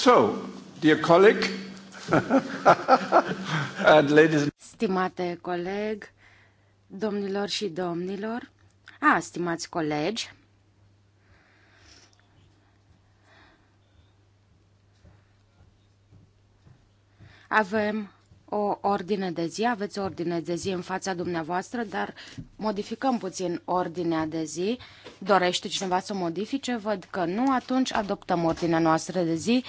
So, dear colleague, and ladies... Stimate coleg, domnilor și domnilor, a, stimați colegi, avem o ordine de zi, aveți o ordine de zi în fața dumneavoastră, dar modificăm puțin ordinea de zi. Dorește cineva să o modifice? Văd că nu, atunci adoptăm ordinea noastră de zi.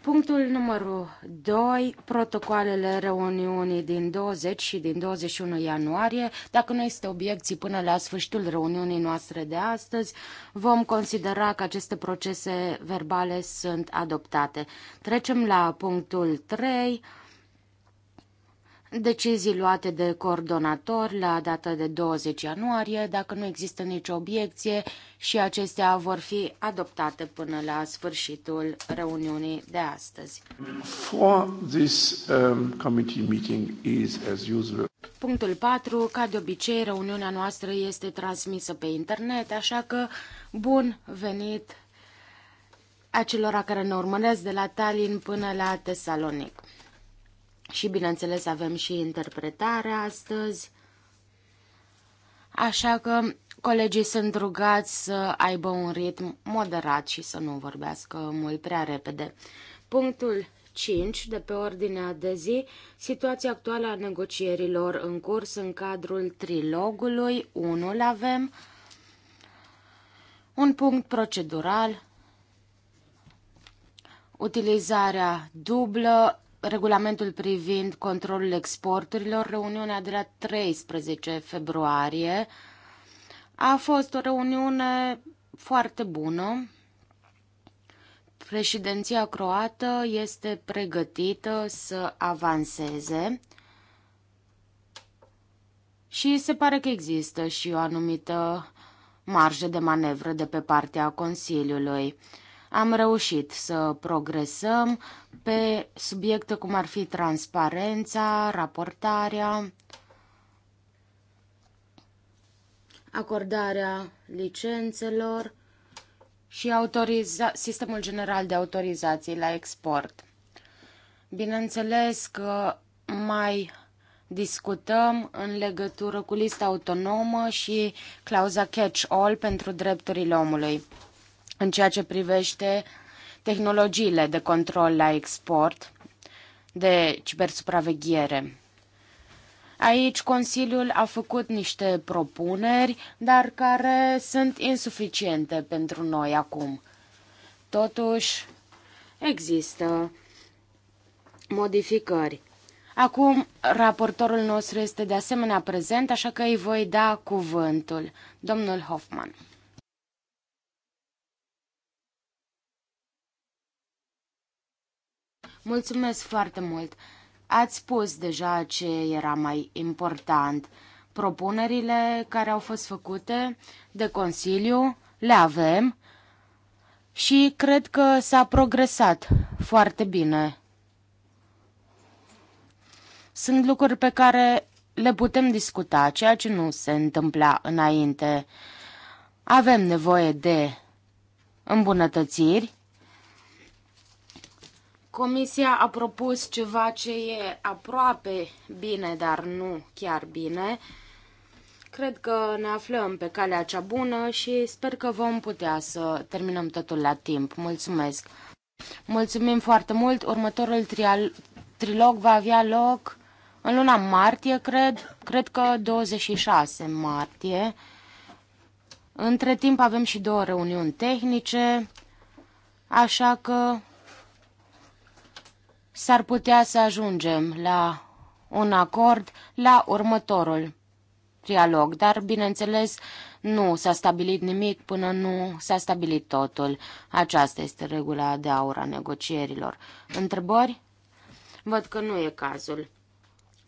Punctul numărul 2, protocoalele reuniunii din 20 și din 21 ianuarie. Dacă nu este obiecții până la sfârșitul reuniunii noastre de astăzi, vom considera că aceste procese verbale sunt adoptate. Trecem la punctul 3, Decizii luate de coordonator la data de 20 ianuarie, dacă nu există nicio obiecție și acestea vor fi adoptate până la sfârșitul reuniunii de astăzi. For this, um, committee meeting is as usual. Punctul 4. Ca de obicei, reuniunea noastră este transmisă pe internet, așa că bun venit acelora care ne urmăresc de la Tallinn până la Tesalonic. Și, bineînțeles, avem și interpretarea astăzi. Așa că colegii sunt rugați să aibă un ritm moderat și să nu vorbească mult prea repede. Punctul 5 de pe ordinea de zi, situația actuală a negocierilor în curs în cadrul trilogului, 1 avem, un punct procedural, utilizarea dublă regulamentul privind controlul exporturilor, reuniunea de la 13 februarie. A fost o reuniune foarte bună. Președinția croată este pregătită să avanseze și se pare că există și o anumită marjă de manevră de pe partea Consiliului am reușit să progresăm pe subiecte cum ar fi transparența, raportarea, acordarea licențelor și sistemul general de autorizații la export. Bineînțeles că mai discutăm în legătură cu lista autonomă și clauza catch-all pentru drepturile omului în ceea ce privește tehnologiile de control la export, de cibersupraveghere. Aici Consiliul a făcut niște propuneri, dar care sunt insuficiente pentru noi acum. Totuși, există modificări. Acum, raportorul nostru este de asemenea prezent, așa că îi voi da cuvântul. Domnul Hoffman. Mulțumesc foarte mult! Ați spus deja ce era mai important. Propunerile care au fost făcute de Consiliu le avem și cred că s-a progresat foarte bine. Sunt lucruri pe care le putem discuta, ceea ce nu se întâmpla înainte. Avem nevoie de îmbunătățiri Comisia a propus ceva ce e aproape bine, dar nu chiar bine. Cred că ne aflăm pe calea cea bună și sper că vom putea să terminăm totul la timp. Mulțumesc! Mulțumim foarte mult! Următorul trial, trilog va avea loc în luna martie, cred, cred că 26 martie. Între timp avem și două reuniuni tehnice, așa că s-ar putea să ajungem la un acord la următorul trialog, dar, bineînțeles, nu s-a stabilit nimic până nu s-a stabilit totul. Aceasta este regula de aur a negocierilor. Întrebări? Văd că nu e cazul.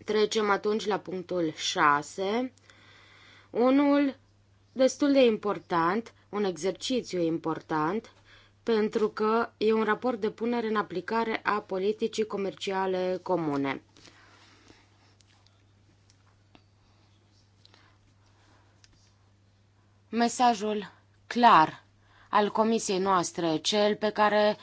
Trecem atunci la punctul 6. Unul destul de important, un exercițiu important, pentru că e un raport de punere în aplicare a politicii comerciale comune. Mesajul clar al comisiei noastre, cel pe care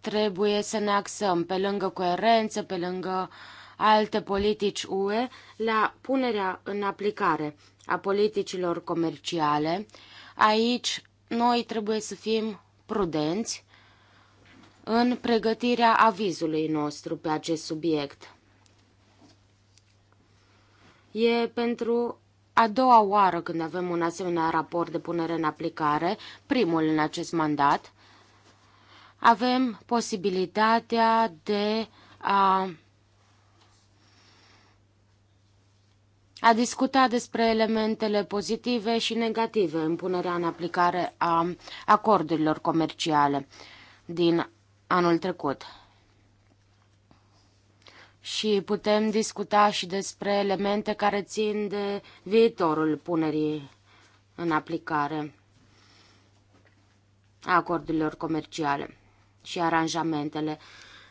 trebuie să ne axăm pe lângă coerență, pe lângă alte politici UE, la punerea în aplicare a politicilor comerciale. Aici noi trebuie să fim prudenți în pregătirea avizului nostru pe acest subiect. E pentru a doua oară când avem un asemenea raport de punere în aplicare, primul în acest mandat, avem posibilitatea de a a discutat despre elementele pozitive și negative în punerea în aplicare a acordurilor comerciale din anul trecut. Și putem discuta și despre elemente care țin de viitorul punerii în aplicare a acordurilor comerciale și aranjamentele.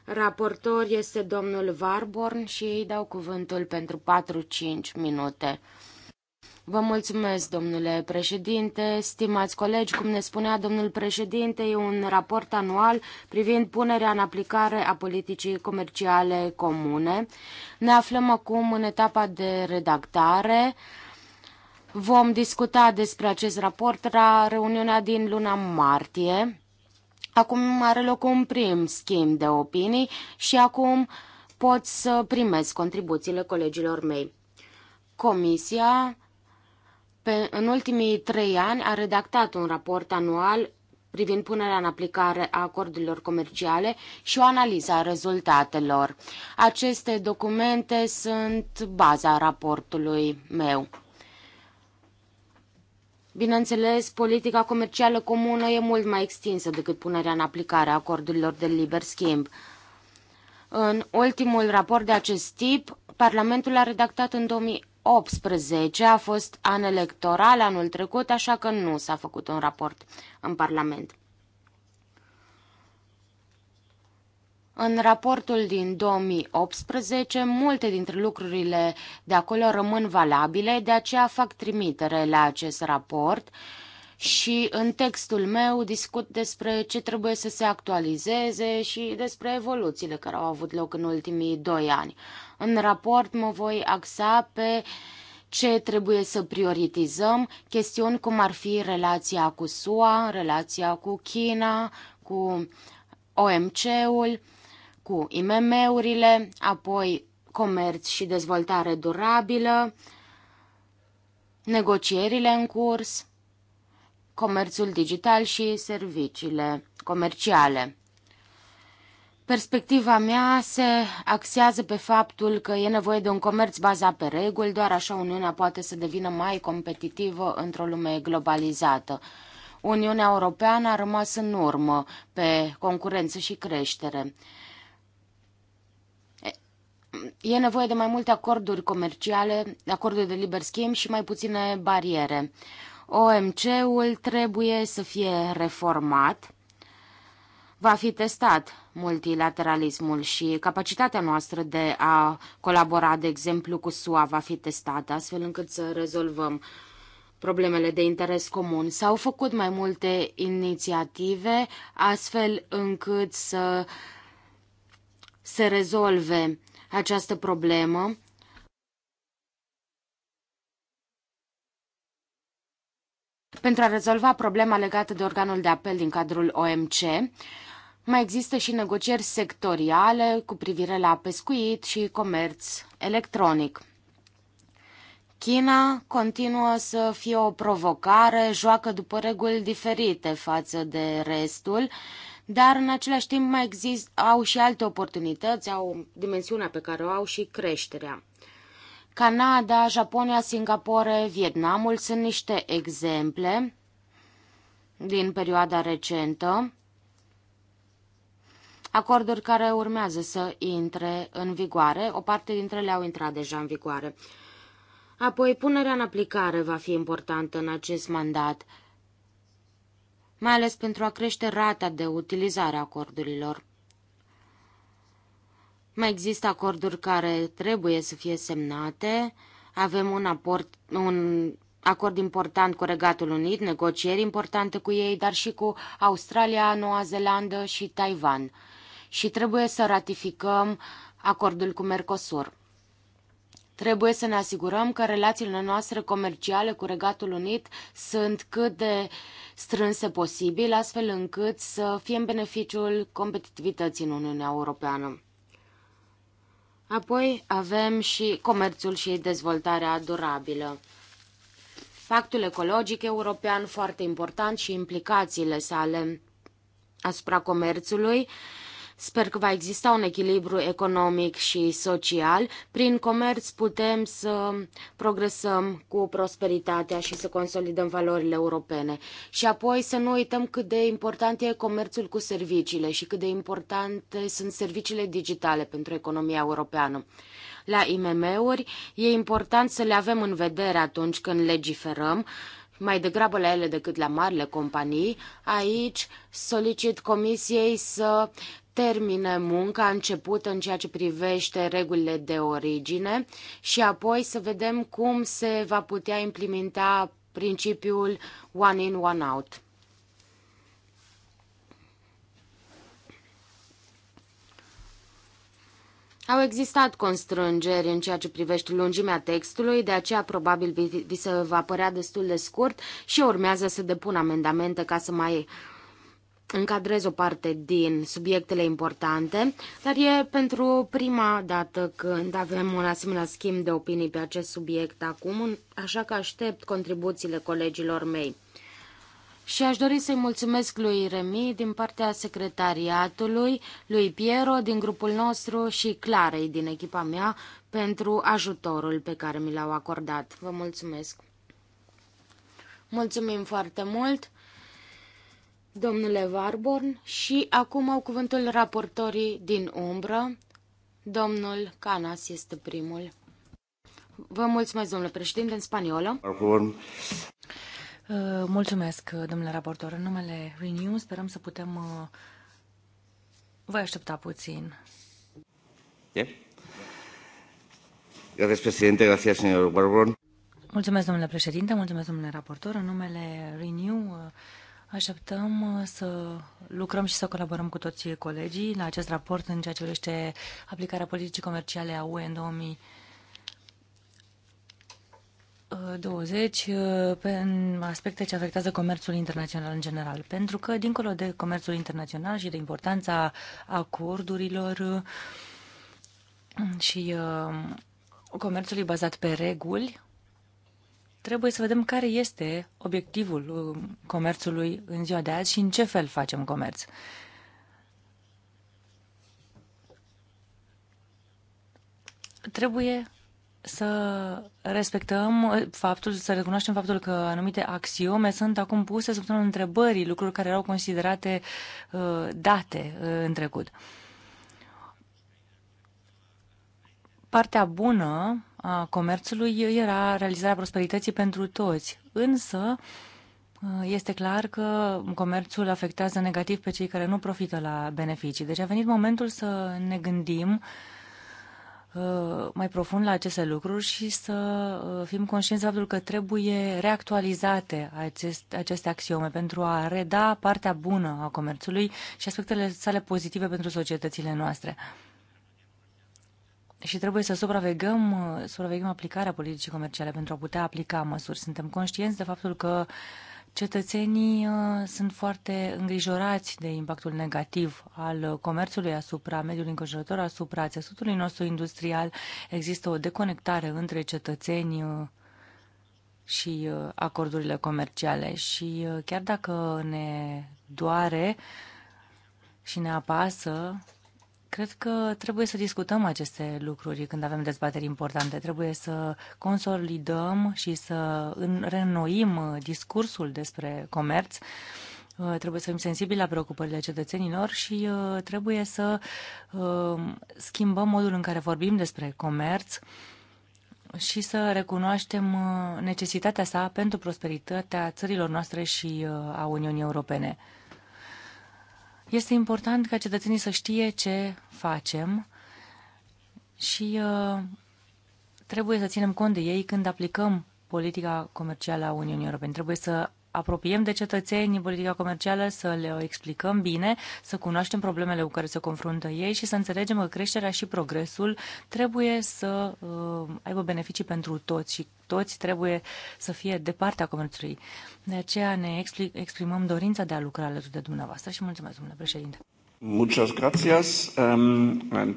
Raportor este domnul Warborn și ei dau cuvântul pentru 4-5 minute. Vă mulțumesc, domnule președinte, stimați colegi, cum ne spunea domnul președinte, e un raport anual privind punerea în aplicare a politicii comerciale comune. Ne aflăm acum în etapa de redactare. Vom discuta despre acest raport la reuniunea din luna martie. Acum are loc un prim schimb de opinii și acum pot să primez contribuțiile colegilor mei. Comisia pe, în ultimii trei ani a redactat un raport anual privind punerea în aplicare a acordurilor comerciale și o analiză a rezultatelor. Aceste documente sunt baza raportului meu. Bineînțeles, politica comercială comună e mult mai extinsă decât punerea în aplicare a acordurilor de liber schimb. În ultimul raport de acest tip, Parlamentul a redactat în 2018, a fost an electoral anul trecut, așa că nu s-a făcut un raport în Parlament. În raportul din 2018, multe dintre lucrurile de acolo rămân valabile, de aceea fac trimitere la acest raport și în textul meu discut despre ce trebuie să se actualizeze și despre evoluțiile care au avut loc în ultimii doi ani. În raport mă voi axa pe ce trebuie să prioritizăm, chestiuni cum ar fi relația cu SUA, relația cu China, cu OMC-ul, cu IMM-urile, apoi comerț și dezvoltare durabilă, negocierile în curs, comerțul digital și serviciile comerciale. Perspectiva mea se axează pe faptul că e nevoie de un comerț bazat pe reguli, doar așa Uniunea poate să devină mai competitivă într-o lume globalizată. Uniunea Europeană a rămas în urmă pe concurență și creștere e nevoie de mai multe acorduri comerciale, acorduri de liber schimb și mai puține bariere. OMC-ul trebuie să fie reformat. Va fi testat multilateralismul și capacitatea noastră de a colabora, de exemplu, cu SUA va fi testată, astfel încât să rezolvăm problemele de interes comun. S-au făcut mai multe inițiative, astfel încât să se rezolve această problemă. Pentru a rezolva problema legată de organul de apel din cadrul OMC, mai există și negocieri sectoriale cu privire la pescuit și comerț electronic. China continuă să fie o provocare, joacă după reguli diferite față de restul dar în același timp mai exist, au și alte oportunități, au dimensiunea pe care o au și creșterea. Canada, Japonia, Singapore, Vietnamul sunt niște exemple din perioada recentă, acorduri care urmează să intre în vigoare, o parte dintre ele au intrat deja în vigoare. Apoi, punerea în aplicare va fi importantă în acest mandat mai ales pentru a crește rata de utilizare a acordurilor. Mai există acorduri care trebuie să fie semnate. Avem un, aport, un acord important cu Regatul Unit, negocieri importante cu ei, dar și cu Australia, Noua Zeelandă și Taiwan. Și trebuie să ratificăm acordul cu Mercosur. Trebuie să ne asigurăm că relațiile noastre comerciale cu Regatul Unit sunt cât de strânse posibil, astfel încât să fie în beneficiul competitivității în Uniunea Europeană. Apoi avem și comerțul și dezvoltarea durabilă. Pactul ecologic european foarte important și implicațiile sale asupra comerțului. Sper că va exista un echilibru economic și social. Prin comerț putem să progresăm cu prosperitatea și să consolidăm valorile europene. Și apoi să nu uităm cât de important e comerțul cu serviciile și cât de importante sunt serviciile digitale pentru economia europeană la IMM-uri, e important să le avem în vedere atunci când legiferăm, mai degrabă la ele decât la marile companii. Aici solicit comisiei să termine munca începută în ceea ce privește regulile de origine și apoi să vedem cum se va putea implementa principiul one in, one out. Au existat constrângeri în ceea ce privește lungimea textului, de aceea probabil vi, se va părea destul de scurt și urmează să depun amendamente ca să mai uh, încadrez o parte din subiectele importante, dar e pentru prima dată când avem un asemenea schimb de opinii pe acest subiect acum, așa că aștept contribuțiile colegilor mei. Și aș dori să-i mulțumesc lui Remi din partea secretariatului, lui Piero din grupul nostru și Clarei din echipa mea pentru ajutorul pe care mi l-au acordat. Vă mulțumesc! Mulțumim foarte mult! domnule Warborn, și acum au cuvântul raportorii din umbră. Domnul Canas este primul. Vă mulțumesc, domnule președinte, în spaniolă. Warborn. Uh, mulțumesc, domnule raportor. În numele Renew sperăm să putem... Uh, voi aștepta puțin. Yeah. Gracias, Gracias, señor Warborn. Mulțumesc, domnule președinte. Mulțumesc, domnule raportor. În numele Renew uh, Așteptăm uh, să lucrăm și să colaborăm cu toți colegii la acest raport în ceea ce privește aplicarea politicii comerciale a UE în 2020 20 uh, pe aspecte ce afectează comerțul internațional în general. Pentru că, dincolo de comerțul internațional și de importanța acordurilor uh, și comerțului bazat pe reguli, trebuie să vedem care este obiectivul uh, comerțului în ziua de azi și în ce fel facem comerț. Trebuie să respectăm uh, faptul, să recunoaștem faptul că anumite axiome sunt acum puse sub semnul întrebării, lucruri care erau considerate uh, date în trecut. Partea bună a comerțului era realizarea prosperității pentru toți. Însă, este clar că comerțul afectează negativ pe cei care nu profită la beneficii. Deci a venit momentul să ne gândim uh, mai profund la aceste lucruri și să uh, fim conștienți de faptul că trebuie reactualizate acest, aceste axiome pentru a reda partea bună a comerțului și aspectele sale pozitive pentru societățile noastre și trebuie să supraveghem, uh, supraveghem aplicarea politicii comerciale pentru a putea aplica măsuri. Suntem conștienți de faptul că cetățenii uh, sunt foarte îngrijorați de impactul negativ al comerțului asupra mediului înconjurător, asupra țesutului nostru industrial. Există o deconectare între cetățeni uh, și acordurile comerciale și chiar dacă ne doare și ne apasă, Cred că trebuie să discutăm aceste lucruri când avem dezbateri importante. Trebuie să consolidăm și să reînnoim uh, discursul despre comerț. Uh, trebuie să fim sensibili la preocupările cetățenilor și uh, trebuie să schimbăm modul în care vorbim despre comerț și să recunoaștem necesitatea sa pentru prosperitatea țărilor noastre și a Uniunii Europene. Este important ca cetățenii să știe ce facem și uh, trebuie să ținem cont de ei când aplicăm politica comercială a Uniunii Europene. Trebuie să apropiem de cetățeni politica comercială, să le explicăm bine, să cunoaștem problemele cu care se confruntă ei și să înțelegem că creșterea și progresul trebuie să uh, aibă beneficii pentru toți și toți trebuie să fie de partea comerțului. De aceea ne exprimăm dorința de a lucra alături de dumneavoastră și mulțumesc, domnule președinte. Muchas gracias. Um, and...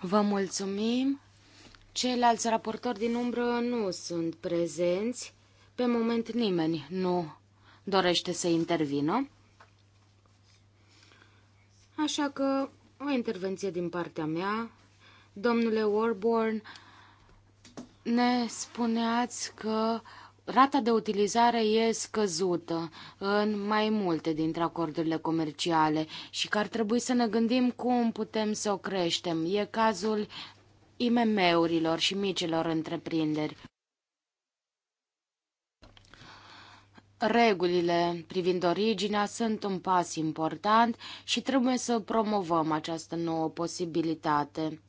Vă mulțumim. Ceilalți raportori din umbră nu sunt prezenți. Pe moment nimeni nu dorește să intervină. Așa că o intervenție din partea mea. Domnule Warborn, ne spuneați că rata de utilizare e scăzută în mai multe dintre acordurile comerciale și că ar trebui să ne gândim cum putem să o creștem. E cazul IMM-urilor și micilor întreprinderi. Regulile privind originea sunt un pas important și trebuie să promovăm această nouă posibilitate.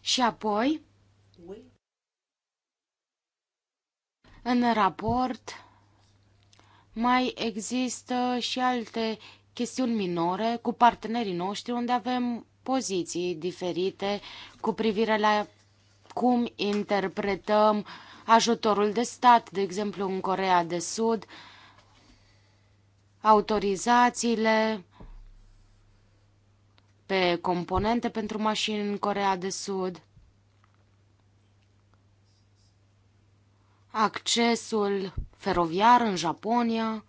Și apoi, în raport, mai există și alte chestiuni minore cu partenerii noștri unde avem poziții diferite cu privire la cum interpretăm ajutorul de stat, de exemplu în Corea de Sud, autorizațiile pe componente pentru mașini în Corea de Sud, accesul feroviar în Japonia.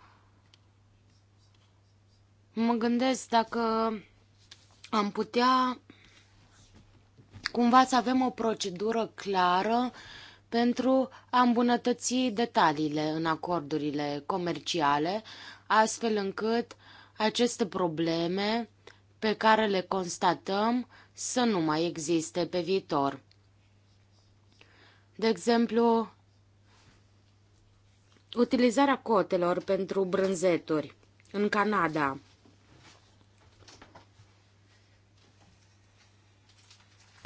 Mă gândesc dacă am putea cumva să avem o procedură clară pentru a îmbunătăți detaliile în acordurile comerciale, astfel încât aceste probleme pe care le constatăm să nu mai existe pe viitor. De exemplu, utilizarea cotelor pentru brânzeturi în Canada.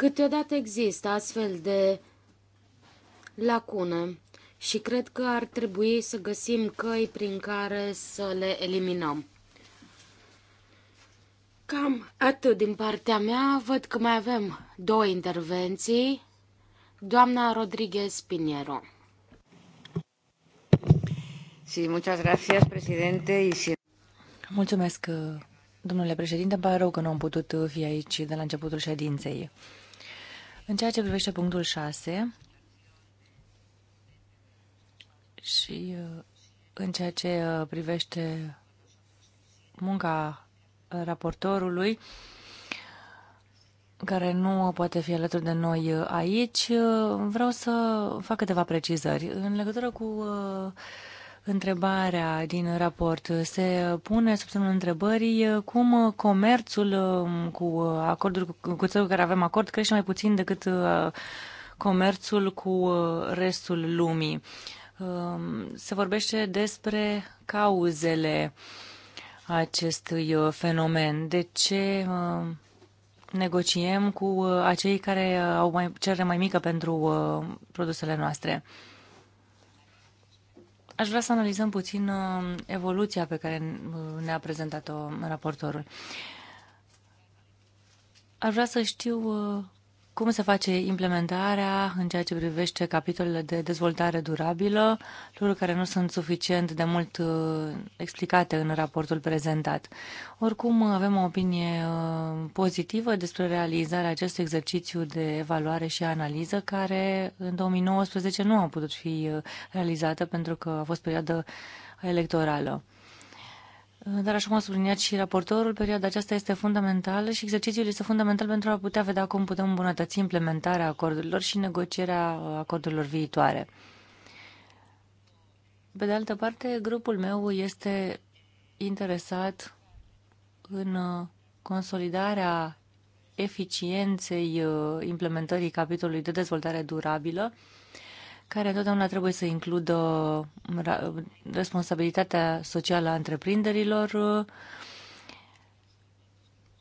Câteodată există astfel de lacune și cred că ar trebui să găsim căi prin care să le eliminăm. Cam atât din partea mea. Văd că mai avem două intervenții. Doamna Rodriguez Piniero. Sí, muchas gracias, presidente. Y si... Mulțumesc, domnule președinte. Îmi pare rău că nu am putut fi aici de la începutul ședinței. În ceea ce privește punctul 6 și uh, în ceea ce uh, privește munca raportorului, care nu poate fi alături de noi uh, aici, vreau să fac câteva precizări. În legătură cu întrebarea din raport. Se pune sub semnul întrebării uh, cum uh, comerțul um, cu uh, acorduri cu țările care avem acord crește mai puțin decât comerțul cu restul lumii. Um, se vorbește despre cauzele acestui fenomen. De ce um, negociem cu acei care au mai, cerere mai mică pentru produsele noastre? Aș vrea să analizăm puțin uh, evoluția pe care uh, ne-a prezentat-o raportorul. Aș vrea să știu uh, cum se face implementarea în ceea ce privește capitolele de dezvoltare durabilă, lucruri care nu sunt suficient de mult uh, explicate în raportul prezentat. Oricum, avem o opinie uh, pozitivă despre realizarea acestui exercițiu de evaluare și analiză, care în 2019 nu a putut fi uh, realizată pentru că a fost perioadă electorală. Dar așa cum a subliniat și raportorul, perioada aceasta este fundamentală și exercițiul este fundamental pentru a putea vedea cum putem îmbunătăți implementarea acordurilor și negocierea uh, acordurilor viitoare. Pe de altă parte, grupul meu este interesat în uh, consolidarea eficienței uh, implementării capitolului de dezvoltare durabilă care întotdeauna trebuie să includă uh, responsabilitatea socială a întreprinderilor uh,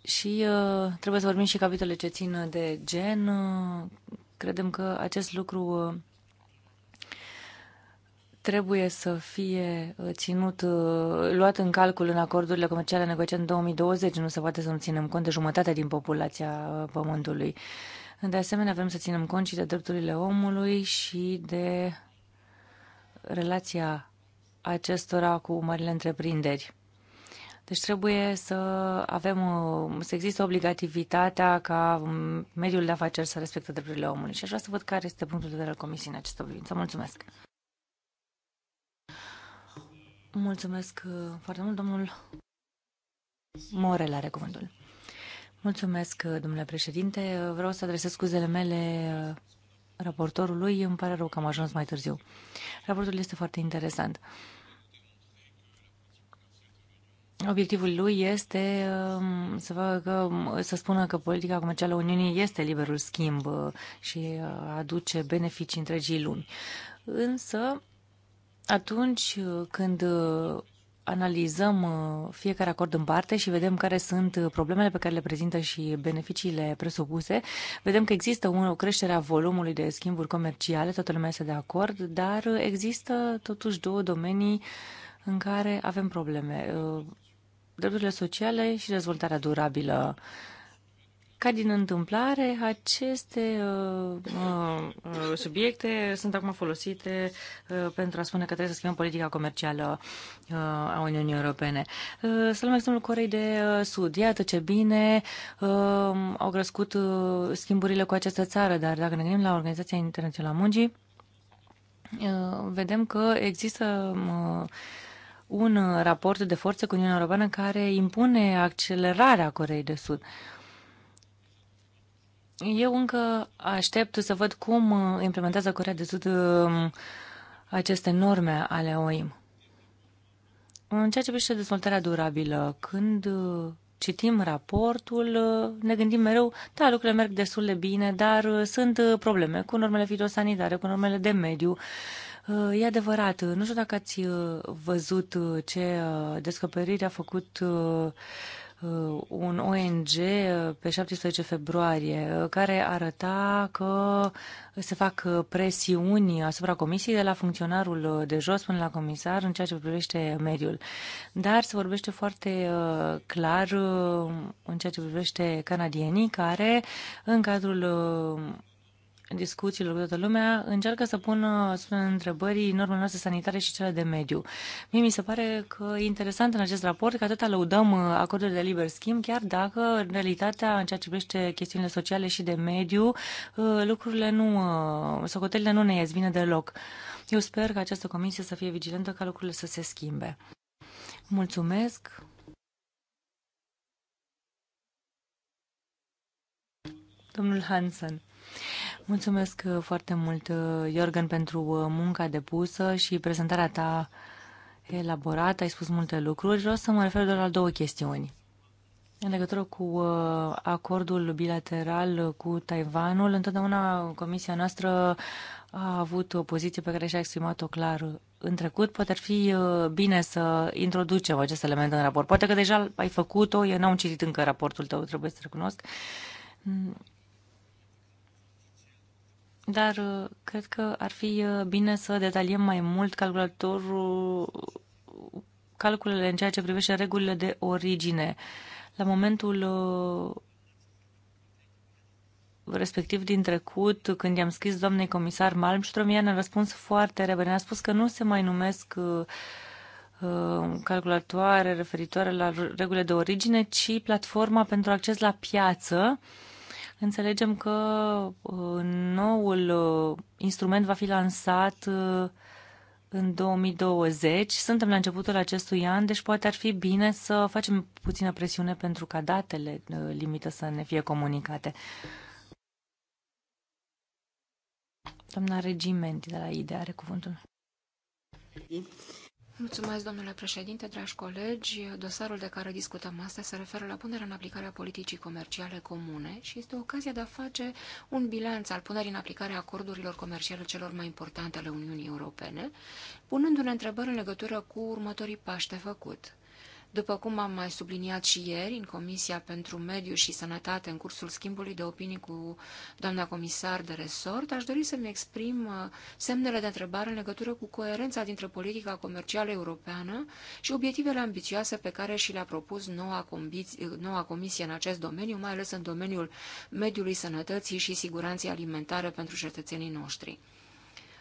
și uh, trebuie să vorbim și capitole ce țin de gen. Credem că acest lucru trebuie să fie ținut, luat în calcul în acordurile comerciale negociate în 2020. Nu se poate să nu ținem cont de jumătate din populația Pământului. De asemenea, vrem să ținem cont și de drepturile omului și de relația acestora cu marile întreprinderi. Deci trebuie să avem, să există obligativitatea ca mediul de afaceri să respecte drepturile omului. Și aș vrea să văd care este punctul de vedere al Comisiei în această privință. Mulțumesc! Mulțumesc foarte mult, domnul Morel are cuvântul. Mulțumesc, domnule președinte. Vreau să adresez scuzele mele uh, raportorului. Îmi pare rău că am ajuns mai târziu. Raportul este foarte interesant. Obiectivul lui este um, să, facă, um, să spună că politica comercială a Uniunii este liberul schimb uh, și uh, aduce beneficii întregii lumi. Însă, atunci când analizăm uh, fiecare acord în parte și vedem care sunt uh, problemele pe care le prezintă și beneficiile presupuse. Vedem că există o creștere a volumului de schimburi comerciale, toată lumea este de acord, dar există totuși două domenii în care avem probleme. Uh, drepturile sociale și dezvoltarea durabilă ca din întâmplare, aceste uh, uh, subiecte sunt acum folosite uh, pentru a spune că trebuie să schimbăm politica comercială uh, a Uniunii Europene. Uh, să luăm exemplul Corei de uh, Sud. Iată ce bine uh, au crescut uh, schimburile cu această țară, dar dacă ne gândim la Organizația Internațională a Muncii, uh, vedem că există uh, un raport de forță cu Uniunea Europeană care impune accelerarea Coreei de Sud. Uh, eu încă aștept să văd cum uh, implementează Corea de Sud um, aceste norme ale OIM. În ceea ce privește dezvoltarea durabilă, când uh, citim raportul, uh, ne gândim mereu, da, lucrurile merg destul de bine, dar sunt probleme cu normele fitosanitare, cu normele de mediu. E adevărat, nu știu dacă ați văzut ce descoperire a făcut Uh, un ONG uh, pe 17 februarie uh, care arăta că se fac presiuni asupra comisiei de la funcționarul de jos până la comisar în ceea ce privește mediul. Dar se vorbește foarte clar în ceea ce privește canadienii care în cadrul discuțiilor cu toată lumea, încearcă să pună sub întrebări normele noastre sanitare și cele de mediu. Mie mi se pare că e interesant în acest raport că atâta lăudăm uh, acordurile de liber schimb, chiar dacă, în realitatea, în ceea ce privește chestiunile sociale și de mediu, uh, lucrurile nu, uh, socotelile nu ne ies bine deloc. Eu sper că această comisie să fie vigilentă ca lucrurile să se schimbe. Mulțumesc! Domnul Hansen. Mulțumesc uh, foarte mult, uh, Iorgen, pentru uh, munca depusă și prezentarea ta elaborată. Ai spus multe lucruri. Vreau să mă refer doar la două chestiuni. În legătură cu acordul bilateral cu Taiwanul, întotdeauna Comisia noastră a avut o poziție pe care și-a exprimat-o clar în trecut. Poate ar fi bine să introducem acest element în raport. Poate că deja ai făcut-o, eu n-am citit încă raportul tău, trebuie să recunosc dar uh, cred că ar fi uh, bine să detaliem mai mult calculatorul, calculele în ceea ce privește regulile de origine. La momentul uh, respectiv din trecut, când i-am scris doamnei comisar Malmström, ea ne-a răspuns foarte repede. Ne-a spus că nu se mai numesc calculatoare referitoare la regulile de origine, ci platforma pentru acces la piață Înțelegem că uh, noul uh, instrument va fi lansat uh, în 2020. Suntem la începutul acestui an, deci poate ar fi bine să facem puțină presiune pentru ca datele limită să ne fie comunicate. Doamna Regimenti de la IDE are cuvântul. Mulțumesc, domnule președinte, dragi colegi. Dosarul de care discutăm astăzi se referă la punerea în aplicare a politicii comerciale comune și este ocazia de a face un bilanț al punerii în aplicare a acordurilor comerciale celor mai importante ale Uniunii Europene, punându-ne întrebări în legătură cu următorii pași de făcut. După cum am mai subliniat și ieri în Comisia pentru Mediu și Sănătate în cursul schimbului de opinii cu doamna comisar de resort, aș dori să-mi exprim uh, semnele de întrebare în legătură cu coerența dintre politica comercială europeană și obiectivele ambițioase pe care și le-a propus noua, noua comisie în acest domeniu, mai ales în domeniul mediului, sănătății și siguranței alimentare pentru cetățenii noștri.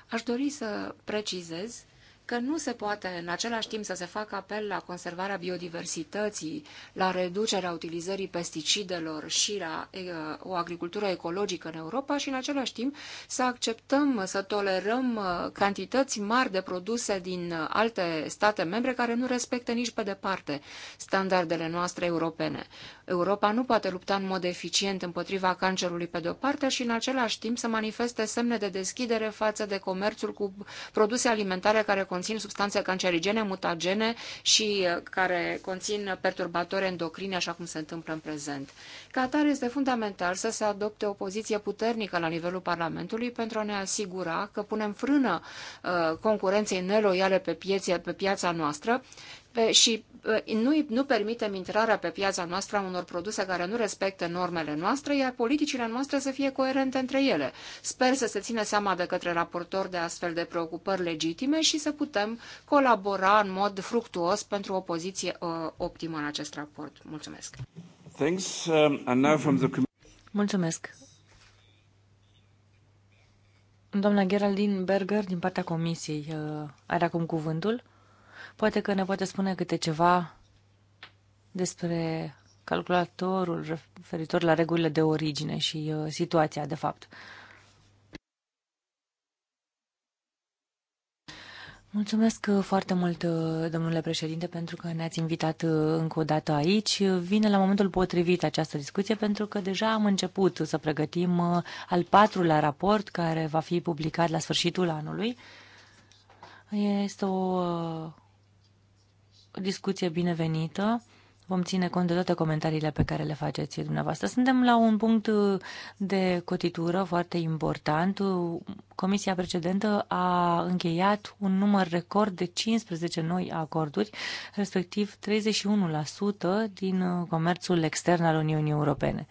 Aș dori să precizez că nu se poate în același timp să se facă apel la conservarea biodiversității, la reducerea utilizării pesticidelor și la o agricultură ecologică în Europa și în același timp să acceptăm, să tolerăm uh, cantități mari de produse din uh, alte state membre care nu respectă nici pe departe standardele noastre europene. Europa nu poate lupta în mod eficient împotriva cancerului pe de-o parte și în același timp să manifeste semne de deschidere față de comerțul cu produse alimentare care conțin substanțe cancerigene, mutagene și uh, care conțin perturbatori endocrini, așa cum se întâmplă în prezent. Ca atare este fundamental să se adopte o poziție puternică la nivelul Parlamentului pentru a ne asigura că punem frână uh, concurenței neloiale pe, piețe, pe piața noastră, și nu, nu permitem intrarea pe piața noastră a unor produse care nu respectă normele noastre, iar politicile noastre să fie coerente între ele. Sper să se țină seama de către raportor de astfel de preocupări legitime și să putem colabora în mod fructuos pentru o poziție optimă în acest raport. Mulțumesc! Thanks, um, and now from the... Mulțumesc! Doamna Geraldine Berger, din partea Comisiei, uh, are acum cuvântul. Poate că ne poate spune câte ceva despre calculatorul referitor la regulile de origine și uh, situația, de fapt. Mulțumesc uh, foarte mult, uh, domnule președinte, pentru că ne-ați invitat uh, încă o dată aici. Vine la momentul potrivit această discuție, pentru că deja am început să pregătim al patrulea raport, care va fi publicat la sfârșitul anului. Este o discuție binevenită. Vom ține cont de toate comentariile pe care le faceți dumneavoastră. Suntem la un punct de cotitură foarte important. Comisia precedentă a încheiat un număr record de 15 noi acorduri, respectiv 31% din comerțul extern al Uniunii Europene.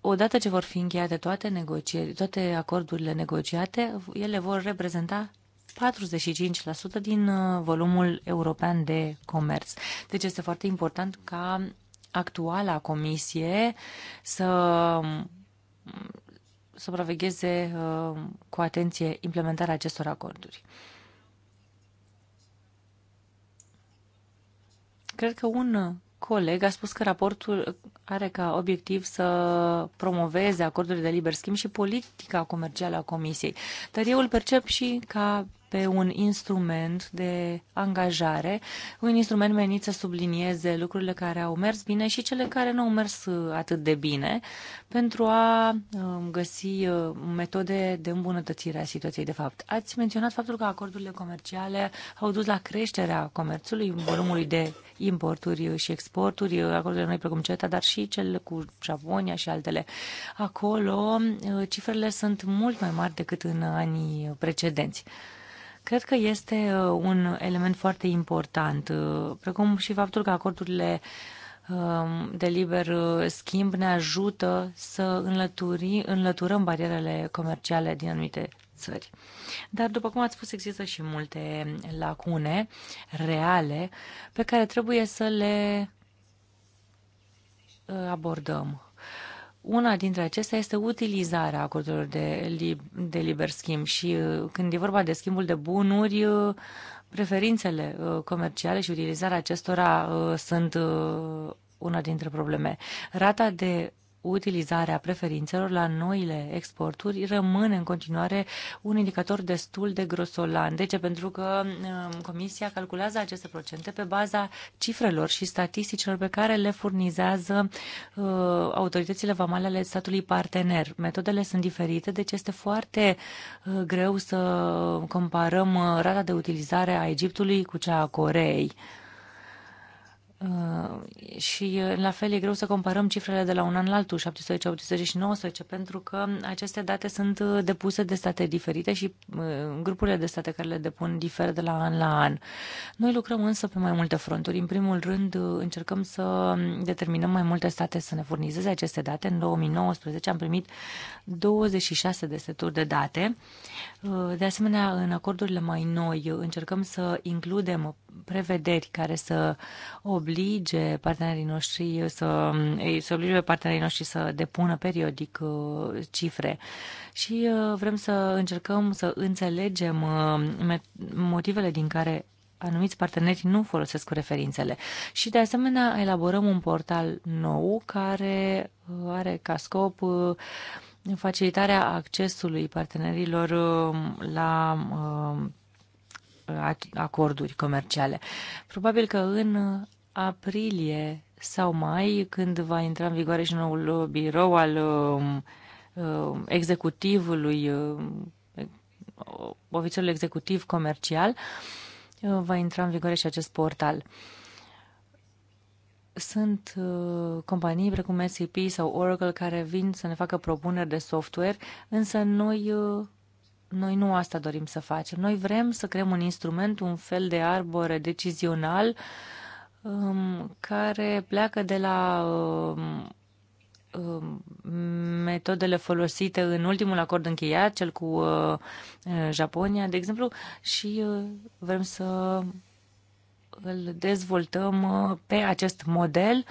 Odată ce vor fi încheiate toate, negocieri, toate acordurile negociate, ele vor reprezenta 45% din uh, volumul european de comerț. Deci este foarte important ca actuala comisie să um, supravegheze uh, cu atenție implementarea acestor acorduri. Cred că un coleg a spus că raportul are ca obiectiv să promoveze acordurile de liber schimb și politica comercială a Comisiei, dar eu îl percep și ca pe un instrument de angajare, un instrument menit să sublinieze lucrurile care au mers bine și cele care nu au mers atât de bine, pentru a um, găsi uh, metode de îmbunătățire a situației de fapt. Ați menționat faptul că acordurile comerciale au dus la creșterea comerțului, volumului de importuri și exporturi, uh, de noi precum CETA, dar și cel cu Japonia și altele. Acolo uh, cifrele sunt mult mai mari decât în anii precedenți. Cred că este uh, un element foarte important, precum și faptul că acordurile um, de liber schimb ne ajută să înlături, înlăturăm barierele comerciale din anumite țări. Dar, după cum ați spus, există și multe lacune reale pe care trebuie să le uh, abordăm. Una dintre acestea este utilizarea acordurilor de, lib- de liber schimb și uh, când e vorba de schimbul de bunuri, uh, preferințele comerciale și utilizarea acestora sunt una dintre probleme. Rata de utilizarea preferințelor la noile exporturi rămâne în continuare un indicator destul de grosolan. De ce? Pentru că um, Comisia calculează aceste procente pe baza cifrelor și statisticilor pe care le furnizează uh, autoritățile vamale ale statului partener. Metodele sunt diferite, deci este foarte uh, greu să comparăm uh, rata de utilizare a Egiptului cu cea a Coreei. Uh, și uh, la fel e greu să comparăm cifrele de la un an la altul, 17, 18 și 19, pentru că aceste date sunt uh, depuse de state diferite și grupurile de state care le depun diferă de la an la an. Noi lucrăm însă pe mai multe fronturi. În primul rând încercăm să um, determinăm mai multe state să ne furnizeze aceste date. În 2019 am primit 26 de seturi de date. De asemenea, în acordurile mai noi încercăm să includem prevederi care să oblige partenerii noștri să, să oblige partenerii noștri să depună periodic uh, cifre și uh, vrem să încercăm să înțelegem uh, motivele din care anumiți parteneri nu folosesc referințele. Și de asemenea elaborăm un portal nou care are ca scop facilitarea accesului partenerilor la acorduri comerciale. Probabil că în aprilie sau mai, când va intra în vigoare și noul birou al um, um, executivului, um, ofițerul executiv comercial, uh, va intra în vigoare și acest portal. Sunt uh, companii precum SAP sau Oracle care vin să ne facă propuneri de software, însă noi uh, noi nu asta dorim să facem. Noi vrem să creăm un instrument, un fel de arbore decizional um, care pleacă de la um, um, metodele folosite în ultimul acord încheiat, cel cu uh, uh, Japonia, de exemplu, și uh, vrem să îl dezvoltăm uh, pe acest model,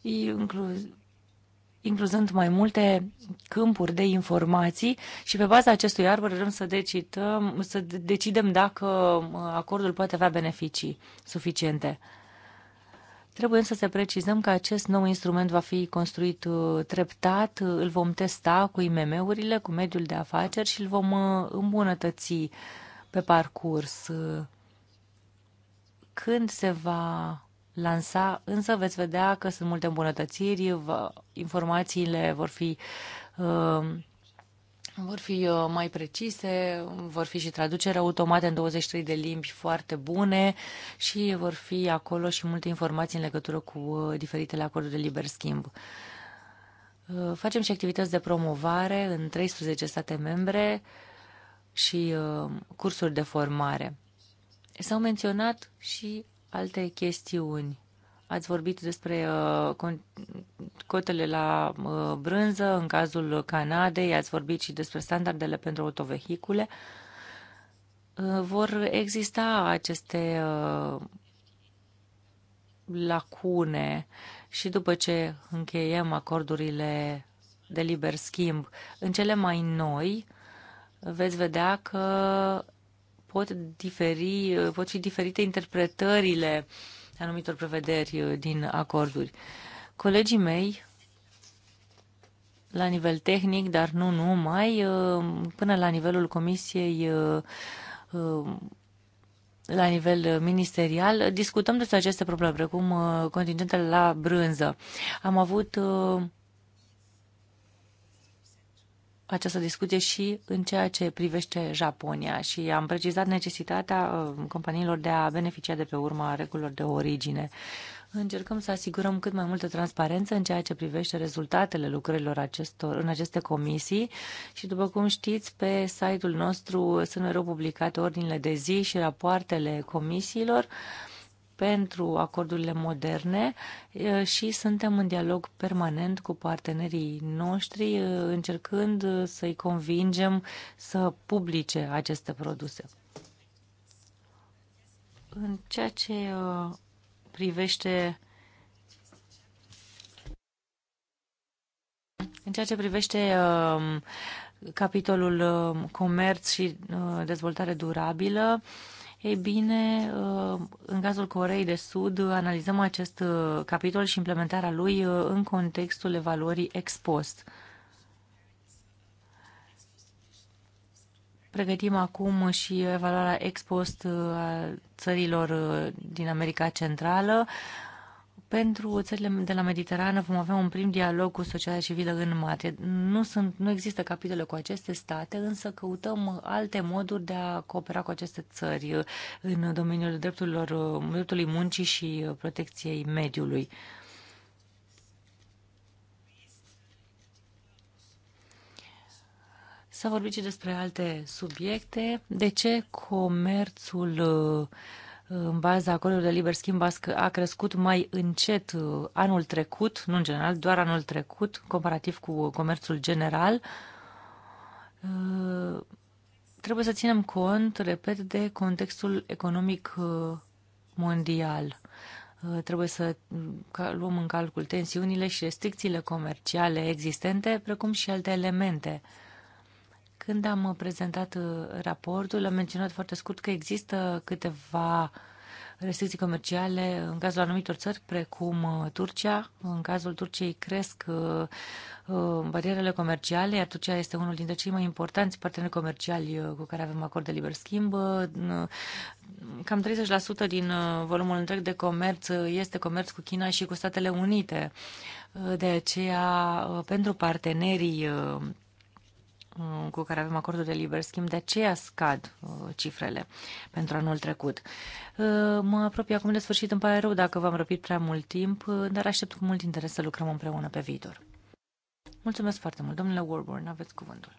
inclusiv incluzând mai multe câmpuri de informații și pe baza acestui arbor vrem să, decităm, să decidem dacă uh, acordul poate avea beneficii suficiente. Trebuie însă să precizăm că acest nou instrument va fi construit uh, treptat, uh, îl vom testa cu IMM-urile, cu mediul de afaceri și îl vom îmbunătăți pe parcurs. Când se va lansa, însă veți vedea că sunt multe îmbunătățiri, informațiile vor fi uh, vor fi uh, mai precise, vor fi și traducere automate în 23 de limbi foarte bune și vor fi acolo și multe informații în legătură cu uh, diferitele acorduri de liber schimb. Facem și activități de promovare în 13 state membre și cursuri de formare. S-au menționat și alte chestiuni. Ați vorbit despre uh, cotele la uh, brânză în cazul Canadei, ați vorbit și despre standardele pentru autovehicule. Uh, vor exista aceste uh, lacune și după ce încheiem acordurile de liber schimb, în cele mai noi veți vedea că pot, diferi, pot fi diferite interpretările anumitor prevederi uh, din acorduri. Colegii mei, la nivel tehnic, dar nu numai, uh, până la nivelul Comisiei uh, la nivel ministerial, discutăm despre aceste probleme, precum contingentele la brânză. Am avut această discuție și în ceea ce privește Japonia și am precizat necesitatea uh, companiilor de a beneficia de pe urma regulilor de origine. Încercăm să asigurăm cât mai multă transparență în ceea ce privește rezultatele lucrărilor acestor, în aceste comisii și, după cum știți, pe site-ul nostru sunt mereu publicate ordinile de zi și rapoartele comisiilor. Uh, pentru acordurile moderne și suntem în dialog permanent cu partenerii noștri, încercând să-i convingem să publice aceste produse. În ceea ce privește în ceea ce privește capitolul comerț și dezvoltare durabilă, ei bine, uh, în cazul Coreei de Sud, analizăm acest uh, capitol și implementarea lui uh, în contextul evaluării ex post. Pregătim acum și evaluarea ex post a țărilor din America Centrală pentru țările de la Mediterană vom avea un prim dialog cu societatea civilă în martie. Nu, sunt, nu există capitole cu aceste state, însă căutăm alte moduri de a coopera cu aceste țări în domeniul drepturilor, dreptului muncii și protecției mediului. S-a vorbit și despre alte subiecte. De ce comerțul uh, în baza acordului de liber schimb a crescut mai încet uh, anul trecut, nu în general, doar anul trecut, comparativ cu comerțul general. Uh, trebuie să ținem cont, repet, de contextul economic uh, mondial. Trebuie să mm, luăm în calcul tensiunile și restricțiile comerciale existente, precum și alte elemente când am prezentat uh, raportul, am menționat foarte scurt că există câteva restricții comerciale în cazul anumitor țări, precum uh, Turcia. În cazul Turciei cresc uh, barierele comerciale, iar Turcia este unul dintre cei mai importanți parteneri comerciali cu care avem acord de liber schimb. Cam 30% din volumul întreg de comerț este comerț cu China și cu Statele Unite. De aceea, pentru partenerii Uh, cu care avem acordul de liber schimb, de aceea scad uh, cifrele pentru anul trecut. Uh, mă apropii acum de sfârșit, îmi pare rău dacă v-am răpit prea mult timp, dar aștept cu mult interes să lucrăm împreună pe viitor. Mulțumesc foarte mult, domnule Warburn, aveți cuvântul.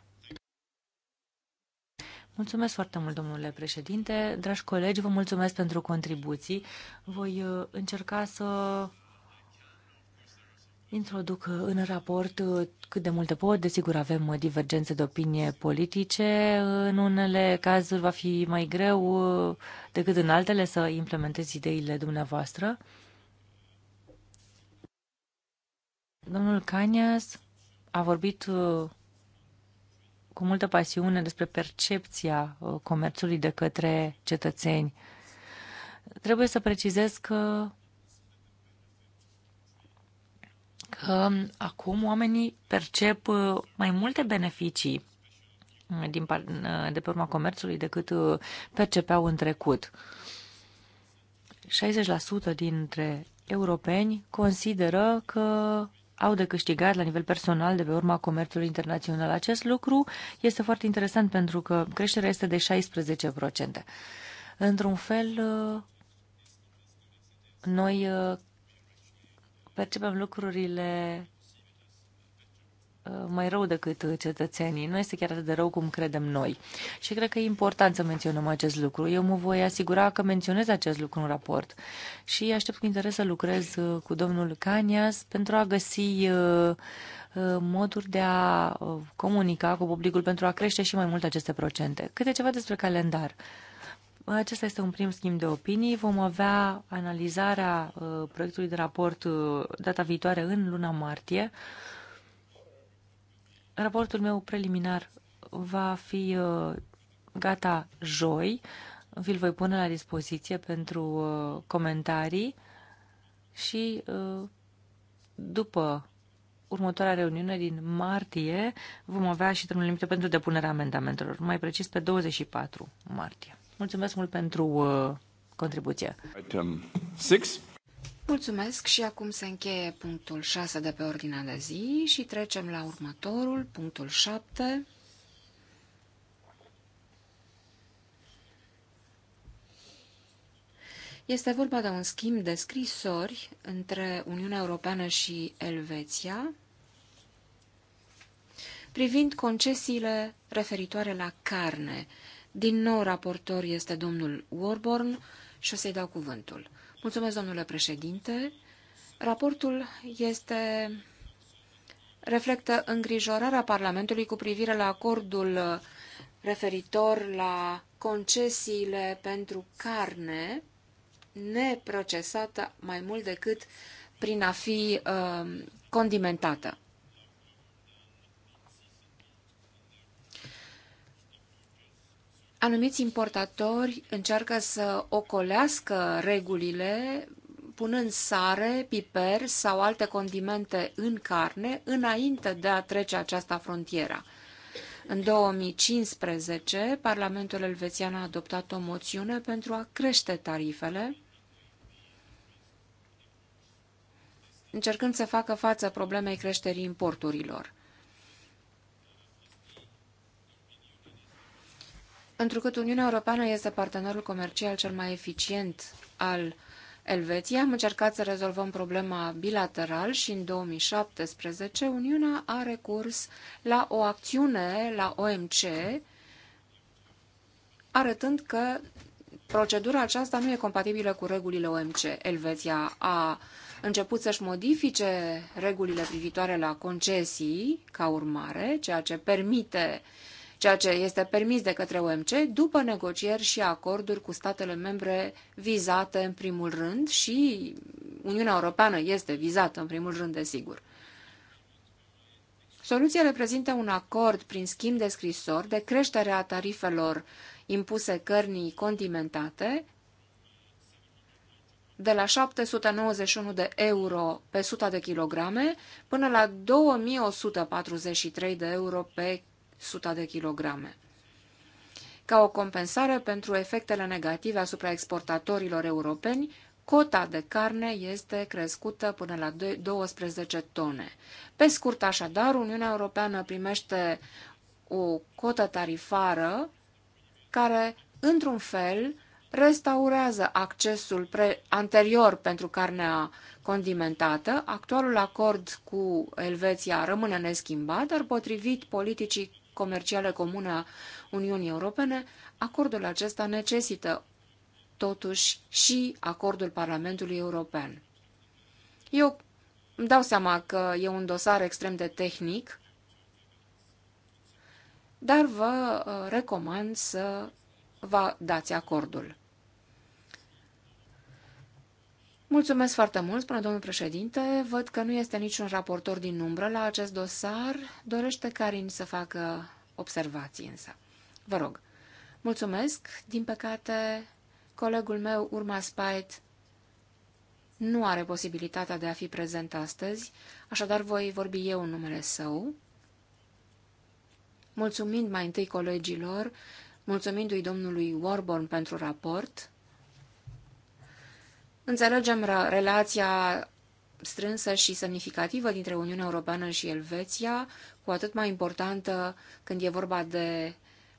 Mulțumesc foarte mult, domnule președinte. Dragi colegi, vă mulțumesc pentru contribuții. Voi încerca să introduc în raport uh, cât de multe pot. Desigur, avem uh, divergențe de opinie politice. În unele cazuri va fi mai greu uh, decât în altele să implementezi ideile dumneavoastră. Domnul Canias a vorbit cu multă pasiune despre percepția comerțului de către cetățeni. Trebuie să precizez că că acum oamenii percep uh, mai multe beneficii uh, din, uh, de pe urma comerțului decât percepeau în trecut. 60% dintre europeni consideră că au de câștigat la nivel personal de pe urma comerțului internațional. Acest lucru este foarte interesant pentru că creșterea este de 16%. Într-un fel, noi percepem lucrurile uh, mai rău decât cetățenii. Nu este chiar atât de rău cum credem noi. Și cred că e important să menționăm acest lucru. Eu mă voi asigura că menționez acest lucru în raport. Și aștept cu interes să lucrez uh, cu domnul Canias pentru a găsi uh, moduri de a comunica cu publicul pentru a crește și mai mult aceste procente. Câte ceva despre calendar. Uh, acesta este un prim schimb de opinii. Vom avea analizarea uh, proiectului de raport uh, data viitoare în luna martie. Raportul meu preliminar va fi uh, gata joi. Vi-l voi pune la dispoziție pentru comentarii și după următoarea reuniune din martie vom avea și termenul limită pentru depunerea amendamentelor, mai precis pe 24 martie. Mulțumesc mult pentru uh, contribuție. Item 6. Mulțumesc și acum se încheie punctul 6 de pe ordinea de zi și trecem la următorul, punctul 7. Este vorba de un schimb de scrisori între Uniunea Europeană și Elveția privind concesiile referitoare la carne din nou, raportor este domnul Warborn și o să-i dau cuvântul. Mulțumesc, domnule președinte. Raportul este reflectă îngrijorarea Parlamentului cu privire la acordul referitor la concesiile pentru carne neprocesată mai mult decât prin a fi uh, condimentată. Anumiți importatori încearcă să ocolească regulile punând sare, piper sau alte condimente în carne înainte de a trece aceasta frontiera. În 2015, Parlamentul Elvețian a adoptat o moțiune pentru a crește tarifele, încercând să facă față problemei creșterii importurilor. Întrucât Uniunea Europeană este partenerul comercial cel mai eficient al Elveției, am încercat să rezolvăm problema bilateral și în 2017 Uniunea a recurs la o acțiune la OMC arătând că procedura aceasta nu e compatibilă cu regulile OMC. Elveția a început să-și modifice regulile privitoare la concesii ca urmare, ceea ce permite uh, ceea ce este permis de către OMC după negocieri și acorduri cu statele membre vizate în primul rând și Uniunea Europeană este vizată în primul rând, desigur. Soluția reprezintă un acord prin schimb de scrisor de creștere a tarifelor impuse cărnii condimentate de la 791 de euro pe 100 de kilograme până la 2143 de euro pe 100 de kilograme. Ca o compensare pentru efectele negative asupra exportatorilor europeni, cota de carne este crescută până la 12 tone. Pe scurt, așadar, Uniunea Europeană primește o cotă tarifară care, într-un fel, restaurează accesul pre anterior pentru carnea condimentată. Actualul acord cu Elveția rămâne neschimbat, dar potrivit politicii comercială comună a Uniunii Europene, acordul acesta necesită totuși și acordul Parlamentului European. Eu îmi dau seama că e un dosar extrem de tehnic, dar vă uh, recomand să vă dați acordul. Mulțumesc foarte mult, spune domnul președinte. Văd că nu este niciun raportor din umbră la acest dosar. Dorește Carin să facă observații însă. Vă rog. Mulțumesc. Din păcate, colegul meu, Urma Spait, nu are posibilitatea de a fi prezent astăzi, așadar voi vorbi eu în numele său, mulțumind mai întâi colegilor, mulțumindu-i domnului Warborn pentru raport, Înțelegem relația strânsă și semnificativă dintre Uniunea Europeană și Elveția, cu atât mai importantă când e vorba de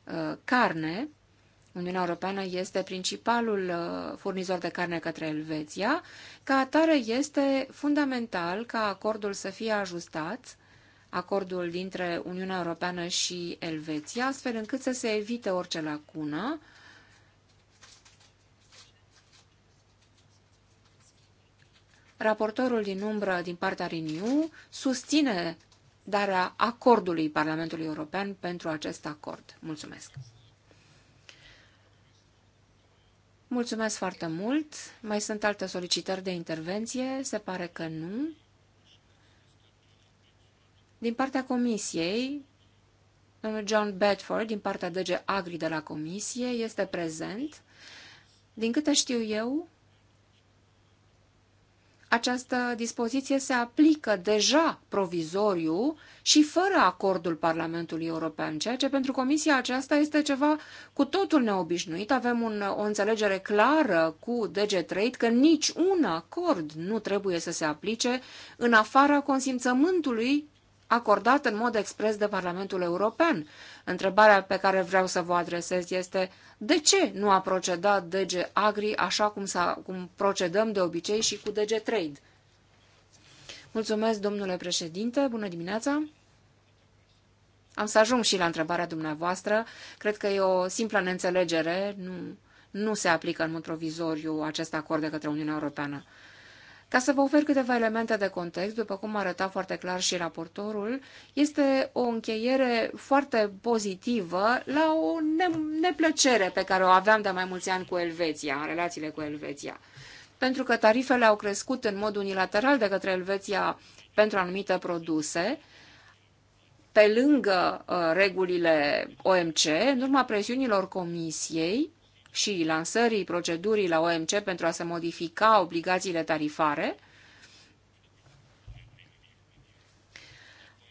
uh, carne. Uniunea Europeană este principalul uh, furnizor de carne către Elveția. Ca atare este fundamental ca acordul să fie ajustat, acordul dintre Uniunea Europeană și Elveția, astfel încât să se evite orice lacună Raportorul din umbră din partea Renew susține darea acordului Parlamentului European pentru acest acord. Mulțumesc! Mulțumesc foarte mult. Mai sunt alte solicitări de intervenție? Se pare că nu. Din partea comisiei, domnul John Bedford, din partea DG Agri de la comisie, este prezent. Din câte știu eu, această dispoziție se aplică deja provizoriu și fără acordul Parlamentului European, ceea ce pentru Comisia aceasta este ceva cu totul neobișnuit. Avem un, o înțelegere clară cu DG Trade că nici un acord nu trebuie să se aplice în afara consimțământului acordat în mod expres de Parlamentul European. Întrebarea pe care vreau să vă adresez este de ce nu a procedat DG Agri așa cum, cum procedăm de obicei și cu DG Trade? Mulțumesc, domnule președinte. Bună dimineața! Am să ajung și la întrebarea dumneavoastră. Cred că e o simplă neînțelegere. Nu, nu se aplică în mod provizoriu acest acord de către Uniunea Europeană. Ca să vă ofer câteva elemente de context, după cum arăta foarte clar și raportorul, este o încheiere foarte pozitivă la o ne- neplăcere pe care o aveam de mai mulți ani cu Elveția, în relațiile cu Elveția. Pentru că tarifele au crescut în mod unilateral de către Elveția pentru anumite produse, pe lângă uh, regulile OMC, în urma presiunilor Comisiei, și lansării procedurii la OMC pentru a se modifica obligațiile tarifare,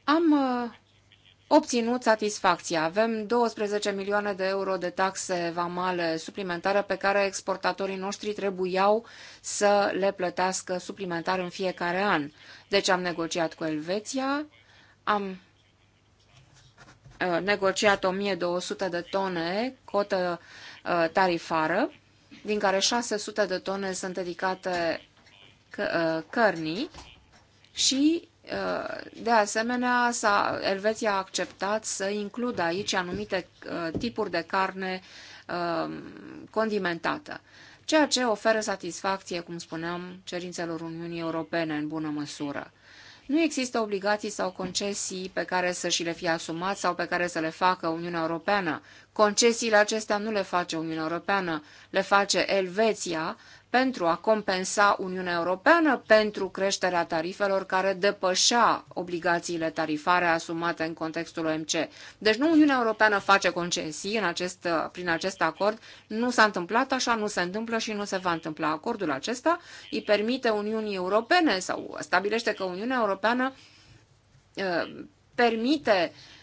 am uh, obținut satisfacția. Avem 12 milioane de euro de taxe vamale suplimentare pe care exportatorii noștri trebuiau să le plătească suplimentar în fiecare an. Deci am negociat cu Elveția, am uh, negociat 1200 de tone, cotă Uh, tarifară, din care 600 de tone sunt dedicate că, uh, cărnii și uh, de asemenea, Elveția a acceptat să includă aici anumite tipuri de carne um, condimentată, ceea ce oferă satisfacție, cum spuneam, cerințelor Uniunii Europene în bună măsură. Nu există obligații sau concesii pe care să și le fie asumat sau pe care să le facă Uniunea Europeană Concesiile acestea nu le face Uniunea Europeană, le face Elveția pentru a compensa Uniunea Europeană pentru creșterea tarifelor care depășea obligațiile tarifare asumate în contextul OMC. Deci nu Uniunea Europeană face concesii în acest, prin acest acord, nu s-a întâmplat așa, nu se întâmplă și nu se va întâmpla. Acordul acesta îi permite Uniunii Europene sau stabilește că Uniunea Europeană uh, permite uh,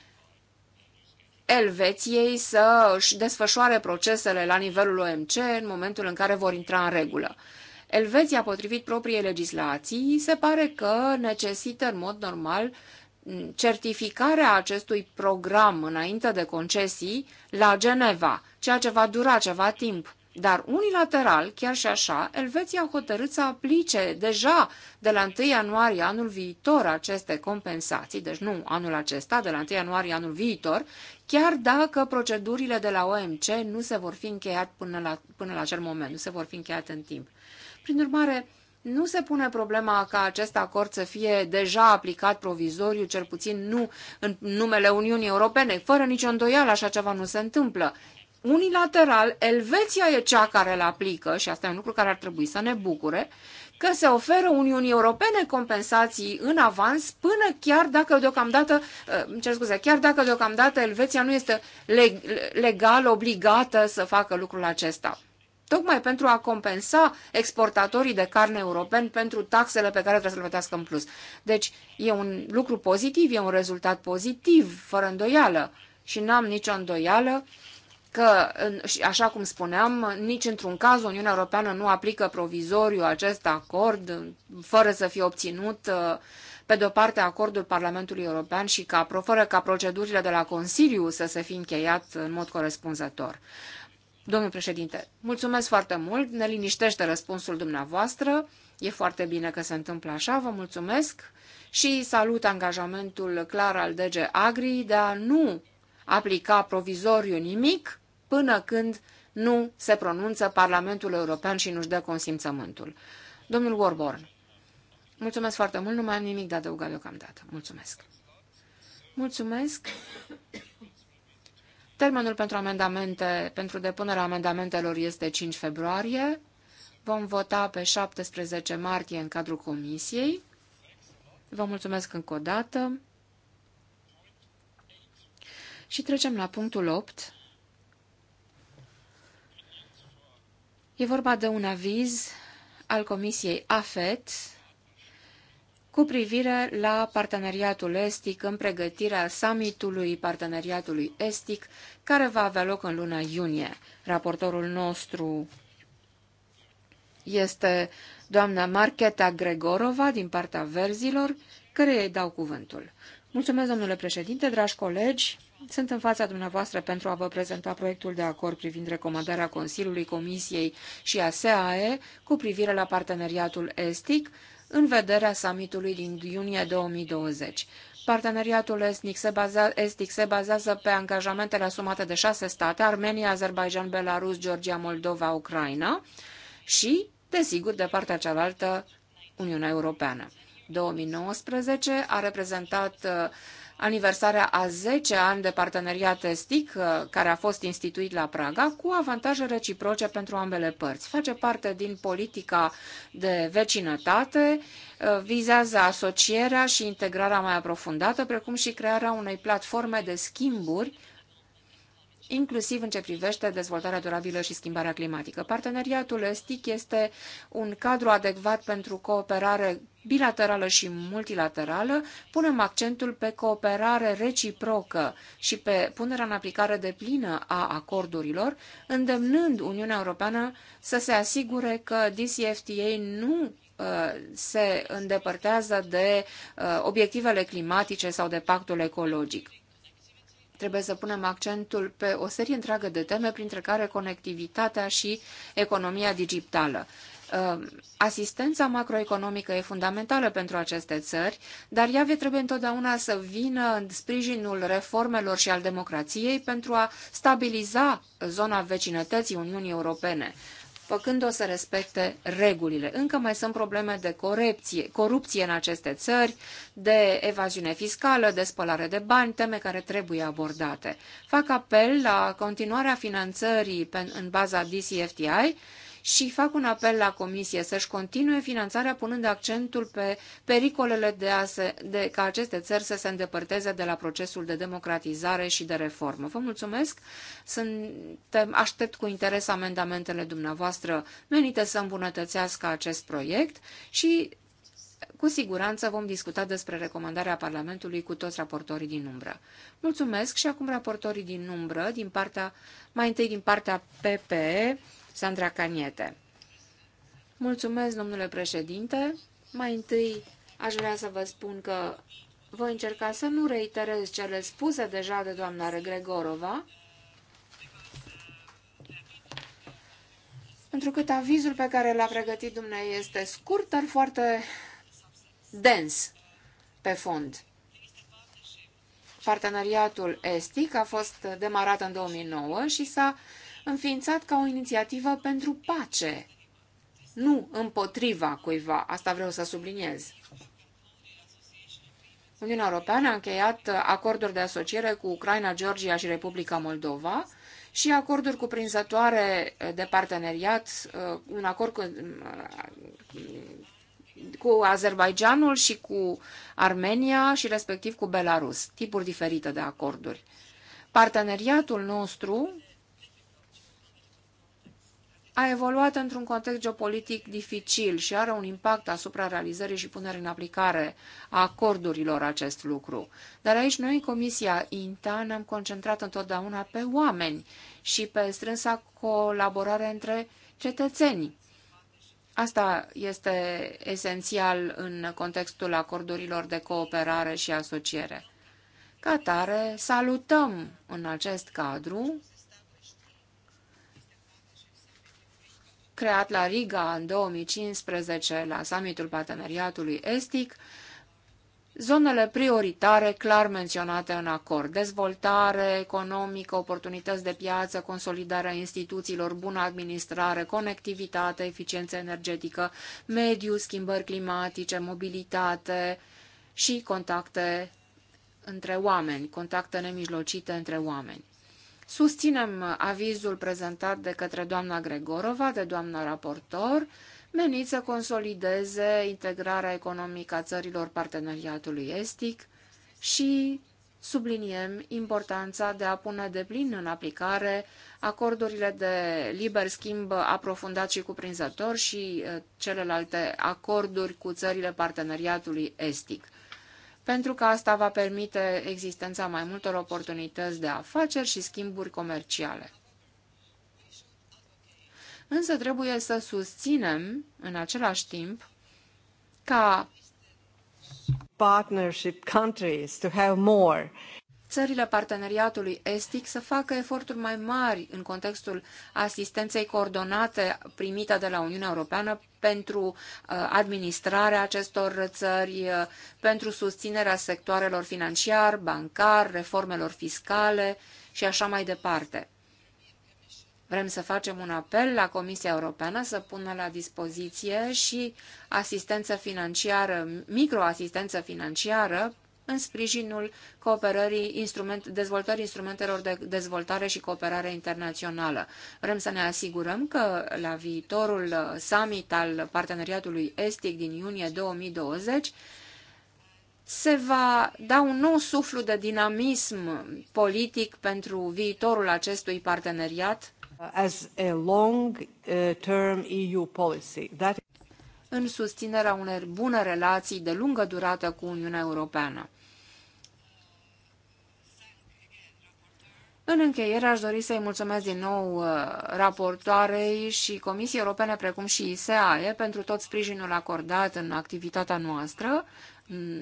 Elveției să își desfășoare procesele la nivelul OMC în momentul în care vor intra în regulă. Elveția, potrivit propriei legislații, se pare că necesită în mod normal certificarea acestui program înainte de concesii la Geneva, ceea ce va dura ceva timp. Dar unilateral, chiar și așa, Elveția a hotărât să aplice deja de la 1 ianuarie anul viitor aceste compensații, deci nu anul acesta, de la 1 ianuarie anul viitor, chiar dacă procedurile de la OMC nu se vor fi încheiat până la, până la acel moment, nu se vor fi încheiate în timp. Prin urmare, nu se pune problema ca acest acord să fie deja aplicat provizoriu, cel puțin nu în numele Uniunii Europene. Fără nicio îndoială așa ceva nu se întâmplă. Unilateral, Elveția e cea care îl aplică și asta e un lucru care ar trebui să ne bucure că se oferă Uniunii Europene compensații în avans până chiar dacă deocamdată, uh, cer scuze, chiar dacă deocamdată Elveția nu este legal obligată să facă lucrul acesta tocmai pentru a compensa exportatorii de carne europeni pentru taxele pe care trebuie să le plătească în plus. Deci e un lucru pozitiv, e un rezultat pozitiv, fără îndoială. Și n-am nicio îndoială că, așa cum spuneam, nici într-un caz Uniunea Europeană nu aplică provizoriu acest acord, fără să fie obținut, uh, pe de-o parte, acordul Parlamentului European și ca, fără ca procedurile de la Consiliu să se fi încheiat în mod corespunzător. Domnul președinte, mulțumesc foarte mult, ne liniștește răspunsul dumneavoastră, e foarte bine că se întâmplă așa, vă mulțumesc și salut angajamentul clar al DG Agri de a nu aplica provizoriu nimic până când nu se pronunță Parlamentul European și nu-și dă consimțământul. Domnul Warborn, mulțumesc foarte mult, nu mai am nimic de adăugat deocamdată. Mulțumesc. Mulțumesc. Termenul pentru amendamente, pentru depunerea amendamentelor este 5 februarie. Vom vota pe 17 martie în cadrul comisiei. Vă mulțumesc încă o dată. Și trecem la punctul 8. E vorba de un aviz al Comisiei AFET cu privire la parteneriatul estic în pregătirea summitului parteneriatului estic care va avea loc în luna iunie. Raportorul nostru este doamna Marcheta Gregorova din partea verzilor, care îi dau cuvântul. Mulțumesc, domnule președinte, dragi colegi! Sunt în fața dumneavoastră pentru a vă prezenta proiectul de acord privind recomandarea Consiliului Comisiei și a SAE cu privire la parteneriatul estic în vederea summitului din iunie 2020. Parteneriatul estic se, baza, estic se bazează pe angajamentele asumate de șase state, Armenia, Azerbaijan, Belarus, Georgia, Moldova, Ucraina și, desigur, de partea cealaltă, Uniunea Europeană. 2019 a reprezentat uh, aniversarea a 10 ani de parteneriat estic uh, care a fost instituit la Praga cu avantaje reciproce pentru ambele părți. Face parte din politica de vecinătate, uh, vizează asocierea și integrarea mai aprofundată, precum și crearea unei platforme de schimburi inclusiv în ce privește dezvoltarea durabilă și schimbarea climatică. Parteneriatul estic este un cadru adecvat pentru cooperare bilaterală și multilaterală, punem accentul pe cooperare reciprocă și pe punerea în aplicare deplină a acordurilor, îndemnând Uniunea Europeană să se asigure că DCFTA nu uh, se îndepărtează de uh, obiectivele climatice sau de pactul ecologic. Trebuie să punem accentul pe o serie întreagă de teme, printre care conectivitatea și economia digitală. Um, asistența macroeconomică e fundamentală pentru aceste țări, dar ea trebuie întotdeauna să vină în sprijinul reformelor și al democrației pentru a stabiliza zona vecinătății Uniunii Europene făcând-o să respecte regulile. Încă mai sunt probleme de corupție, corupție în aceste țări, de evaziune fiscală, de spălare de bani, teme care trebuie abordate. Fac apel la continuarea finanțării în baza DCFTI și fac un apel la Comisie să-și continue finanțarea punând accentul pe pericolele de, a se, de ca aceste țări să se îndepărteze de la procesul de democratizare și de reformă. Vă mulțumesc, sunt, aștept cu interes amendamentele dumneavoastră menite să îmbunătățească acest proiect și cu siguranță vom discuta despre recomandarea Parlamentului cu toți raportorii din umbră. Mulțumesc și acum raportorii din umbră, din partea, mai întâi din partea PPE, Sandra Caniete. Mulțumesc, domnule președinte. Mai întâi aș vrea să vă spun că voi încerca să nu reiterez cele spuse deja de doamna Regregorova, că avizul pe care l-a pregătit dumneavoastră este scurt, dar foarte dens pe fond. Parteneriatul estic a fost demarat în 2009 și s-a înființat ca o inițiativă pentru pace, nu împotriva cuiva. Asta vreau să subliniez. Uniunea Europeană a încheiat acorduri de asociere cu Ucraina, Georgia și Republica Moldova și acorduri cuprinzătoare de parteneriat, uh, un acord cu, uh, cu Azerbaijanul și cu Armenia și respectiv cu Belarus, tipuri diferite de acorduri. Parteneriatul nostru a evoluat într-un context geopolitic dificil și are un impact asupra realizării și punerii în aplicare a acordurilor acest lucru. Dar aici noi, în Comisia INTA, ne-am concentrat întotdeauna pe oameni și pe strânsa colaborare între cetățeni. Asta este esențial în contextul acordurilor de cooperare și asociere. Ca tare, salutăm în acest cadru creat la Riga în 2015 la summitul parteneriatului estic, zonele prioritare clar menționate în acord, dezvoltare economică, oportunități de piață, consolidarea instituțiilor, bună administrare, conectivitate, eficiență energetică, mediu, schimbări climatice, mobilitate și contacte între oameni, contacte nemijlocite între oameni. Susținem avizul prezentat de către doamna Gregorova, de doamna raportor, menit să consolideze integrarea economică a țărilor parteneriatului estic și subliniem importanța de a pune de plin în aplicare acordurile de liber schimb aprofundat și cuprinzător și uh, celelalte acorduri cu țările parteneriatului estic pentru că asta va permite existența mai multor oportunități de afaceri și schimburi comerciale. Însă trebuie să susținem, în același timp, ca partnership countries to have more țările parteneriatului estic să facă eforturi mai mari în contextul asistenței coordonate primite de la Uniunea Europeană pentru uh, administrarea acestor țări, uh, pentru susținerea sectoarelor financiar, bancar, reformelor fiscale și așa mai departe. Vrem să facem un apel la Comisia Europeană să pună la dispoziție și asistență financiară, microasistență financiară în sprijinul cooperării instrument, dezvoltării instrumentelor de dezvoltare și cooperare internațională. Vrem să ne asigurăm că la viitorul uh, summit al parteneriatului estic din iunie 2020 se va da un nou suflu de dinamism politic pentru viitorul acestui parteneriat as a long-term uh, EU policy. That în susținerea unei bune relații de lungă durată cu Uniunea Europeană. În încheiere, aș dori să-i mulțumesc din nou uh, raportoarei și Comisiei Europene, precum și ISEAE, pentru tot sprijinul acordat în activitatea noastră,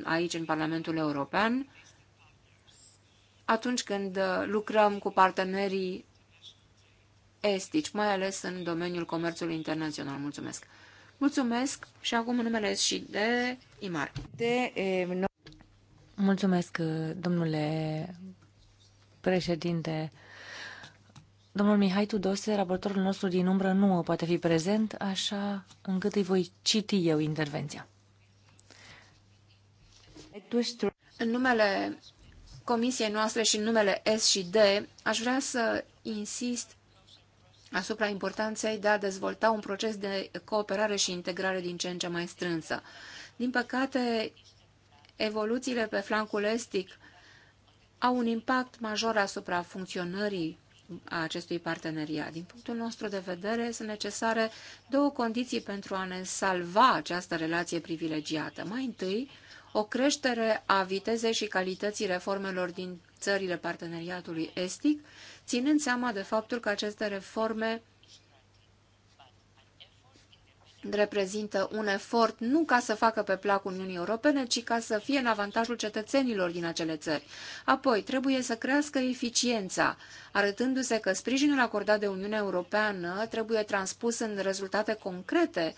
aici în Parlamentul European, atunci când uh, lucrăm cu partenerii estici, mai ales în domeniul comerțului internațional. Mulțumesc! Mulțumesc și acum numele și de Imar. De, e, no Mulțumesc, domnule președinte. Domnul Mihai Tudose, raportorul nostru din umbră, nu poate fi prezent, așa încât îi voi citi eu intervenția. În numele comisiei noastre și în numele S și D, aș vrea să insist asupra importanței de a dezvolta un proces de cooperare și integrare din ce în ce mai strânsă. Din păcate, evoluțiile pe flancul estic au un impact major asupra funcționării a acestui parteneriat. Din punctul nostru de vedere, sunt necesare două condiții pentru a ne salva această relație privilegiată. Mai întâi, o creștere a vitezei și calității reformelor din țările parteneriatului estic, ținând seama de faptul că aceste reforme reprezintă un efort nu ca să facă pe plac Uniunii Europene, ci ca să fie în avantajul cetățenilor din acele țări. Apoi, trebuie să crească eficiența, arătându-se că sprijinul acordat de Uniunea Europeană trebuie transpus în rezultate concrete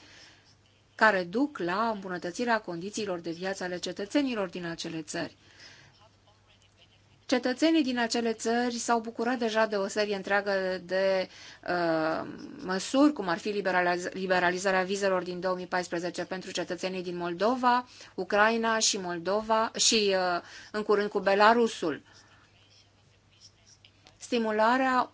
care duc la îmbunătățirea condițiilor de viață ale cetățenilor din acele țări. Cetățenii din acele țări s-au bucurat deja de o serie întreagă de uh, măsuri, cum ar fi liberaliz liberalizarea vizelor din 2014 pentru cetățenii din Moldova, Ucraina și Moldova și uh, în curând cu Belarusul. Stimularea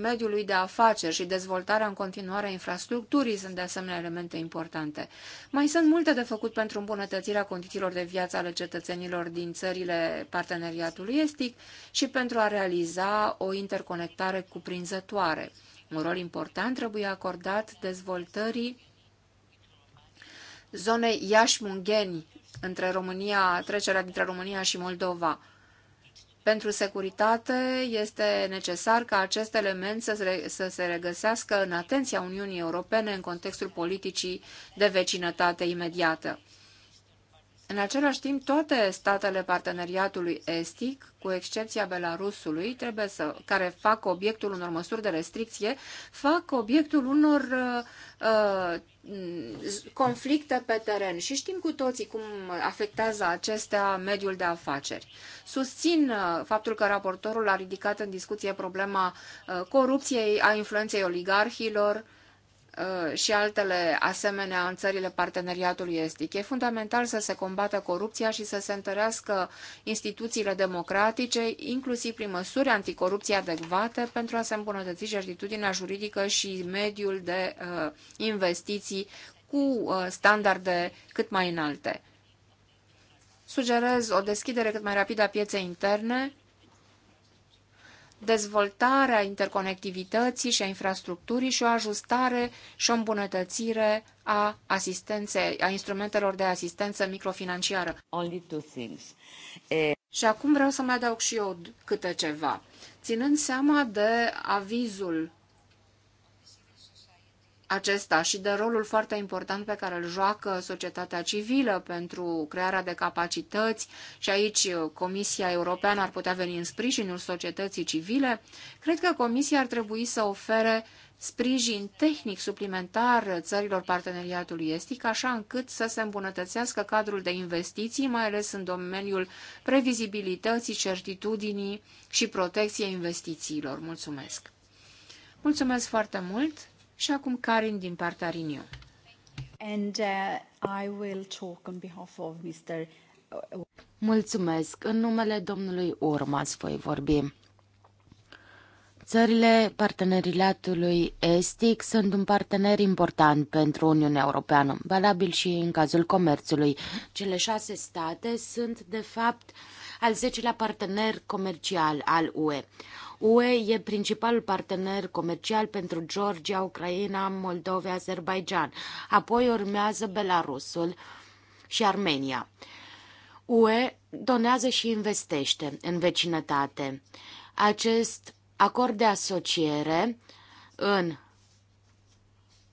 mediului de afaceri și dezvoltarea în continuare a infrastructurii sunt de asemenea elemente importante. Mai sunt multe de făcut pentru îmbunătățirea condițiilor de viață ale cetățenilor din țările parteneriatului estic și pentru a realiza o interconectare cuprinzătoare. Un rol important trebuie acordat dezvoltării zonei Iași-Mungheni între România, trecerea dintre România și Moldova pentru securitate este necesar ca acest element să se, să se regăsească în atenția Uniunii Europene în contextul politicii de vecinătate imediată. În același timp, toate statele parteneriatului estic, cu excepția Belarusului, trebuie să, care fac obiectul unor măsuri de restricție, fac obiectul unor uh, uh conflicte pe teren și știm cu toții cum afectează acestea mediul de afaceri. Susțin uh, faptul că raportorul a ridicat în discuție problema uh, corupției, a influenței oligarhilor, Uh, și altele asemenea în țările parteneriatului estic. E fundamental să se combată corupția și să se întărească instituțiile democratice, inclusiv prin măsuri anticorupție adecvate, pentru a se îmbunătăți certitudinea juridică și mediul de uh, investiții cu uh, standarde cât mai înalte. Sugerez o deschidere cât mai rapidă a pieței interne, dezvoltarea interconectivității și a infrastructurii și o ajustare și o îmbunătățire a asistenței, a instrumentelor de asistență microfinanciară. Only two things. E... Și acum vreau să mai adaug și eu câte ceva. Ținând seama de avizul acesta și de rolul foarte important pe care îl joacă societatea civilă pentru crearea de capacități și aici uh, Comisia Europeană ar putea veni în sprijinul societății civile, cred că Comisia ar trebui să ofere sprijin tehnic suplimentar țărilor parteneriatului estic, așa încât să se îmbunătățească cadrul de investiții, mai ales în domeniul previzibilității, certitudinii și protecției investițiilor. Mulțumesc! Mulțumesc foarte mult! Și acum Karin din partea Rinio. And uh, I will talk on behalf of Mr. Uh, Mulțumesc. În numele domnului Urmas voi vorbi. Țările parteneriatului estic sunt un partener important pentru Uniunea Europeană, valabil și în cazul comerțului. Cele șase state sunt, de fapt, al zecelea partener comercial al UE. UE e principalul partener comercial pentru Georgia, Ucraina, Moldova, Azerbaijan. Apoi urmează Belarusul și Armenia. UE donează și investește în vecinătate. Acest acord de asociere în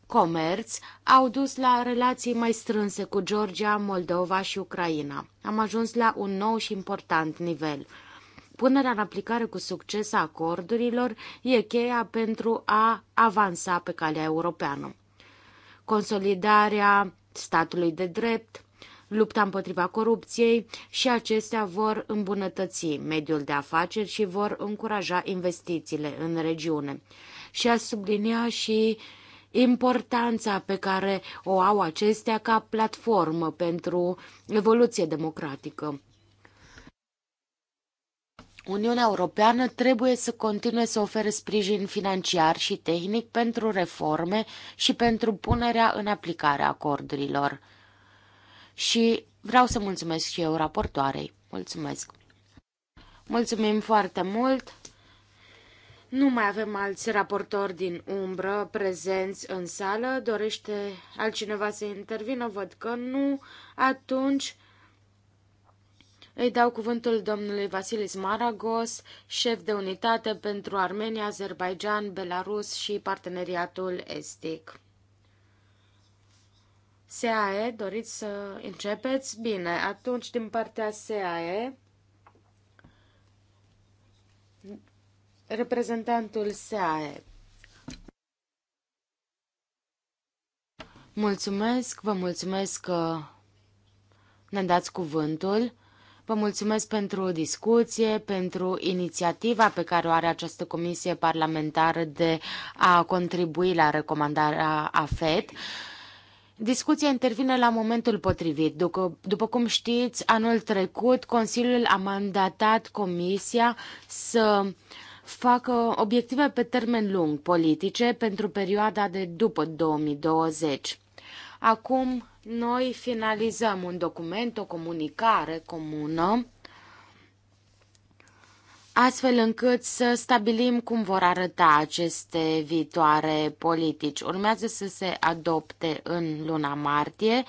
comerț au dus la relații mai strânse cu Georgia, Moldova și Ucraina. Am ajuns la un nou și important nivel. Punerea în aplicare cu succes a acordurilor e cheia pentru a avansa pe calea europeană. Consolidarea statului de drept, lupta împotriva corupției și acestea vor îmbunătăți mediul de afaceri și vor încuraja investițiile în regiune. Și a sublinia și importanța pe care o au acestea ca platformă pentru evoluție democratică. Uniunea Europeană trebuie să continue să ofere sprijin financiar și tehnic pentru reforme și pentru punerea în aplicare a acordurilor și vreau să mulțumesc și eu raportoarei. Mulțumesc! Mulțumim foarte mult! Nu mai avem alți raportori din umbră prezenți în sală. Dorește altcineva să intervină? Văd că nu. Atunci îi dau cuvântul domnului Vasilis Maragos, șef de unitate pentru Armenia, Azerbaijan, Belarus și parteneriatul estic. SAE, doriți să începeți? Bine, atunci din partea SAE, reprezentantul SAE. Mulțumesc, vă mulțumesc că ne dați cuvântul. Vă mulțumesc pentru discuție, pentru inițiativa pe care o are această comisie parlamentară de a contribui la recomandarea AFET. Discuția intervine la momentul potrivit. După, după cum știți, anul trecut Consiliul a mandatat Comisia să facă obiective pe termen lung politice pentru perioada de după 2020. Acum noi finalizăm un document, o comunicare comună astfel încât să stabilim cum vor arăta aceste viitoare politici. Urmează să se adopte în luna martie,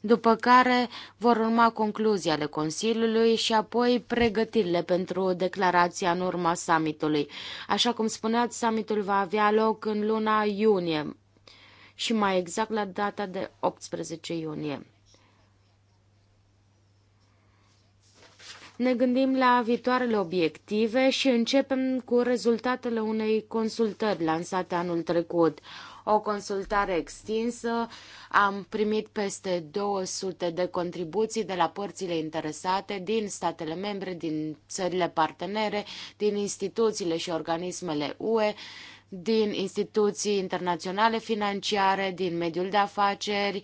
după care vor urma concluzii ale Consiliului și apoi pregătirile pentru declarația în urma summitului. Așa cum spuneați, summitul va avea loc în luna iunie și mai exact la data de 18 iunie. Ne gândim la viitoarele obiective și începem cu rezultatele unei consultări lansate anul trecut. O consultare extinsă, am primit peste 200 de contribuții de la părțile interesate din statele membre, din țările partenere, din instituțiile și organismele UE, din instituții internaționale financiare, din mediul de afaceri,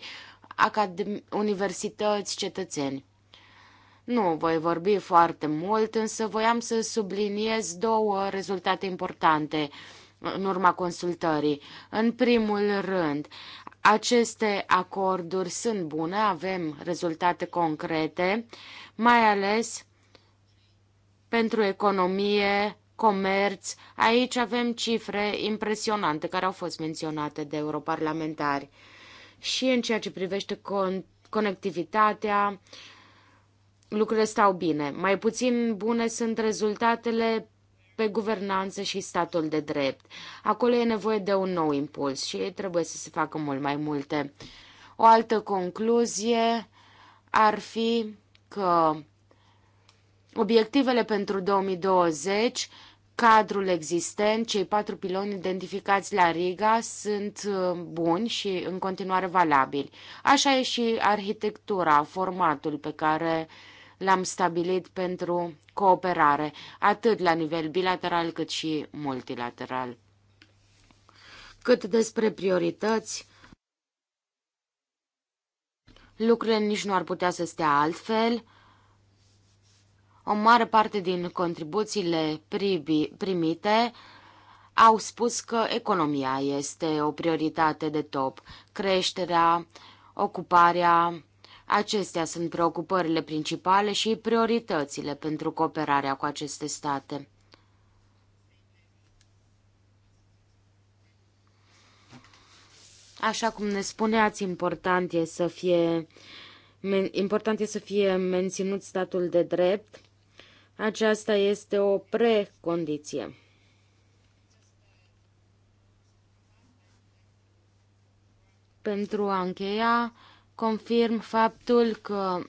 universități, cetățeni. Nu voi vorbi foarte mult, însă voiam să subliniez două rezultate importante în urma consultării. În primul rând, aceste acorduri sunt bune, avem rezultate concrete, mai ales pentru economie, comerț. Aici avem cifre impresionante care au fost menționate de europarlamentari. Și în ceea ce privește con- conectivitatea, lucrurile stau bine. Mai puțin bune sunt rezultatele pe guvernanță și statul de drept. Acolo e nevoie de un nou impuls și trebuie să se facă mult mai multe. O altă concluzie ar fi că obiectivele pentru 2020, cadrul existent, cei patru piloni identificați la Riga sunt uh, buni și în continuare valabili. Așa e și arhitectura, formatul pe care uh, l-am stabilit pentru cooperare, atât la nivel bilateral cât și multilateral. Cât despre priorități, lucrurile nici nu ar putea să stea altfel. O mare parte din contribuțiile primite au spus că economia este o prioritate de top, creșterea, ocuparea, Acestea sunt preocupările principale și prioritățile pentru cooperarea cu aceste state. Așa cum ne spuneați, important e să fie, important e să fie menținut statul de drept. Aceasta este o precondiție. Pentru a încheia, confirm faptul că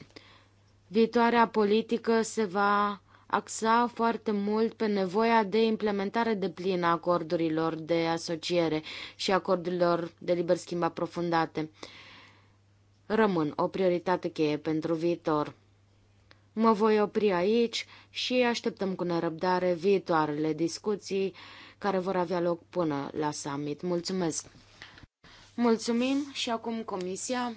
viitoarea politică se va axa foarte mult pe nevoia de implementare de plină a acordurilor de asociere și acordurilor de liber schimb aprofundate. Rămân o prioritate cheie pentru viitor. Mă voi opri aici și așteptăm cu nerăbdare viitoarele discuții care vor avea loc până la summit. Mulțumesc! Mulțumim și acum Comisia.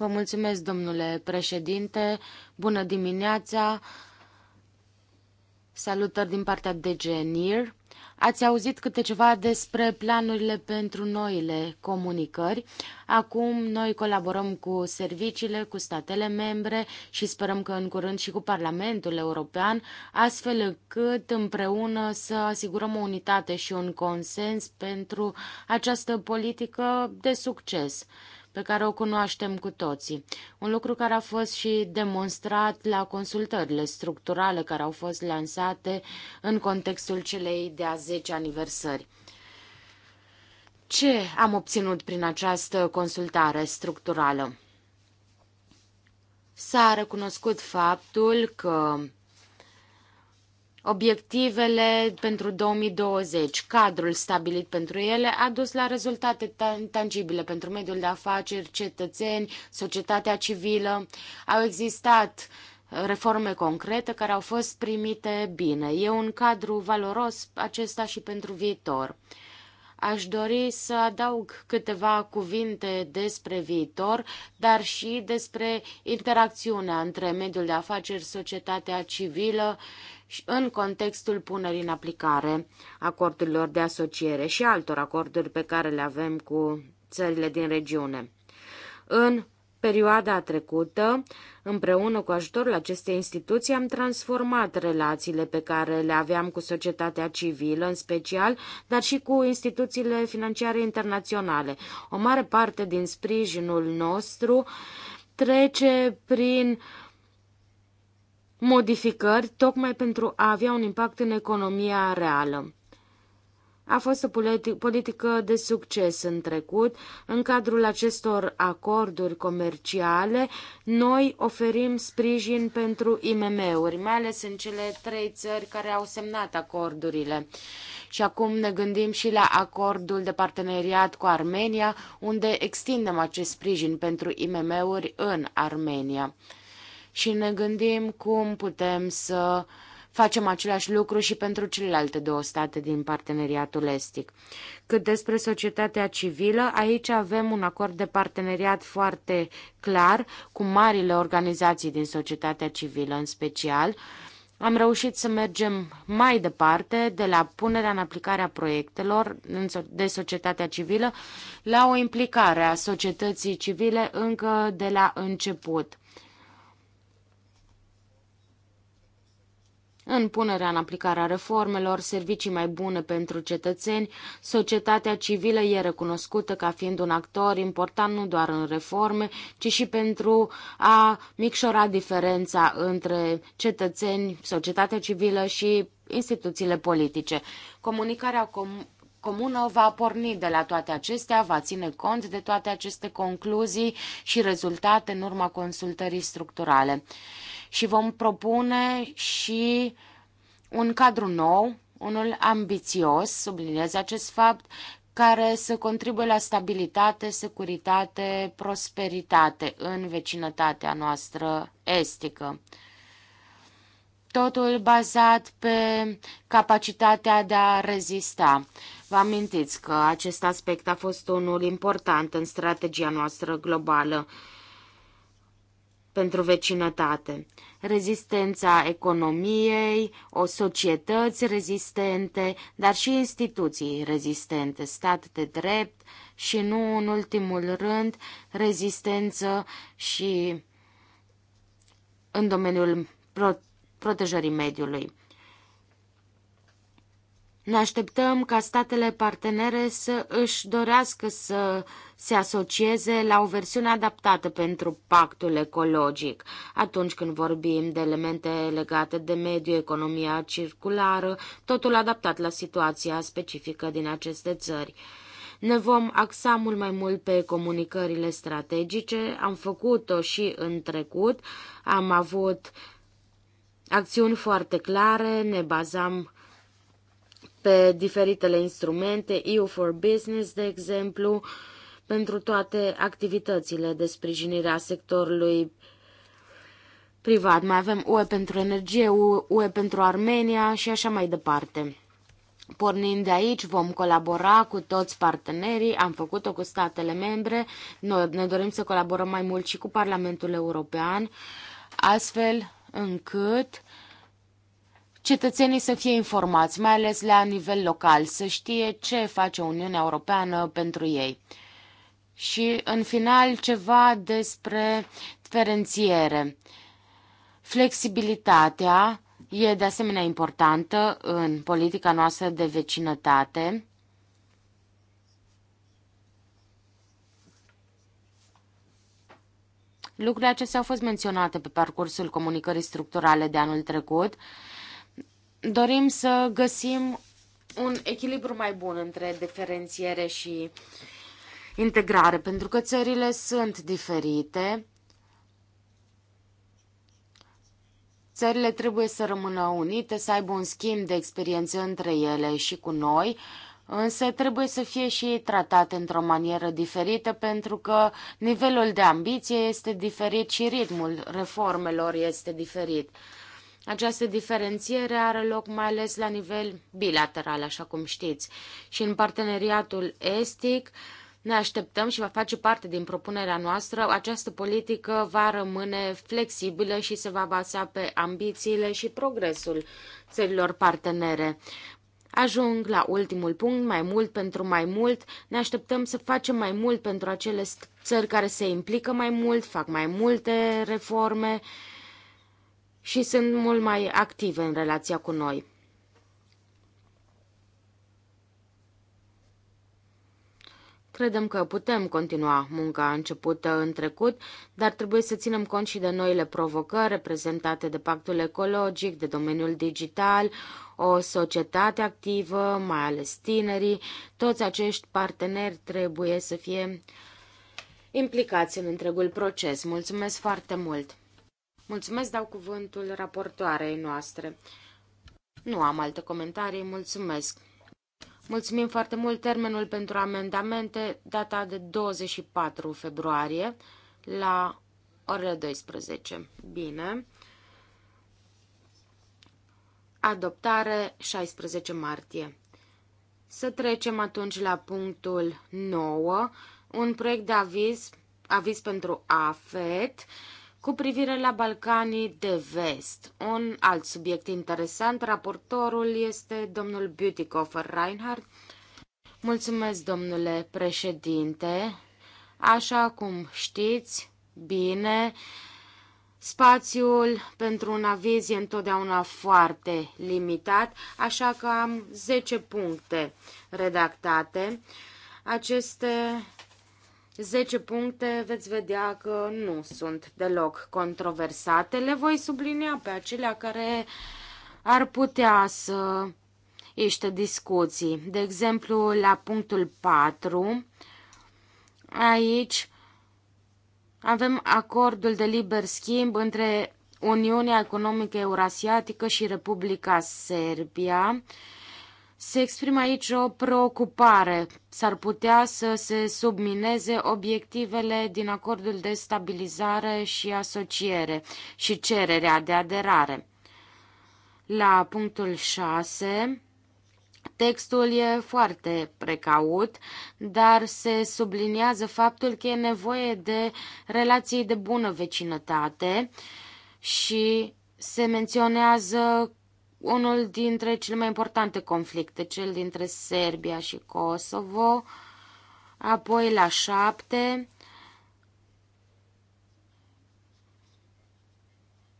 Vă mulțumesc, domnule președinte. Bună dimineața. Salutări din partea DG NIR. Ați auzit câte ceva despre planurile pentru noile comunicări. Acum noi colaborăm cu serviciile, cu statele membre și sperăm că în curând și cu Parlamentul European, astfel încât împreună să asigurăm o unitate și un consens pentru această politică de succes pe care o cunoaștem cu toții. Un lucru care a fost și demonstrat la consultările structurale care au fost lansate în contextul celei de-a 10 aniversări. Ce am obținut prin această consultare structurală? S-a recunoscut faptul că Obiectivele pentru 2020, cadrul stabilit pentru ele, a dus la rezultate tangibile pentru mediul de afaceri, cetățeni, societatea civilă. Au existat reforme concrete care au fost primite bine. E un cadru valoros acesta și pentru viitor. Aș dori să adaug câteva cuvinte despre viitor, dar și despre interacțiunea între mediul de afaceri, societatea civilă și în contextul punerii în aplicare acordurilor de asociere și altor acorduri pe care le avem cu țările din regiune. În perioada trecută, împreună cu ajutorul acestei instituții, am transformat relațiile pe care le aveam cu societatea civilă, în special, dar și cu instituțiile financiare internaționale. O mare parte din sprijinul nostru trece prin uh, modificări tocmai pentru a avea un impact în economia reală. A fost o politică de succes în trecut. În cadrul acestor acorduri comerciale, noi oferim sprijin pentru IMM-uri, mai ales în cele trei țări care au semnat acordurile. Și acum ne gândim și la acordul de parteneriat cu Armenia, unde extindem acest sprijin pentru IMM-uri în Armenia și ne gândim cum putem să facem același lucru și pentru celelalte două state din parteneriatul estic. Cât despre societatea civilă, aici avem un acord de parteneriat foarte clar cu marile organizații din societatea civilă în special. Am reușit să mergem mai departe de la punerea în aplicare a proiectelor de societatea civilă la o implicare a societății civile încă de la început. în punerea în aplicare a reformelor, servicii mai bune pentru cetățeni, societatea civilă e recunoscută ca fiind un actor important nu doar în reforme, ci și pentru a micșora diferența între cetățeni, societatea civilă și instituțiile politice. Comunicarea com- comună va porni de la toate acestea, va ține cont de toate aceste concluzii și rezultate în urma consultării structurale și vom propune și un cadru nou, unul ambițios, subliniez acest fapt, care să contribuie la stabilitate, securitate, prosperitate în vecinătatea noastră estică. Totul bazat pe capacitatea de a rezista. Vă amintiți că acest aspect a fost unul important în strategia noastră globală pentru vecinătate. Rezistența economiei, o societăți rezistente, dar și instituții rezistente, stat de drept și nu în ultimul rând rezistență și în domeniul pro- protejării mediului. Ne așteptăm ca statele partenere să își dorească să se asocieze la o versiune adaptată pentru pactul ecologic, atunci când vorbim de elemente legate de mediu, economia circulară, totul adaptat la situația specifică din aceste țări. Ne vom axa mult mai mult pe comunicările strategice, am făcut-o și în trecut, am avut acțiuni foarte clare, ne bazam pe diferitele instrumente, EU for Business, de exemplu, pentru toate activitățile de sprijinire a sectorului privat. Mai avem UE pentru energie, UE pentru Armenia și așa mai departe. Pornind de aici, vom colabora cu toți partenerii, am făcut-o cu statele membre, noi ne dorim să colaborăm mai mult și cu Parlamentul European, astfel încât cetățenii să fie informați, mai ales la nivel local, să știe ce face Uniunea Europeană pentru ei. Și, în final, ceva despre diferențiere. Flexibilitatea e, de asemenea, importantă în politica noastră de vecinătate. Lucrurile acestea au fost menționate pe parcursul comunicării structurale de anul trecut dorim să găsim un echilibru mai bun între diferențiere și integrare, pentru că țările sunt diferite. Țările trebuie să rămână unite, să aibă un schimb de experiență între ele și cu noi, însă trebuie să fie și tratate într-o manieră diferită pentru că nivelul de ambiție este diferit și ritmul reformelor este diferit. Această diferențiere are loc mai ales la nivel bilateral, așa cum știți. Și în parteneriatul estic ne așteptăm și va face parte din propunerea noastră. Această politică va rămâne flexibilă și se va baza pe ambițiile și progresul țărilor partenere. Ajung la ultimul punct, mai mult pentru mai mult. Ne așteptăm să facem mai mult pentru acele țări care se implică mai mult, fac mai multe reforme și sunt mult mai active în relația cu noi. Credem că putem continua munca începută în trecut, dar trebuie să ținem cont și de noile provocări reprezentate de pactul ecologic, de domeniul digital, o societate activă, mai ales tinerii. Toți acești parteneri trebuie să fie implicați în întregul proces. Mulțumesc foarte mult! Mulțumesc, dau cuvântul raportoarei noastre. Nu am alte comentarii, mulțumesc. Mulțumim foarte mult termenul pentru amendamente, data de 24 februarie la orele 12. Bine. Adoptare 16 martie. Să trecem atunci la punctul 9, un proiect de aviz, aviz pentru AFET cu privire la Balcanii de Vest, un alt subiect interesant, raportorul este domnul Butikofer Reinhardt. Mulțumesc, domnule președinte. Așa cum știți bine, Spațiul pentru un aviz e întotdeauna foarte limitat, așa că am 10 puncte redactate. Aceste 10 puncte veți vedea că nu sunt deloc controversate. Le voi sublinia pe acelea care ar putea să iște discuții. De exemplu, la punctul 4, aici avem acordul de liber schimb între Uniunea Economică Eurasiatică și Republica Serbia se exprimă aici o preocupare. S-ar putea să se submineze obiectivele din acordul de stabilizare și asociere și cererea de aderare. La punctul 6, textul e foarte precaut, dar se subliniază faptul că e nevoie de relații de bună vecinătate și se menționează unul dintre cele mai importante conflicte, cel dintre Serbia și Kosovo, apoi la șapte,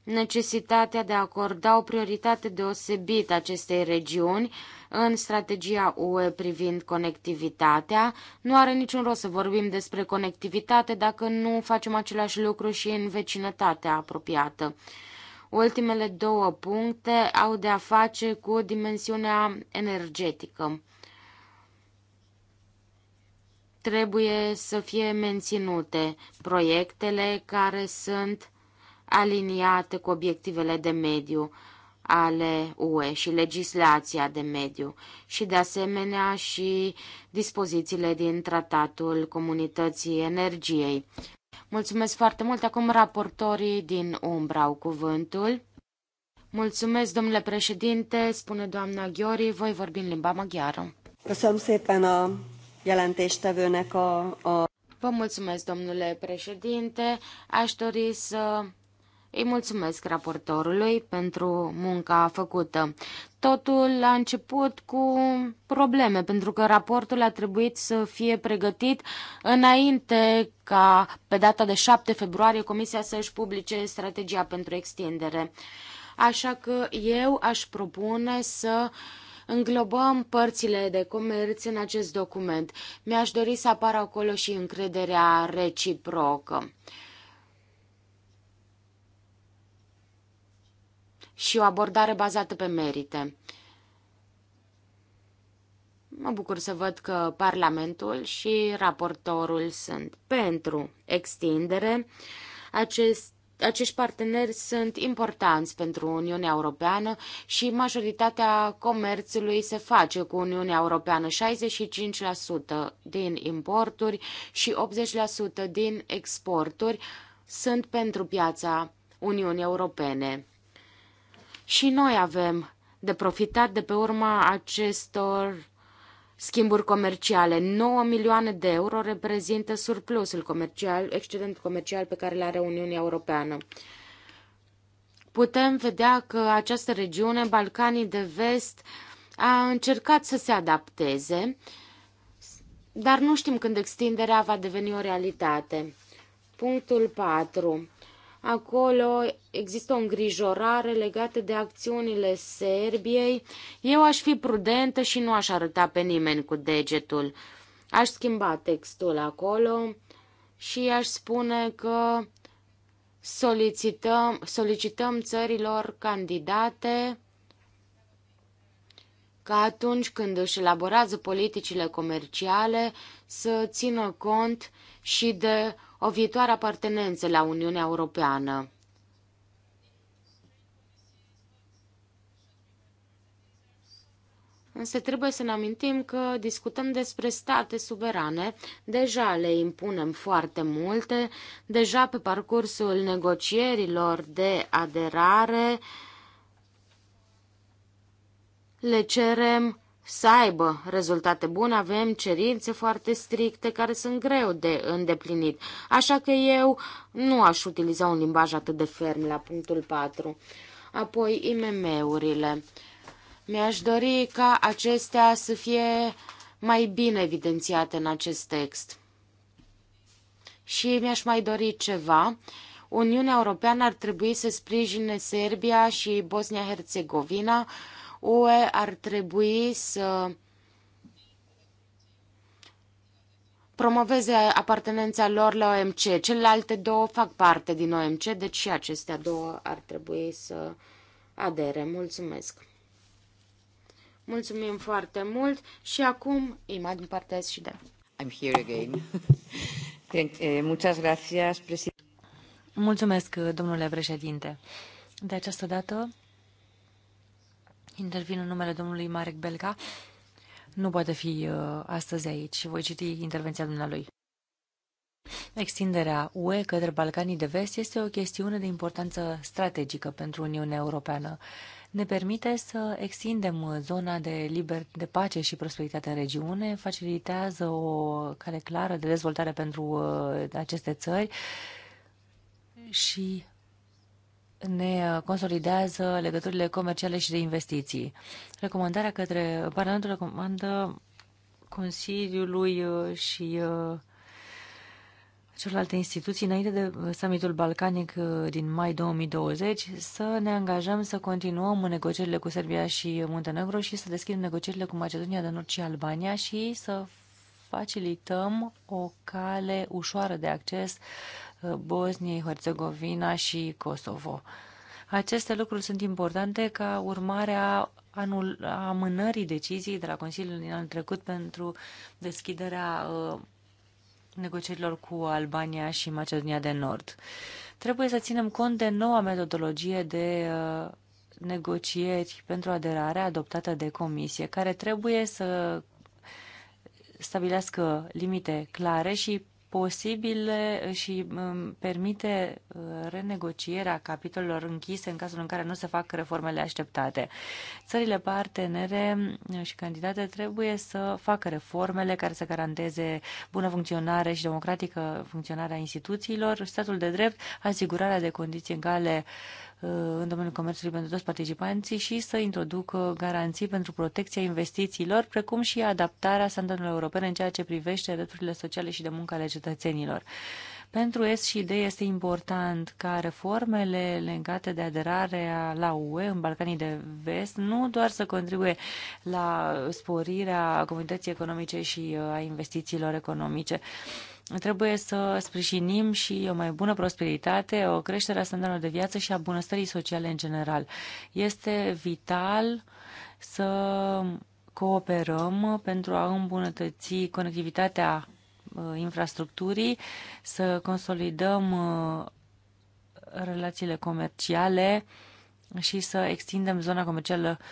necesitatea de a acorda o prioritate deosebită acestei regiuni în strategia UE privind conectivitatea. Nu are niciun rost să vorbim despre conectivitate dacă nu facem același lucru și în vecinătatea apropiată. Ultimele două puncte au de a face cu dimensiunea energetică. Trebuie să fie menținute proiectele care sunt aliniate cu obiectivele de mediu ale UE și legislația de mediu și de asemenea și dispozițiile din Tratatul Comunității Energiei. Mulțumesc foarte mult. Acum raportorii din umbra au cuvântul. Mulțumesc, domnule președinte, spune doamna Ghiori, voi vorbi în limba maghiară. Vă mulțumesc, domnule președinte. Aș dori să îi mulțumesc raportorului pentru munca făcută. Totul a început cu probleme, pentru că raportul a trebuit să fie pregătit înainte ca pe data de 7 februarie Comisia să își publice strategia pentru extindere. Așa că eu aș propune să înglobăm părțile de comerț în acest document. Mi-aș dori să apară acolo și încrederea reciprocă. și o abordare bazată pe merite. Mă bucur să văd că Parlamentul și raportorul sunt pentru extindere. Acest acești parteneri sunt importanți pentru Uniunea Europeană și majoritatea comerțului se face cu Uniunea Europeană, 65% din importuri și 80% din exporturi sunt pentru piața Uniunii Europene. Și noi avem de profitat de pe urma acestor schimburi comerciale. 9 milioane de euro reprezintă surplusul comercial, excedentul comercial pe care le are Uniunea Europeană. Putem vedea că această regiune, Balcanii de Vest, a încercat să se adapteze, dar nu știm când extinderea va deveni o realitate. Punctul 4. Acolo există o îngrijorare legată de acțiunile Serbiei. Eu aș fi prudentă și nu aș arăta pe nimeni cu degetul. Aș schimba textul acolo și aș spune că solicităm, solicităm țărilor candidate ca atunci când își elaborează politicile comerciale să țină cont și de o viitoare apartenență la Uniunea Europeană. Însă trebuie să ne amintim că discutăm despre state suverane, deja le impunem foarte multe, deja pe parcursul negocierilor de aderare le cerem să aibă rezultate bune, avem cerințe foarte stricte care sunt greu de îndeplinit. Așa că eu nu aș utiliza un limbaj atât de ferm la punctul 4. Apoi IMM-urile. Mi-aș dori ca acestea să fie mai bine evidențiate în acest text. Și mi-aș mai dori ceva. Uniunea Europeană ar trebui să sprijine Serbia și Bosnia-Herzegovina UE ar trebui să promoveze apartenența lor la OMC. Celelalte două fac parte din OMC, deci și acestea două ar trebui să adere. Mulțumesc! Mulțumim foarte mult și acum îi mai partea și de. I'm here again. Thank, eh, muchas gracias, Mulțumesc, domnule președinte. De această dată Intervin în numele domnului Marek Belga. Nu poate fi uh, astăzi aici. Voi citi intervenția dumnealui. Extinderea UE către Balcanii de Vest este o chestiune de importanță strategică pentru Uniunea Europeană. Ne permite să extindem zona de, liber, de pace și prosperitate în regiune, facilitează o cale clară de dezvoltare pentru uh, aceste țări și ne uh, consolidează legăturile comerciale și de investiții. Recomandarea către Parlamentul recomandă Consiliului uh, și uh, celelalte instituții înainte de summitul balcanic din mai 2020 să ne angajăm să continuăm negocierile cu Serbia și Muntenegro și să deschidem negocierile cu Macedonia de Nord și Albania și să facilităm o cale ușoară de acces Bosniei, Herțegovina și Kosovo. Aceste lucruri sunt importante ca urmare a anul, amânării deciziei de la Consiliul din anul trecut pentru deschiderea uh, negocierilor cu Albania și Macedonia de Nord. Trebuie să ținem cont de noua metodologie de uh, negocieri pentru aderare adoptată de Comisie, care trebuie să stabilească limite clare și posibile și um, permite uh, renegocierea capitolelor închise în cazul în care nu se fac reformele așteptate. Țările partenere uh, și candidate trebuie să facă reformele care să garanteze bună funcționare și democratică funcționarea instituțiilor, statul de drept, asigurarea de condiții egale în domeniul comerțului pentru toți participanții și să introducă garanții pentru protecția investițiilor, precum și adaptarea standardelor europene în ceea ce privește drepturile sociale și de muncă ale cetățenilor. Pentru S și D este important ca reformele legate de aderarea la UE în Balcanii de Vest nu doar să contribuie la sporirea comunității economice și uh, a investițiilor economice, Trebuie să sprijinim și o mai bună prosperitate, o creștere a standardelor de viață și a bunăstării sociale în general. Este vital să cooperăm pentru a îmbunătăți conectivitatea uh, infrastructurii, să consolidăm uh, relațiile comerciale și să extindem zona comercială uh,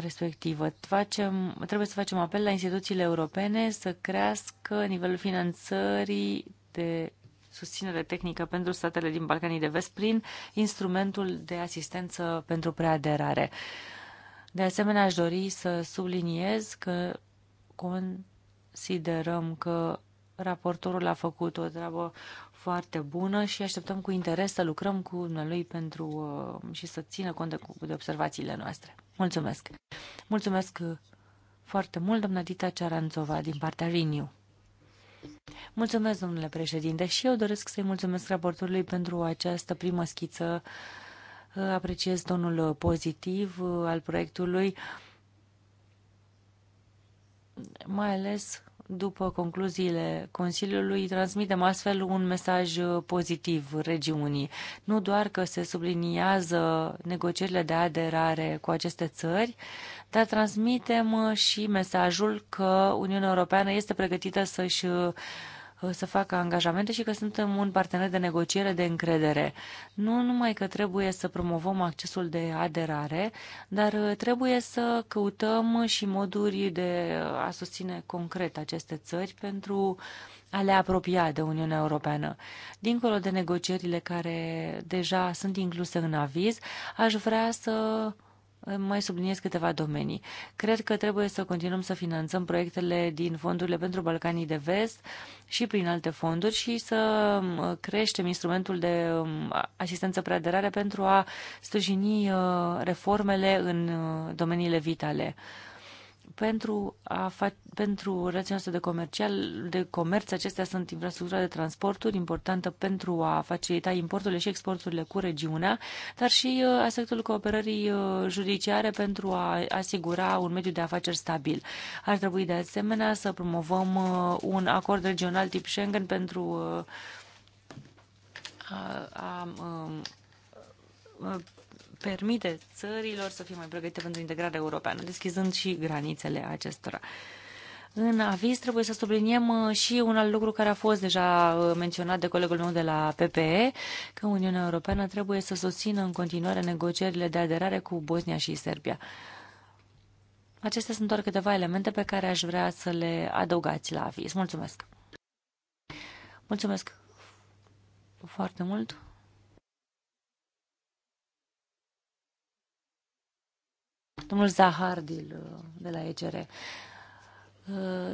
respectivă. Facem, trebuie să facem apel la instituțiile europene să crească nivelul finanțării de susținere tehnică pentru statele din Balcanii de Vest prin instrumentul de asistență pentru preaderare. De asemenea, aș dori să subliniez că considerăm că raportorul a făcut o treabă foarte bună și așteptăm cu interes să lucrăm cu dumnealui pentru uh, și să țină cont de, de observațiile noastre. Mulțumesc! Mulțumesc uh, foarte mult, doamna Dita Cearanțova, din partea Renew. Mulțumesc, domnule președinte, și eu doresc să-i mulțumesc raportorului pentru această primă schiță. Uh, apreciez tonul pozitiv al proiectului, mai ales după concluziile Consiliului, transmitem astfel un mesaj pozitiv regiunii. Nu doar că se subliniază negocierile de aderare cu aceste țări, dar transmitem și mesajul că Uniunea Europeană este pregătită să-și Uh, să facă angajamente și că suntem un partener de negociere de încredere. Nu numai că trebuie să promovăm accesul de aderare, dar uh, trebuie să căutăm și moduri de a susține concret aceste țări pentru a le apropia de Uniunea Europeană. Dincolo de negocierile care deja sunt incluse în aviz, aș vrea să mai subliniez câteva domenii. Cred că trebuie să continuăm să finanțăm proiectele din fondurile pentru Balcanii de Vest și prin alte fonduri și să mm, creștem instrumentul de mm, asistență preaderare pentru a sprijini uh, reformele în uh, domeniile vitale pentru, a fa- pentru rețeaua de, comercial, de comerț, acestea sunt infrastructura de transporturi importantă pentru a facilita importurile și exporturile cu regiunea, dar și uh, aspectul cooperării uh, judiciare pentru a asigura un mediu de afaceri stabil. Ar trebui de asemenea să promovăm uh, un acord regional tip Schengen pentru a, a, a um, permite țărilor să fie mai pregătite pentru integrarea europeană, deschizând și granițele acestora. În aviz trebuie să subliniem uh, și un alt lucru care a fost deja uh, menționat de colegul meu de la PPE, că Uniunea Europeană trebuie să susțină în continuare negocierile de aderare cu Bosnia și Serbia. Acestea sunt doar câteva elemente pe care aș vrea să le adăugați la aviz. Mulțumesc! Mulțumesc foarte mult! Domnul Zahardil uh, de la ECR. Uh,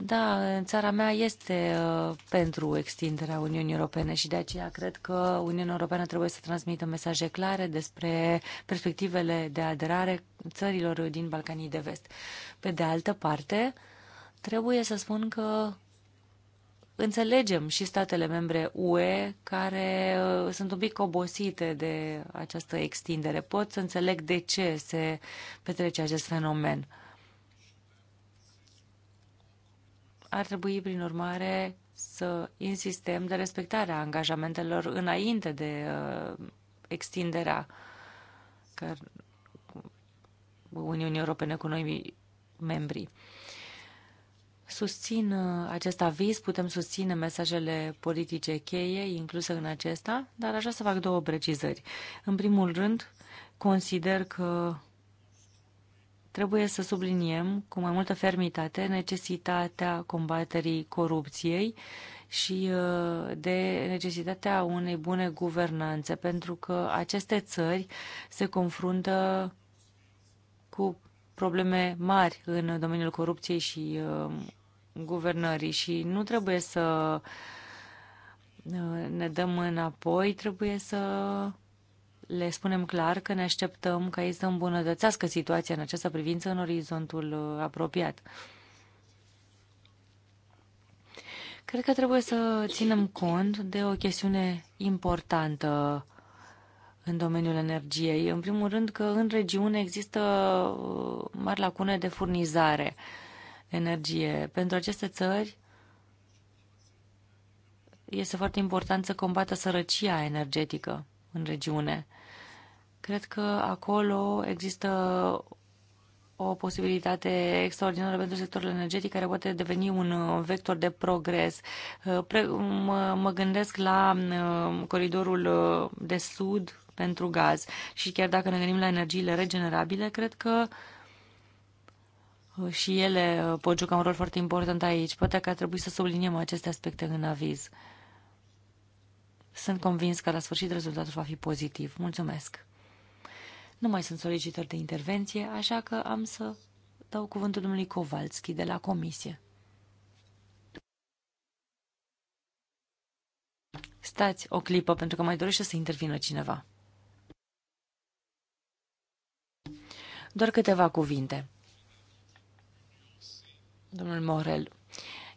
da, în țara mea este uh, pentru extinderea Uniunii Europene și de aceea cred că Uniunea Europeană trebuie să transmită mesaje clare despre perspectivele de aderare țărilor din Balcanii de Vest. Pe de altă parte, trebuie să spun că Înțelegem și statele membre UE care uh, sunt un pic obosite de această extindere. Pot să înțeleg de ce se petrece acest fenomen. Ar trebui, prin urmare, să insistăm de respectarea angajamentelor înainte de uh, extinderea Uniunii Europene cu noi membrii. Susțin uh, acest aviz, putem susține mesajele politice cheie incluse în acesta, dar așa să fac două precizări. În primul rând, consider că trebuie să subliniem cu mai multă fermitate necesitatea combaterii corupției și uh, de necesitatea unei bune guvernanțe, pentru că aceste țări se confruntă cu probleme mari în domeniul corupției și uh, guvernării și nu trebuie să uh, ne dăm înapoi, trebuie să le spunem clar că ne așteptăm ca ei să îmbunătățească situația în această privință în orizontul uh, apropiat. Cred că trebuie să ținem cont de o chestiune importantă în domeniul energiei. În primul rând că în regiune există uh, mari lacune de furnizare. Uh, energie. Pentru aceste țări este foarte important să combată sărăcia energetică în regiune. Cred că acolo există o posibilitate extraordinară pentru sectorul energetic care poate deveni un uh, vector de progres. Uh, mă, mă gândesc la uh, coridorul de sud pentru gaz și chiar dacă ne gândim la energiile regenerabile, cred că uh, Uh, și ele uh, pot juca un rol foarte important aici. Poate că ar trebui să subliniem aceste aspecte în aviz. Sunt convins că la sfârșit rezultatul va fi pozitiv. Mulțumesc! Nu mai sunt solicitări de intervenție, așa că am să dau cuvântul domnului Kovalski de la comisie. Stați o clipă, pentru că mai dorește să intervină cineva. Doar câteva cuvinte domnul Morel.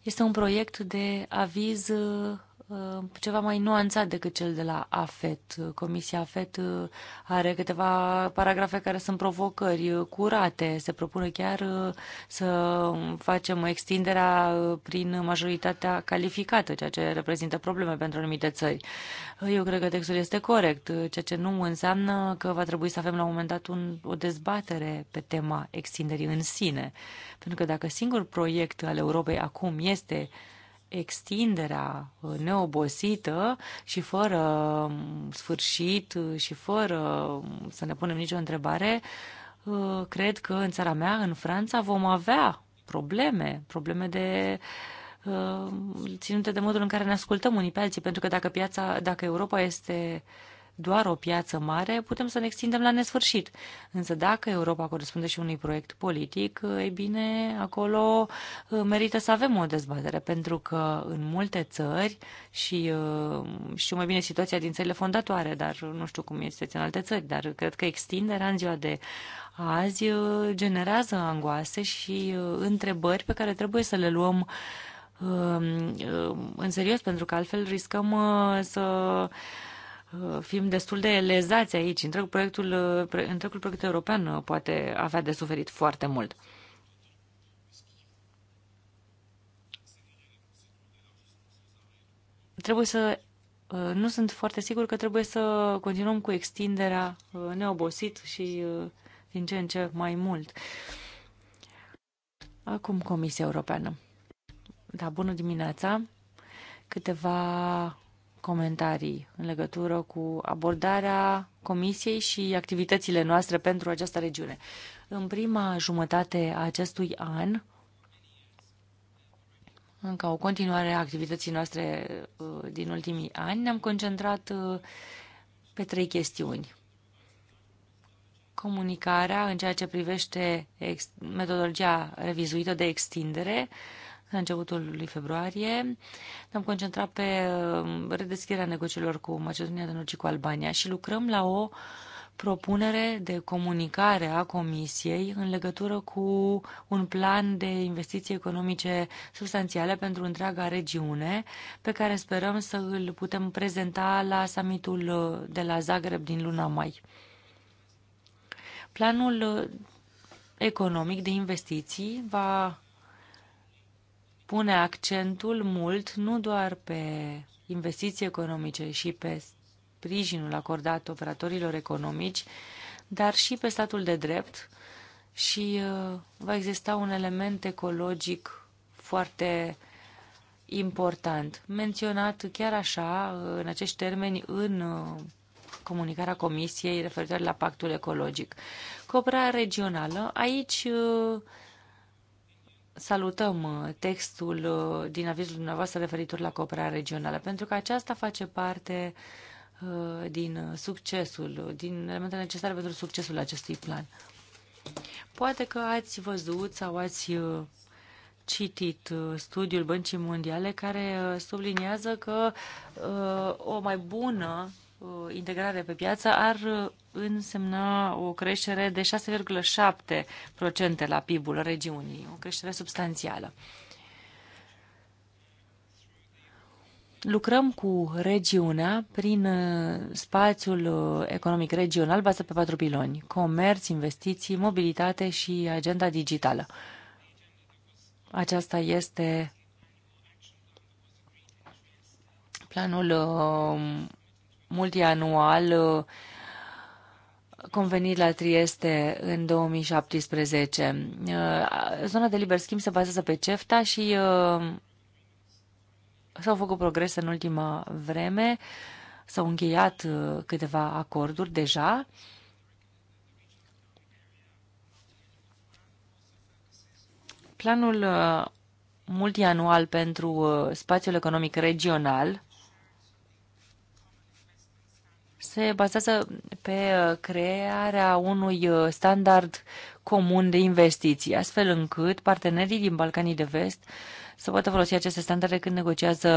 Este un proiect de aviz uh, Uh, ceva mai nuanțat decât cel de la AFET. Comisia AFET uh, are câteva paragrafe care sunt provocări curate. Se propune chiar uh, să facem extinderea prin majoritatea calificată, ceea ce reprezintă probleme pentru anumite țări. Eu cred că textul este corect, ceea ce nu înseamnă că va trebui să avem la un moment dat un, o dezbatere pe tema extinderii în sine. Pentru că dacă singur proiect al Europei acum este extinderea neobosită și fără mm, sfârșit și fără mm, să ne punem nicio întrebare, uh, cred că în țara mea, în Franța, vom avea probleme, probleme de uh, ținute de modul în care ne ascultăm unii pe alții, pentru că dacă piața, dacă Europa este uh, doar o piață mare, putem să ne extindem la nesfârșit. Însă dacă Europa corespunde și unui proiect politic, e bine, acolo uh, merită să avem o dezbatere, pentru că în multe țări și uh, știu mai bine situația din țările fondatoare, dar nu știu cum este în alte țări, dar cred că extinderea în ziua de azi uh, generează angoase și întrebări pe care trebuie să le luăm um, în serios, pentru că altfel riscăm să Uh, fim destul de lezați aici. Întregul, proiectul, uh, întregul proiect european uh, poate avea de suferit foarte mult. Trebuie să nu sunt foarte sigur că trebuie să continuăm cu extinderea neobosit și din ce în ce mai mult. Acum Comisia Europeană. Da, bună dimineața! Câteva comentarii în legătură cu abordarea Comisiei și activitățile noastre pentru această regiune. În prima jumătate a acestui an, încă o continuare a activității noastre uh, din ultimii ani, ne-am concentrat uh, pe trei chestiuni. Comunicarea în ceea ce privește metodologia revizuită de extindere, la începutul lui februarie. Ne-am concentrat pe uh, redeschiderea negocierilor cu Macedonia de Nord și cu Albania și lucrăm la o propunere de comunicare a Comisiei în legătură cu un plan de investiții economice substanțiale pentru întreaga regiune, pe care sperăm să îl putem prezenta la summitul uh, de la Zagreb din luna mai. Planul uh, economic de investiții va pune accentul mult nu doar pe investiții economice și pe sprijinul acordat operatorilor economici, dar și pe statul de drept și uh, va exista un element ecologic foarte important, menționat chiar așa, uh, în acești termeni, în uh, comunicarea Comisiei referitoare la pactul ecologic. Cooperarea regională, aici salutăm uh, textul uh, din avizul dumneavoastră referitor la cooperarea regională, pentru că aceasta face parte uh, din succesul, din elementele necesare pentru succesul acestui plan. Poate că ați văzut sau ați citit studiul Băncii Mondiale care subliniază că o mai bună Uh, integrare pe piață ar uh, însemna o creștere de 6,7% la PIB-ul regiunii, o creștere substanțială. Lucrăm cu regiunea prin uh, spațiul economic regional bazat pe patru piloni, comerț, investiții, mobilitate și agenda digitală. Aceasta este planul multianual uh, convenit la Trieste în 2017. Uh, zona de liber schimb se bazează pe CEFTA și uh, s-au făcut progrese în ultima vreme. S-au încheiat câteva acorduri deja. Planul multianual pentru spațiul economic regional se bazează pe uh, crearea unui uh, standard comun de investiții, astfel încât partenerii din Balcanii de Vest să poată folosi aceste standarde când negociază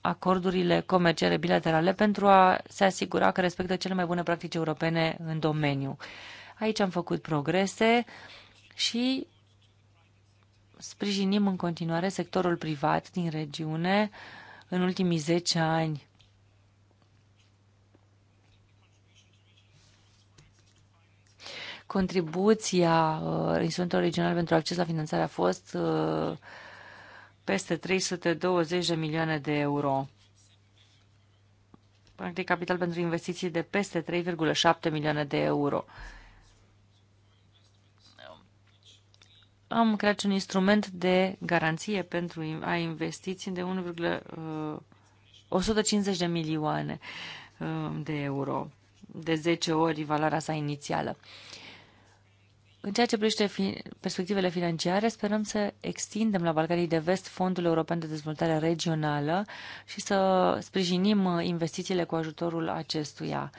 acordurile comerciale bilaterale pentru a se asigura că respectă cele mai bune practici europene în domeniu. Aici am făcut progrese și sprijinim în continuare sectorul privat din regiune. În ultimii 10 ani contribuția uh, instrumentelor regionale pentru acces la finanțare a fost uh, peste 320 de milioane de euro. Practic, capital pentru investiții de peste 3,7 milioane de euro. Am creat un instrument de garanție pentru a investiții de 1, uh, 150 de milioane uh, de euro, de 10 ori valoarea sa inițială. Uh, în ceea ce privește fi perspectivele financiare, sperăm să extindem la Balcanii de Vest Fondul European de Dezvoltare Regională și să sprijinim uh, investițiile cu ajutorul acestuia.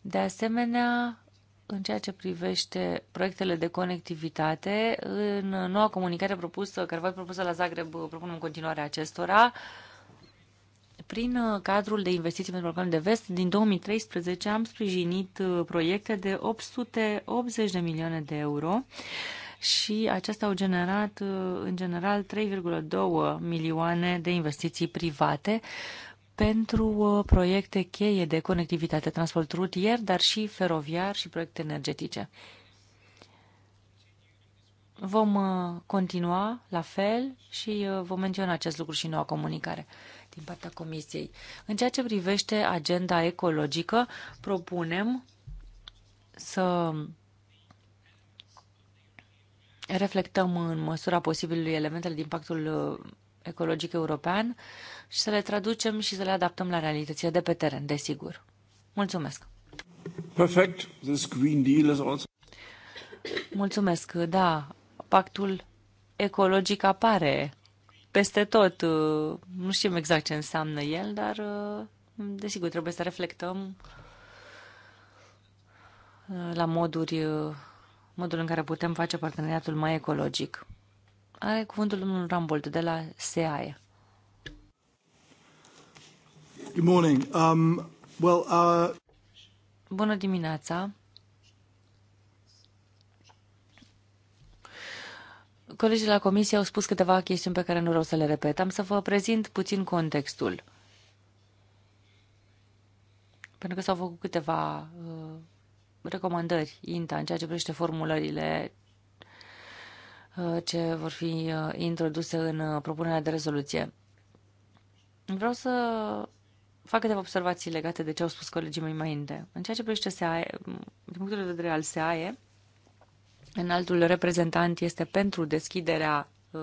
De asemenea, în ceea ce privește proiectele de conectivitate, în uh, noua comunicare propusă, care va fi propusă la Zagreb, uh, propunem continuarea acestora. Uh, prin uh, cadrul de investiții pentru Balcanul de Vest, din 2013 am sprijinit uh, proiecte de 880 de milioane de euro și acestea au generat uh, în general 3,2 milioane de investiții private pentru proiecte cheie de conectivitate, transport rutier, dar și feroviar și proiecte energetice. Vom continua la fel și vom menționa acest lucru și noua comunicare din partea Comisiei. În ceea ce privește agenda ecologică, propunem să reflectăm în măsura posibilului elementele din pactul uh, ecologic european și să le traducem și să le adaptăm la realitățile de pe teren, desigur. Mulțumesc! Perfect. This Green Deal is also... Mulțumesc, da. Pactul ecologic apare peste tot. Uh, nu știm exact ce înseamnă el, dar uh, desigur trebuie să reflectăm uh, la moduri, modul în care putem face parteneriatul mai ecologic. Are cuvântul domnul Rambold de la SEAE. Good morning. Um, well, uh... Bună dimineața. Colegii la comisie au spus câteva chestiuni pe care nu vreau să le repet. Am să vă prezint puțin contextul. Pentru că s-au făcut câteva uh, recomandări INTA în ceea ce privește formulările uh, ce vor fi uh, introduse în uh, propunerea de rezoluție. Vreau să fac câteva observații legate de ce au spus colegii mei mai înainte. În ceea ce privește SAE, din punctul de vedere al SAE, Înaltul reprezentant este pentru deschiderea uh,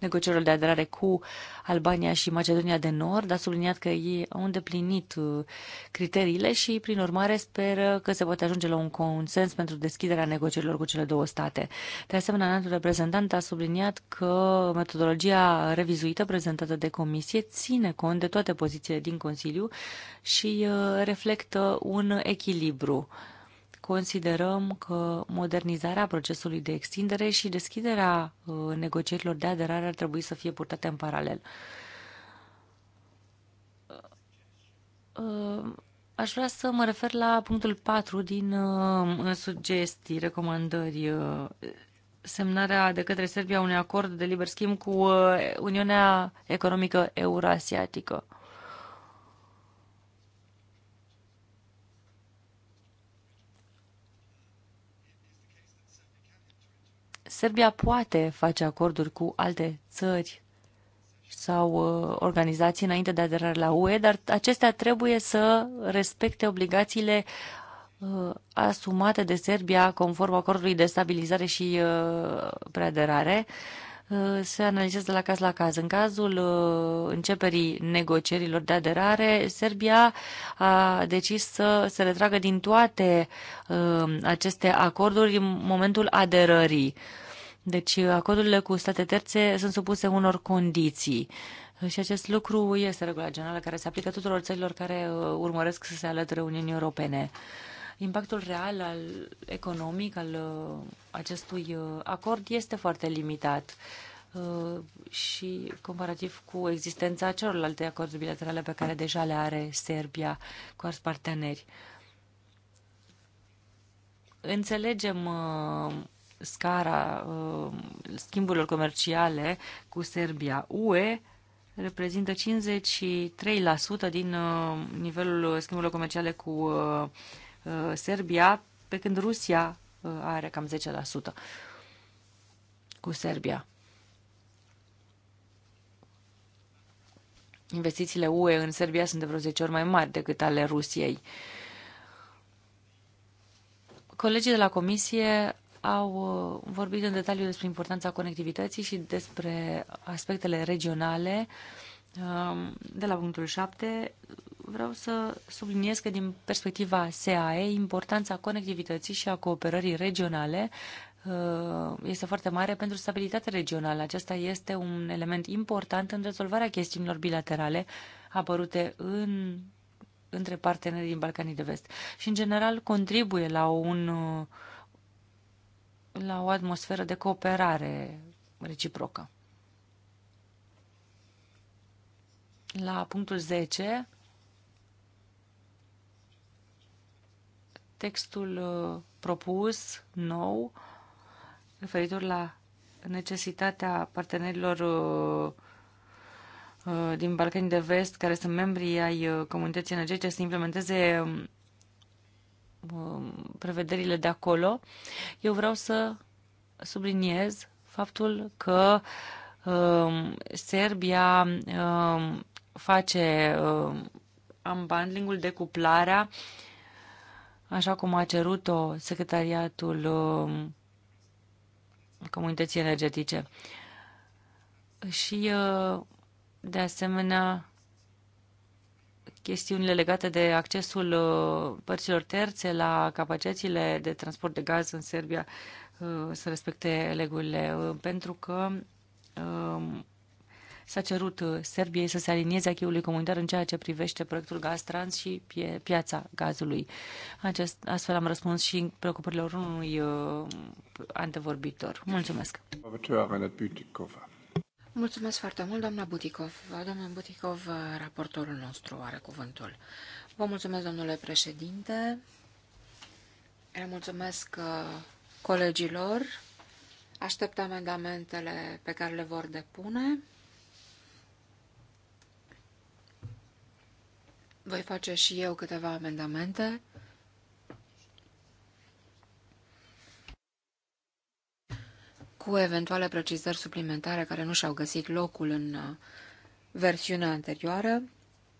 negocierilor de aderare cu Albania și Macedonia de Nord, a subliniat că ei au îndeplinit uh, criteriile și, prin urmare, speră că se poate ajunge la un consens pentru deschiderea negocierilor cu cele două state. De asemenea, înaltul reprezentant a subliniat că metodologia revizuită prezentată de comisie ține cont de toate pozițiile din Consiliu și uh, reflectă un echilibru considerăm că modernizarea procesului de extindere și deschiderea uh, negocierilor de aderare ar trebui să fie purtate în paralel. Uh, aș vrea să mă refer la punctul 4 din uh, sugestii, recomandări semnarea de către Serbia unui acord de liber schimb cu Uniunea Economică Eurasiatică. Serbia poate face acorduri cu alte țări sau uh, organizații înainte de aderare la UE, dar acestea trebuie să respecte obligațiile uh, asumate de Serbia conform acordului de stabilizare și uh, preaderare se analizează de la caz la caz. În cazul începerii negocierilor de aderare, Serbia a decis să se retragă din toate aceste acorduri în momentul aderării. Deci acordurile cu state terțe sunt supuse unor condiții. Și acest lucru este regula generală care se aplică tuturor țărilor care uh, urmăresc să se alăture Uniunii Europene. Impactul real al economic al uh, acestui uh, acord este foarte limitat și comparativ cu existența celorlalte acorduri bilaterale pe care deja le are Serbia cu alți parteneri. Înțelegem scara uh, schimburilor comerciale cu Serbia. UE reprezintă 53% din uh, nivelul schimburilor comerciale cu uh, Serbia, pe când Rusia are cam 10% cu Serbia. Investițiile UE în Serbia sunt de vreo 10 ori mai mari decât ale Rusiei. Colegii de la Comisie au uh, vorbit în detaliu despre importanța conectivității și despre aspectele regionale. Um, de la punctul 7 vreau să subliniez că din perspectiva SAE importanța conectivității și a cooperării regionale uh, este foarte mare pentru stabilitatea regională. Acesta este un element important în rezolvarea chestiunilor bilaterale apărute în, între partenerii din Balcanii de Vest și, în general, contribuie la un uh, la o atmosferă de cooperare reciprocă. La punctul 10, textul uh, propus, nou, referitor la necesitatea partenerilor uh, uh, din Balcanii de Vest, care sunt membri ai comunității energetice, să implementeze um, Um, prevederile de acolo, eu vreau să subliniez faptul că um, Serbia um, face um, unbundling-ul, cuplarea, așa cum a cerut-o Secretariatul um, Comunității Energetice. Și, uh, de asemenea, chestiunile legate de accesul uh, părților terțe la capacitățile de transport de gaz în Serbia uh, să respecte legurile, uh, pentru că um, s-a cerut Serbiei să se alinieze achiului comunitar în ceea ce privește proiectul Gaztrans și piața gazului. Acest, astfel am răspuns și preocupărilor unui antevorbitor. Mulțumesc! Mulțumesc foarte mult, doamna Buticov. Doamna Buticov, raportorul nostru are cuvântul. Vă mulțumesc, domnule președinte. Le mulțumesc uh, colegilor. Aștept amendamentele pe care le vor depune. Voi face și eu câteva amendamente. cu eventuale precizări suplimentare care nu și-au găsit locul în uh, versiunea anterioară,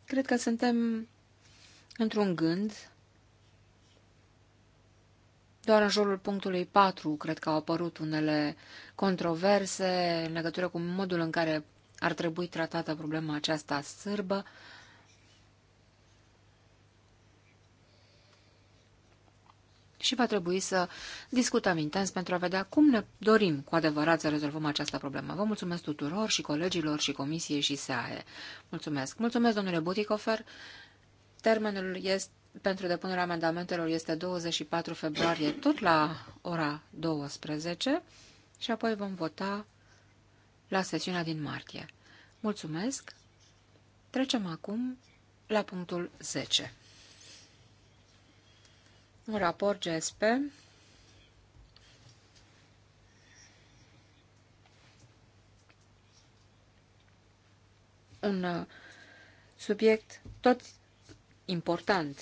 cred că suntem într-un gând. Doar în jurul punctului 4 cred că au apărut unele controverse în legătură cu modul în care ar trebui tratată problema aceasta sârbă. și va trebui să discutăm intens pentru a vedea cum ne dorim cu adevărat să rezolvăm această problemă. Vă mulțumesc tuturor și colegilor și comisiei și SAE. Mulțumesc. Mulțumesc, domnule Buticofer. Termenul este, pentru depunerea amendamentelor este 24 februarie, tot la ora 12 și apoi vom vota la sesiunea din martie. Mulțumesc. Trecem acum la punctul 10 un raport GSP un uh, subiect tot important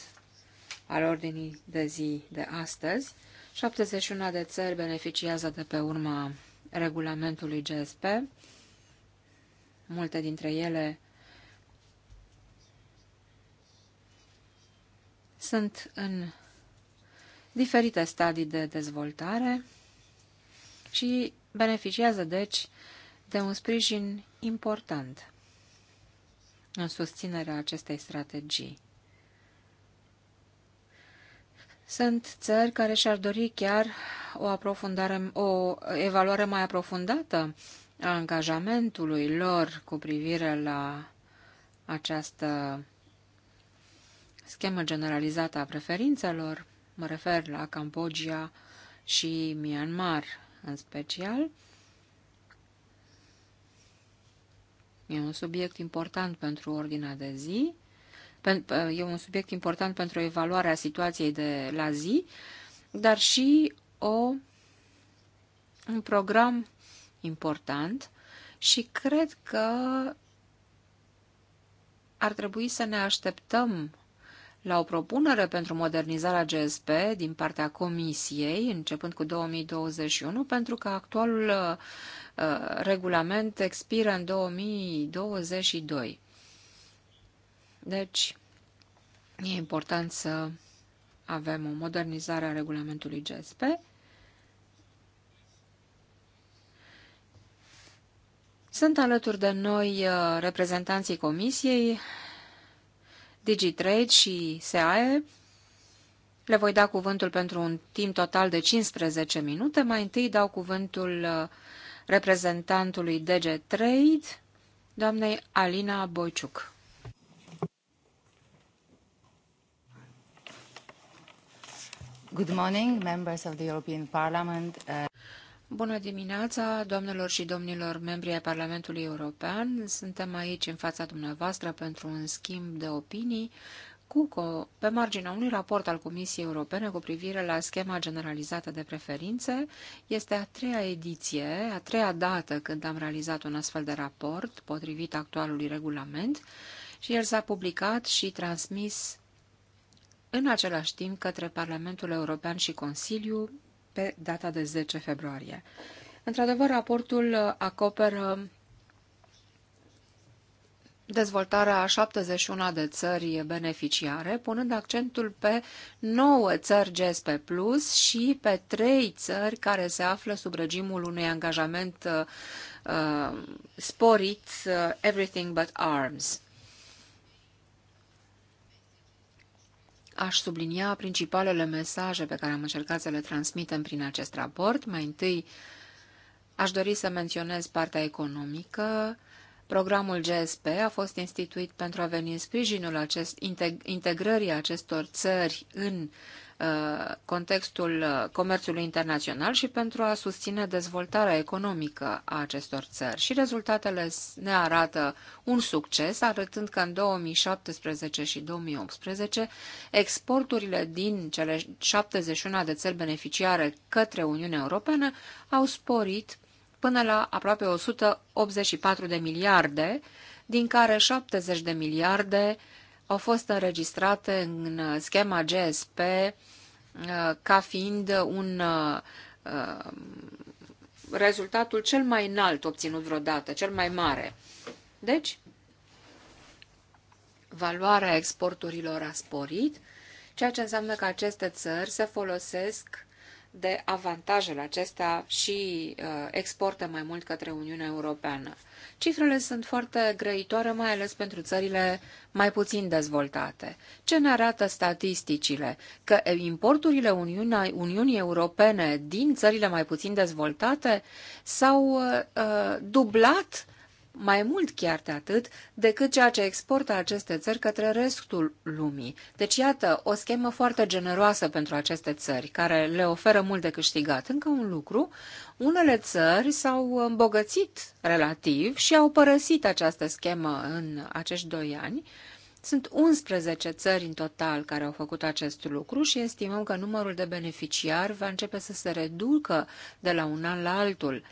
al ordinii de zi de astăzi. 71 de țări beneficiază de pe urma regulamentului GSP. Multe dintre ele sunt în diferite stadii de dezvoltare și beneficiază, deci, de un sprijin important în susținerea acestei strategii. Sunt țări care și-ar dori chiar o, aprofundare, o evaluare mai aprofundată a angajamentului lor cu privire la această schemă generalizată a preferințelor mă refer la Cambodgia și Myanmar în special. E un subiect important pentru ordinea de zi, e un subiect important pentru evaluarea situației de la zi, dar și o, un program important și cred că ar trebui să ne așteptăm la o propunere pentru modernizarea GSP din partea Comisiei, începând cu 2021, pentru că actualul uh, uh regulament expiră în 2022. Deci, e important să avem o modernizare a regulamentului GSP. Sunt alături de noi uh, reprezentanții Comisiei, DigiTrade și SEAE. Le voi da cuvântul pentru un timp total de 15 minute. Mai întâi dau cuvântul uh, reprezentantului DG Trade, doamnei Alina Boiciuc. Good morning, members of the European Parliament. Uh, Bună dimineața, doamnelor și domnilor membri ai Parlamentului European. Suntem aici în fața dumneavoastră pentru un schimb de opinii cu, pe marginea unui raport al Comisiei Europene cu privire la schema generalizată de preferințe. Este a treia ediție, a treia dată când am realizat un astfel de raport potrivit actualului regulament și el s-a publicat și transmis în același timp către Parlamentul European și Consiliu pe data de 10 februarie. Într-adevăr, raportul acoperă dezvoltarea a 71 de țări beneficiare, punând accentul pe 9 țări GSP Plus și pe 3 țări care se află sub regimul unui angajament uh, sporit uh, Everything But Arms. aș sublinia principalele mesaje pe care am încercat să le transmitem prin acest raport. Mai întâi, aș dori să menționez partea economică, Programul GSP a fost instituit pentru a veni în sprijinul acest, integ integrării acestor țări în uh, contextul uh, comerțului internațional și pentru a susține dezvoltarea economică a acestor țări. Și rezultatele ne arată un succes, arătând că în 2017 și 2018 exporturile din cele 71 de țări beneficiare către Uniunea Europeană au sporit până la aproape 184 de miliarde, din care 70 de miliarde au fost înregistrate în schema GSP uh, ca fiind un uh, rezultatul cel mai înalt obținut vreodată, cel mai mare. Deci, valoarea exporturilor a sporit, ceea ce înseamnă că aceste țări se folosesc de avantajele acestea și uh, exportă mai mult către Uniunea Europeană. Cifrele sunt foarte grăitoare, mai ales pentru țările mai puțin dezvoltate. Ce ne arată statisticile? Că importurile Uniunea, Uniunii Europene din țările mai puțin dezvoltate s-au uh, uh dublat mai mult chiar de atât, decât ceea ce exportă aceste țări către restul lumii. Deci, iată, o schemă foarte generoasă pentru aceste țări, care le oferă mult de câștigat. Încă un lucru, unele țări s-au îmbogățit relativ și au părăsit această schemă în acești doi ani, sunt 11 țări în total care au făcut acest lucru și estimăm că numărul de beneficiari va începe să se reducă de la un an la altul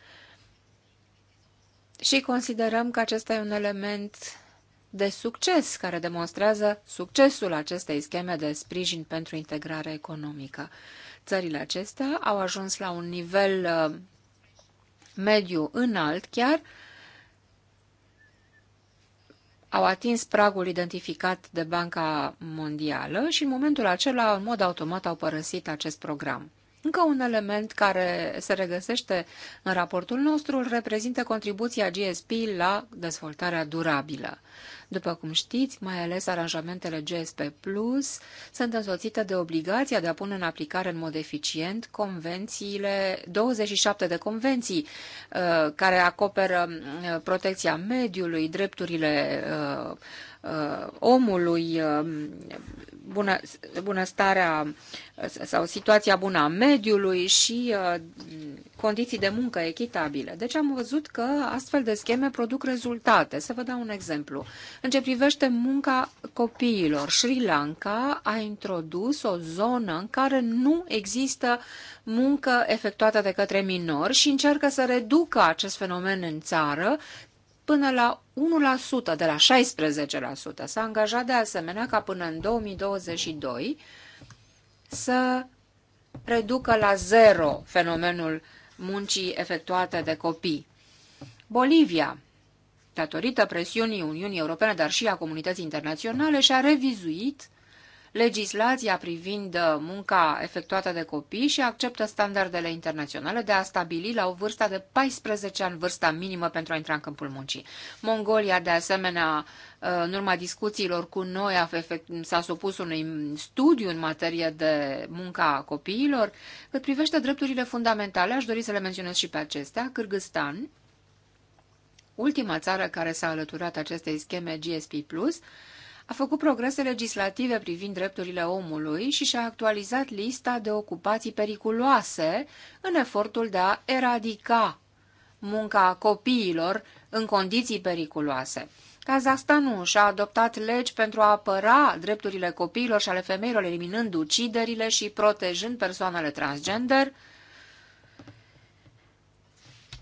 și considerăm că acesta e un element de succes, care demonstrează succesul acestei scheme de sprijin pentru integrare economică. Țările acestea au ajuns la un nivel uh, mediu înalt chiar, au atins pragul identificat de Banca Mondială și în momentul acela, în mod automat, au părăsit acest program. Încă un element care se regăsește în raportul nostru îl reprezintă contribuția GSP la dezvoltarea durabilă. După cum știți, mai ales aranjamentele GSP Plus sunt însoțite de obligația de a pune în aplicare în mod eficient convențiile, 27 de convenții uh, care acoperă uh, protecția mediului, drepturile uh, omului, bună, bunăstarea sau situația bună a mediului și uh, condiții de muncă echitabile. Deci am văzut că astfel de scheme produc rezultate. Să vă dau un exemplu. În ce privește munca copiilor, Sri Lanka a introdus o zonă în care nu există muncă efectuată de către minori și încearcă să reducă acest fenomen în țară, până la 1%, de la 16%. S-a angajat de asemenea ca până în 2022 să reducă la zero fenomenul muncii efectuate de copii. Bolivia, datorită presiunii Uniunii Europene, dar și a comunității internaționale, și-a revizuit legislația privind uh, munca efectuată de copii și acceptă standardele internaționale de a stabili la o vârstă de 14 ani vârsta minimă pentru a intra în câmpul muncii. Mongolia, de asemenea, uh, în urma discuțiilor cu noi, s-a supus unui studiu în materie de munca copiilor. Cât privește drepturile fundamentale, aș dori să le menționez și pe acestea. Kyrgyzstan, ultima țară care s-a alăturat acestei scheme GSP+, a făcut progrese legislative privind drepturile omului și și-a actualizat lista de ocupații periculoase în efortul de a eradica munca copiilor în condiții periculoase. Kazahstanul și-a adoptat legi pentru a apăra drepturile copiilor și ale femeilor, eliminând uciderile și protejând persoanele transgender.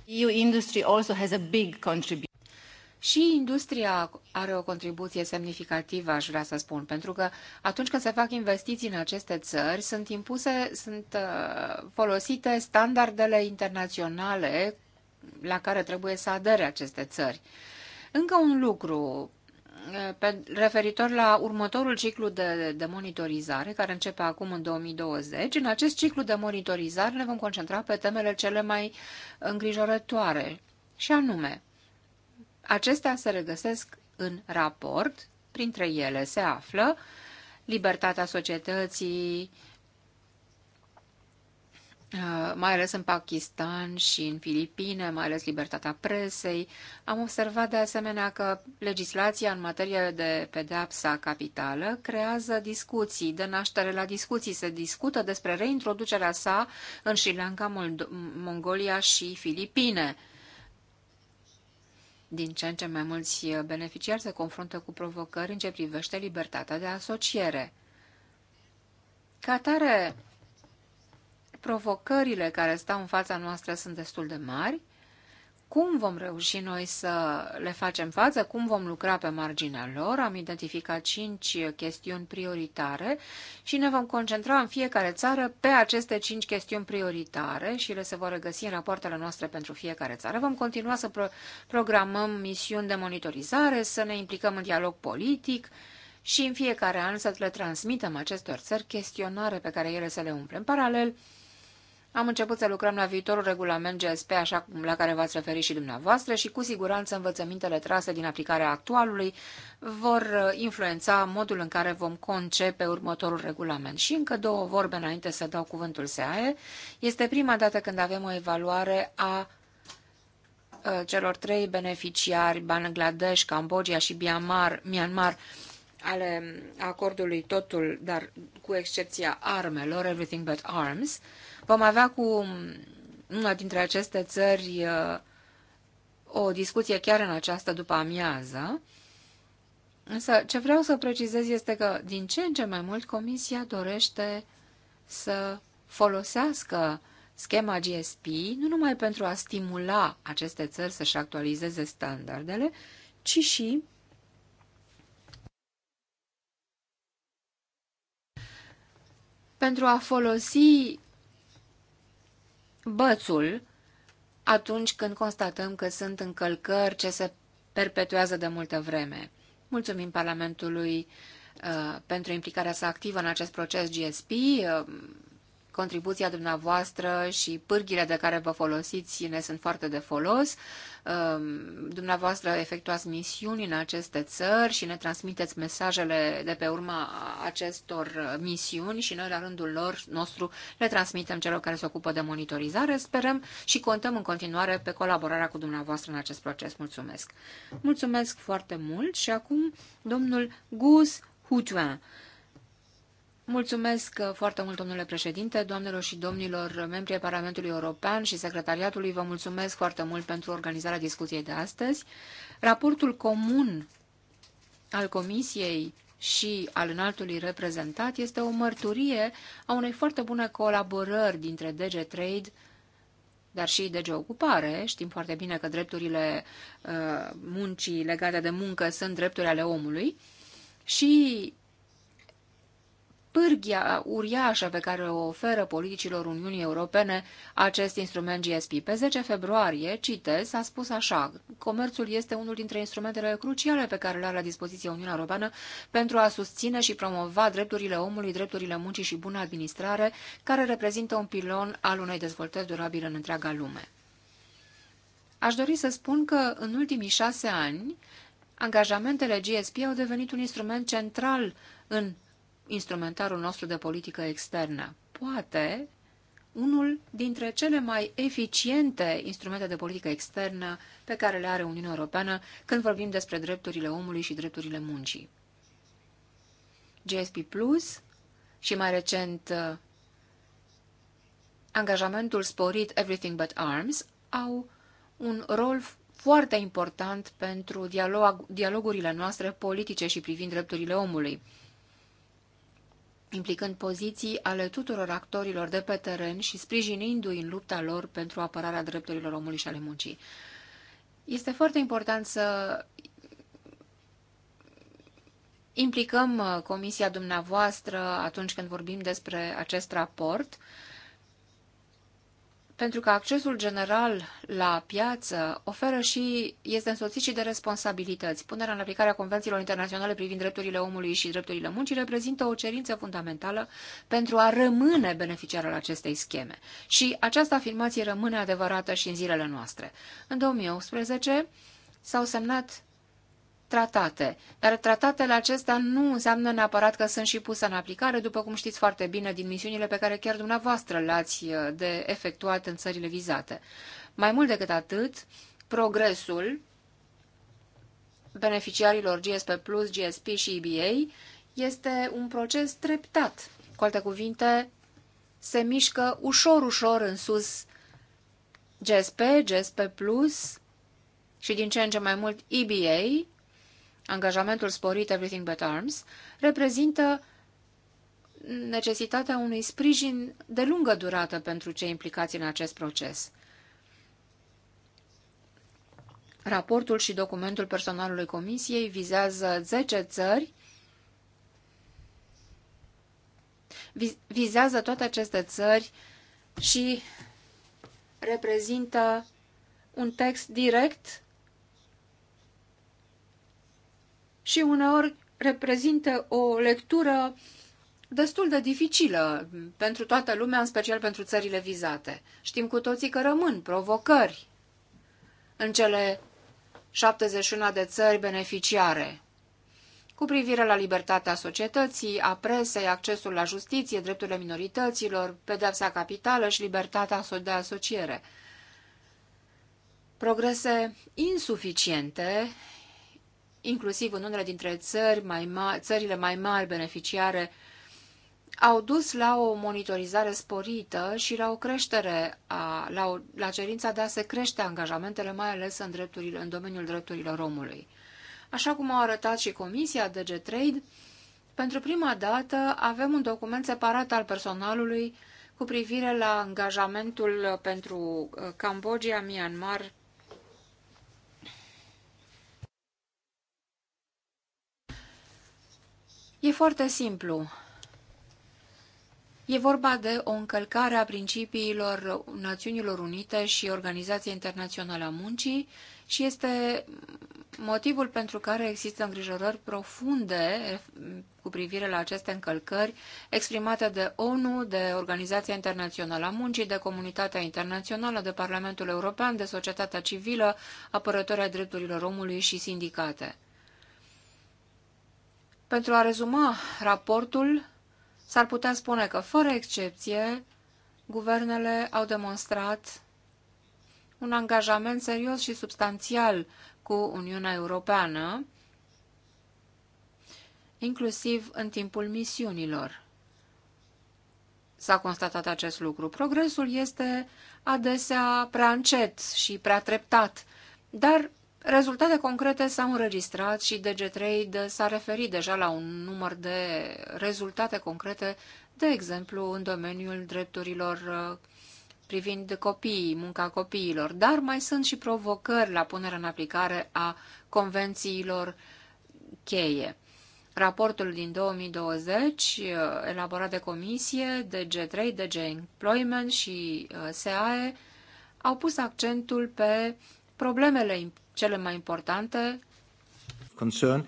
EU industry also has a big contribution. Și industria are o contribuție semnificativă, aș vrea să spun, pentru că atunci când se fac investiții în aceste țări, sunt impuse, sunt uh, folosite standardele internaționale la care trebuie să adere aceste țări. Încă un lucru uh, pe, referitor la următorul ciclu de, de monitorizare, care începe acum în 2020, în acest ciclu de monitorizare ne vom concentra pe temele cele mai îngrijorătoare, și anume Acestea se regăsesc în raport, printre ele se află libertatea societății, uh, mai ales în Pakistan și în Filipine, mai ales libertatea presei. Am observat de asemenea că legislația în materie de pedeapsa capitală creează discuții, de naștere la discuții. Se discută despre reintroducerea sa în Sri Lanka, Mongolia și Filipine. Din ce în ce mai mulți uh, beneficiari se confruntă cu provocări în ce privește libertatea de asociere. Ca tare, provocările care stau în fața noastră sunt destul de mari, cum vom reuși noi să le facem față, cum vom lucra pe marginea lor. Am identificat cinci chestiuni prioritare și ne vom concentra în fiecare țară pe aceste cinci chestiuni prioritare și le se vor regăsi în rapoartele noastre pentru fiecare țară. Vom continua să pro- programăm misiuni de monitorizare, să ne implicăm în dialog politic, și în fiecare an să le transmitem acestor țări chestionare pe care ele să le umple. În paralel, am început să lucrăm la viitorul regulament GSP, așa cum la care v-ați referit și dumneavoastră, și cu siguranță învățămintele trase din aplicarea actualului vor uh, influența modul în care vom concepe următorul regulament. Și încă două vorbe înainte să dau cuvântul SEAE. Este prima dată când avem o evaluare a uh, celor trei beneficiari, Bangladesh, Cambodgia și Myanmar, Myanmar ale um, acordului totul, dar cu excepția armelor, everything but arms, uh, Vom avea cu una dintre aceste țări uh, o discuție chiar în această după amiază. Însă ce vreau să precizez este că din ce în ce mai mult Comisia dorește să folosească schema GSP nu numai pentru a stimula aceste țări să-și actualizeze standardele, ci și pentru a folosi bățul atunci când constatăm că sunt încălcări ce se perpetuează de multă vreme. Mulțumim Parlamentului uh, pentru implicarea sa activă în acest proces GSP. Uh, Contribuția dumneavoastră și pârghile de care vă folosiți ne sunt foarte de folos. Um, dumneavoastră efectuați misiuni în aceste țări și ne transmiteți mesajele de pe urma acestor misiuni și noi la rândul lor nostru le transmitem celor care se ocupă de monitorizare. Sperăm și contăm în continuare pe colaborarea cu dumneavoastră în acest proces. Mulțumesc! Mulțumesc foarte mult și acum domnul Gus Hutuan Mulțumesc uh, foarte mult, domnule președinte, doamnelor și domnilor membri ai Parlamentului European și secretariatului. Vă mulțumesc foarte mult pentru organizarea discuției de astăzi. Raportul comun al Comisiei și al înaltului reprezentat este o mărturie a unei foarte bune colaborări dintre DG Trade dar și de Ocupare. Știm foarte bine că drepturile uh, muncii legate de muncă sunt drepturile ale omului și pârghia uriașă pe care o oferă politicilor Uniunii Europene acest instrument GSP. Pe 10 februarie, citez, a spus așa, comerțul este unul dintre instrumentele cruciale pe care le are la dispoziție Uniunea Europeană pentru a susține și promova drepturile omului, drepturile muncii și bună administrare, care reprezintă un pilon al unei dezvoltări durabile în întreaga lume. Aș dori să spun că în ultimii șase ani, angajamentele GSP au devenit un instrument central în instrumentarul nostru de politică externă. Poate unul dintre cele mai eficiente instrumente de politică externă pe care le are Uniunea Europeană când vorbim despre drepturile omului și drepturile muncii. GSP Plus și mai recent uh, angajamentul sporit Everything But Arms au un rol foarte important pentru dialog, dialogurile noastre politice și privind drepturile omului implicând poziții ale tuturor actorilor de pe teren și sprijinindu-i în lupta lor pentru apărarea drepturilor omului și ale muncii. Este foarte important să implicăm uh, comisia dumneavoastră atunci când vorbim despre acest raport, pentru că accesul general la piață oferă și este însoțit și de responsabilități. Punerea în aplicare a convențiilor internaționale privind drepturile omului și drepturile muncii reprezintă o cerință fundamentală pentru a rămâne beneficiar al acestei scheme. Și această afirmație rămâne adevărată și în zilele noastre. În 2018 s-au semnat tratate. Dar tratatele acestea nu înseamnă neapărat că sunt și puse în aplicare, după cum știți foarte bine din misiunile pe care chiar dumneavoastră le-ați uh, de efectuat în țările vizate. Mai mult decât atât, progresul beneficiarilor GSP+, GSP și EBA este un proces treptat. Cu alte cuvinte, se mișcă ușor-ușor în sus GSP, GSP+, și din ce în ce mai mult EBA, angajamentul sporit Everything But Arms, reprezintă necesitatea unui sprijin de lungă durată pentru cei implicați în acest proces. Raportul și documentul personalului Comisiei vizează 10 țări, vizează toate aceste țări și reprezintă un text direct și uneori reprezintă o lectură destul de dificilă pentru toată lumea, în special pentru țările vizate. Știm cu toții că rămân provocări în cele 71 de țări beneficiare cu privire la libertatea societății, a presei, accesul la justiție, drepturile minorităților, pedepsa capitală și libertatea de asociere. Progrese insuficiente inclusiv în unele dintre țări mai mari, țările mai mari beneficiare, au dus la o monitorizare sporită și la o creștere, a, la, o, la cerința de a se crește angajamentele, mai ales în, drepturile, în domeniul drepturilor omului. Așa cum au arătat și Comisia DG Trade, pentru prima dată avem un document separat al personalului cu privire la angajamentul pentru uh, Cambodgia, Myanmar E foarte simplu. E vorba de o încălcare a principiilor Națiunilor Unite și Organizației Internaționale a Muncii și este motivul pentru care există îngrijorări profunde cu privire la aceste încălcări exprimate de ONU, de Organizația Internațională a Muncii, de Comunitatea Internațională, de Parlamentul European, de societatea civilă, apărătoarea drepturilor omului și sindicate. Pentru a rezuma raportul, s-ar putea spune că, fără excepție, guvernele au demonstrat un angajament serios și substanțial cu Uniunea Europeană, inclusiv în timpul misiunilor. S-a constatat acest lucru. Progresul este adesea prea încet și prea treptat, dar Rezultate concrete s-au înregistrat și DG3 s-a referit deja la un număr de rezultate concrete, de exemplu în domeniul drepturilor uh, privind copiii, munca copiilor, dar mai sunt și provocări la punerea în aplicare a convențiilor cheie. Raportul din 2020, uh, elaborat de comisie, DG3, DG Employment și uh, SAE, au pus accentul pe problemele cele mai importante. Concern.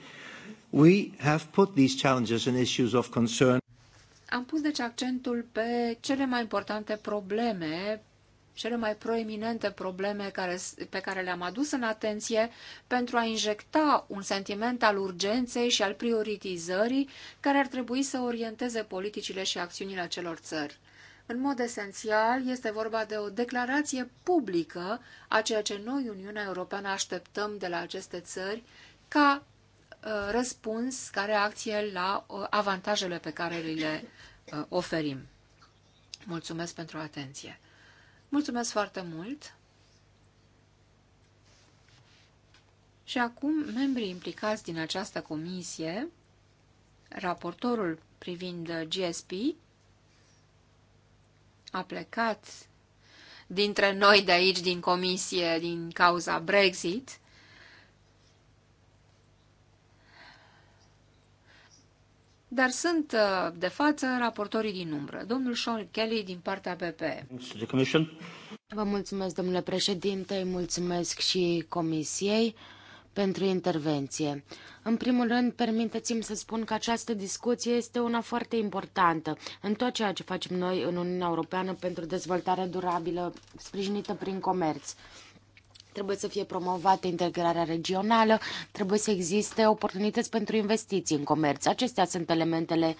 We have put these challenges and issues of concern. Am pus deci accentul pe cele mai importante probleme, cele mai proeminente probleme care, pe care le-am adus în atenție pentru a injecta un sentiment al urgenței și al prioritizării care ar trebui să orienteze politicile și acțiunile acelor țări. În mod esențial, este vorba de o declarație publică a ceea ce noi, Uniunea Europeană, așteptăm de la aceste țări ca uh, răspuns, ca reacție la uh, avantajele pe care le uh, oferim. Mulțumesc pentru atenție. Mulțumesc foarte mult. Și acum, membrii implicați din această comisie, raportorul privind GSP, a plecat dintre noi de aici, din comisie, din cauza Brexit, dar sunt uh, de față raportorii din umbră. Domnul Sean Kelly din partea PP. Vă mulțumesc, domnule președinte, mulțumesc și comisiei pentru intervenție. În primul rând, permiteți-mi să spun că această discuție este una foarte importantă în tot ceea ce facem noi în Uniunea Europeană pentru dezvoltare durabilă sprijinită prin comerț trebuie să fie promovată integrarea regională, trebuie să existe oportunități pentru investiții în comerț. Acestea sunt elementele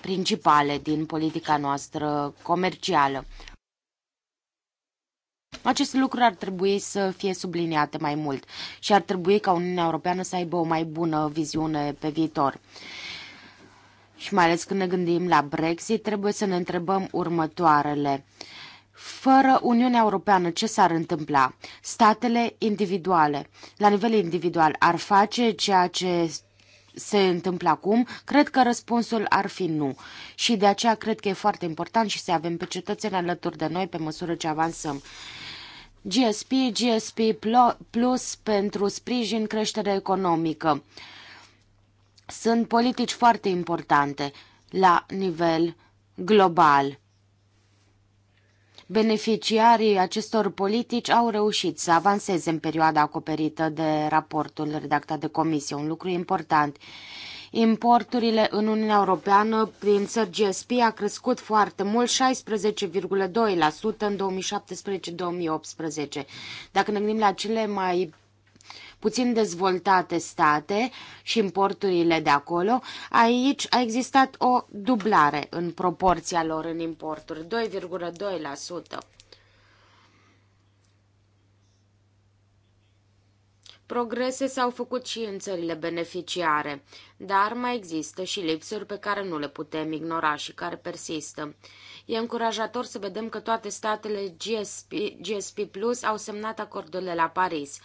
principale din politica noastră comercială. Acest lucru ar trebui să fie subliniate mai mult și ar trebui ca Uniunea Europeană să aibă o mai bună viziune pe viitor. Și mai ales când ne gândim la Brexit, trebuie să ne întrebăm următoarele. Fără Uniunea Europeană, ce s-ar întâmpla? Statele individuale, la nivel individual, ar face ceea ce se întâmplă acum? Cred că răspunsul ar fi nu. Și de aceea cred că e foarte important și să avem pe cetățeni alături de noi pe măsură ce avansăm. GSP, GSP Plus pentru sprijin creștere economică. Sunt politici foarte importante la nivel global. Beneficiarii acestor politici au reușit să avanseze în perioada acoperită de raportul redactat de comisie, un lucru important. Importurile în Uniunea Europeană prin țări GSP a crescut foarte mult, 16,2% în 2017-2018. Dacă ne gândim la cele mai puțin dezvoltate state și importurile de acolo, aici a existat o dublare în proporția lor în importuri, 2,2%. Progrese s-au făcut și în țările beneficiare, dar mai există și lipsuri pe care nu le putem ignora și care persistă. E încurajator să vedem că toate statele GSP, GSP Plus au semnat acordurile la Paris.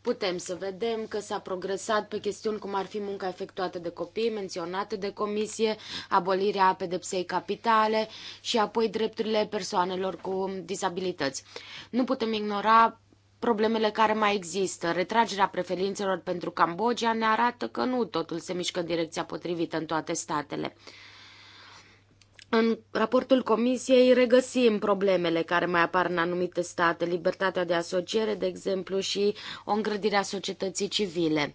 Putem să vedem că s-a progresat pe chestiuni cum ar fi munca efectuată de copii, menționată de comisie, abolirea pedepsei capitale și apoi drepturile persoanelor cu dizabilități. Nu putem ignora problemele care mai există. Retragerea preferințelor pentru Cambodgia ne arată că nu totul se mișcă în direcția potrivită în toate statele. În raportul comisiei regăsim problemele care mai apar în anumite state, libertatea de asociere, de exemplu, și o îngrădire a societății civile.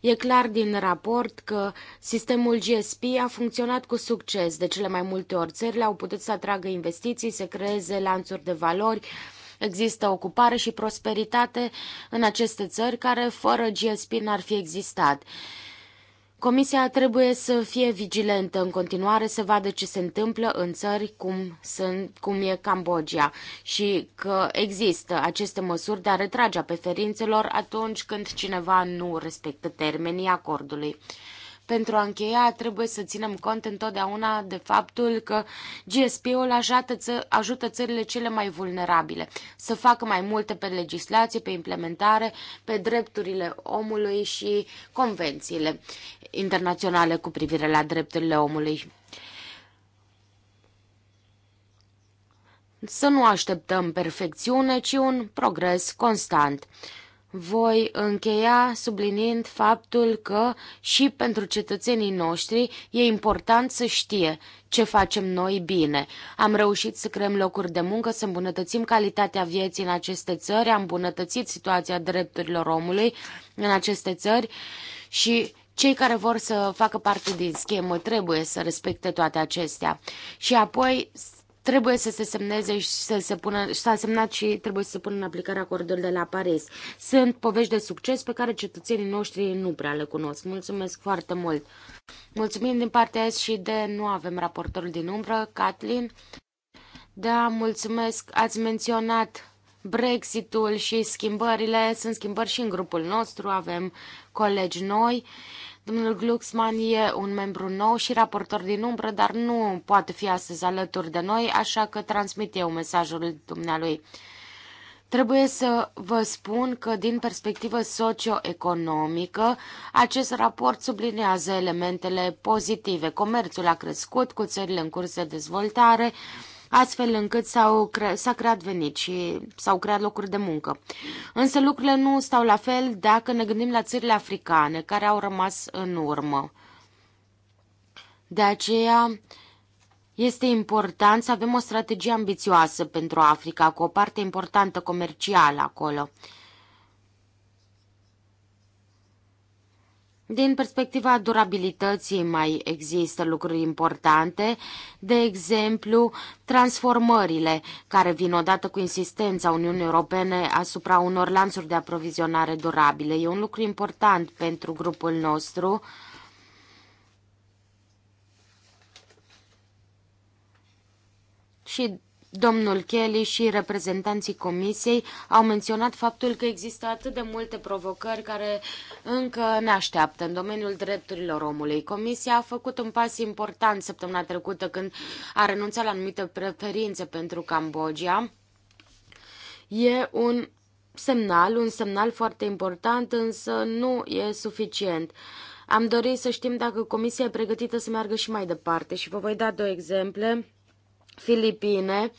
E clar din raport că sistemul GSP a funcționat cu succes. De cele mai multe ori, țările au putut să atragă investiții, să creeze lanțuri de valori, Există ocupare și prosperitate în aceste țări care fără GSP n-ar fi existat. Comisia trebuie să fie vigilentă în continuare, să vadă ce se întâmplă în țări cum, sunt, cum e Cambodgia și că există aceste măsuri de a retrage a preferințelor atunci când cineva nu respectă termenii acordului. Pentru a încheia, trebuie să ținem cont întotdeauna de faptul că GSP-ul ajută țările cele mai vulnerabile să facă mai multe pe legislație, pe implementare, pe drepturile omului și convențiile internaționale cu privire la drepturile omului. Să nu așteptăm perfecțiune, ci un progres constant voi încheia subliniind faptul că și pentru cetățenii noștri e important să știe ce facem noi bine. Am reușit să creăm locuri de muncă, să îmbunătățim calitatea vieții în aceste țări, am îmbunătățit situația drepturilor omului în aceste țări și cei care vor să facă parte din schemă trebuie să respecte toate acestea. Și apoi trebuie să se semneze și să se pună, s-a semnat și trebuie să se pună în aplicare acordul de la Paris. Sunt povești de succes pe care cetățenii noștri nu prea le cunosc. Mulțumesc foarte mult! Mulțumim din partea S și de nu avem raportorul din umbră, Catlin. Da, mulțumesc, ați menționat Brexitul și schimbările, sunt schimbări și în grupul nostru, avem colegi noi. Uh, Domnul Glucksmann e un membru nou și raportor din umbră, dar nu poate fi astăzi alături de noi, așa că transmit eu mesajul dumnealui. Trebuie să vă spun că, din perspectivă socioeconomică, acest raport sublinează elementele pozitive. Comerțul a crescut cu țările în curs de dezvoltare, uh, astfel încât s-au cre- s-a creat venit și s-au creat locuri de muncă. Însă lucrurile nu stau la fel dacă ne gândim la țările africane care au rămas în urmă. De aceea, este important să avem o strategie ambițioasă pentru Africa, cu o parte importantă comercială acolo. Din perspectiva durabilității mai există lucruri importante, de exemplu transformările care vin odată cu insistența Uniunii Europene asupra unor lanțuri de aprovizionare durabile. E un lucru important pentru grupul nostru. Și Domnul Kelly și reprezentanții comisiei au menționat faptul că există atât de multe provocări care încă ne așteaptă în domeniul drepturilor omului. Comisia a făcut un pas important săptămâna trecută când a renunțat la anumite preferințe pentru Cambodgia. E un semnal, un semnal foarte important, însă nu e suficient. Am dorit să știm dacă Comisia e pregătită să meargă și mai departe și vă voi da două exemple. Filipine,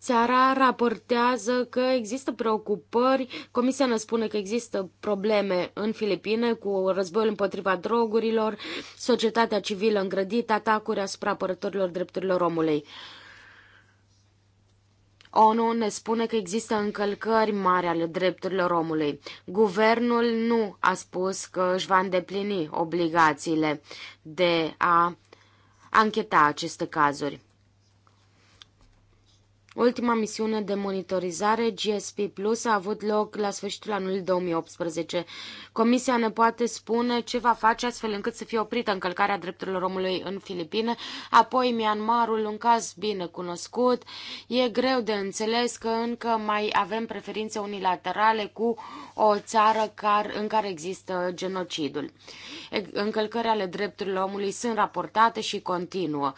Țara raportează că există preocupări, Comisia ne spune că există probleme în Filipine cu războiul împotriva drogurilor, societatea civilă îngrădită, atacuri asupra apărătorilor drepturilor omului. ONU ne spune că există încălcări mari ale drepturilor omului. Guvernul nu a spus că își va îndeplini obligațiile de a ancheta aceste cazuri. Ultima misiune de monitorizare, GSP Plus, a avut loc la sfârșitul anului 2018. Comisia ne poate spune ce va face astfel încât să fie oprită încălcarea drepturilor omului în Filipine, apoi Myanmarul, un caz bine cunoscut. E greu de înțeles că încă mai avem preferințe unilaterale cu o țară în care există genocidul. Încălcări ale drepturilor omului sunt raportate și continuă.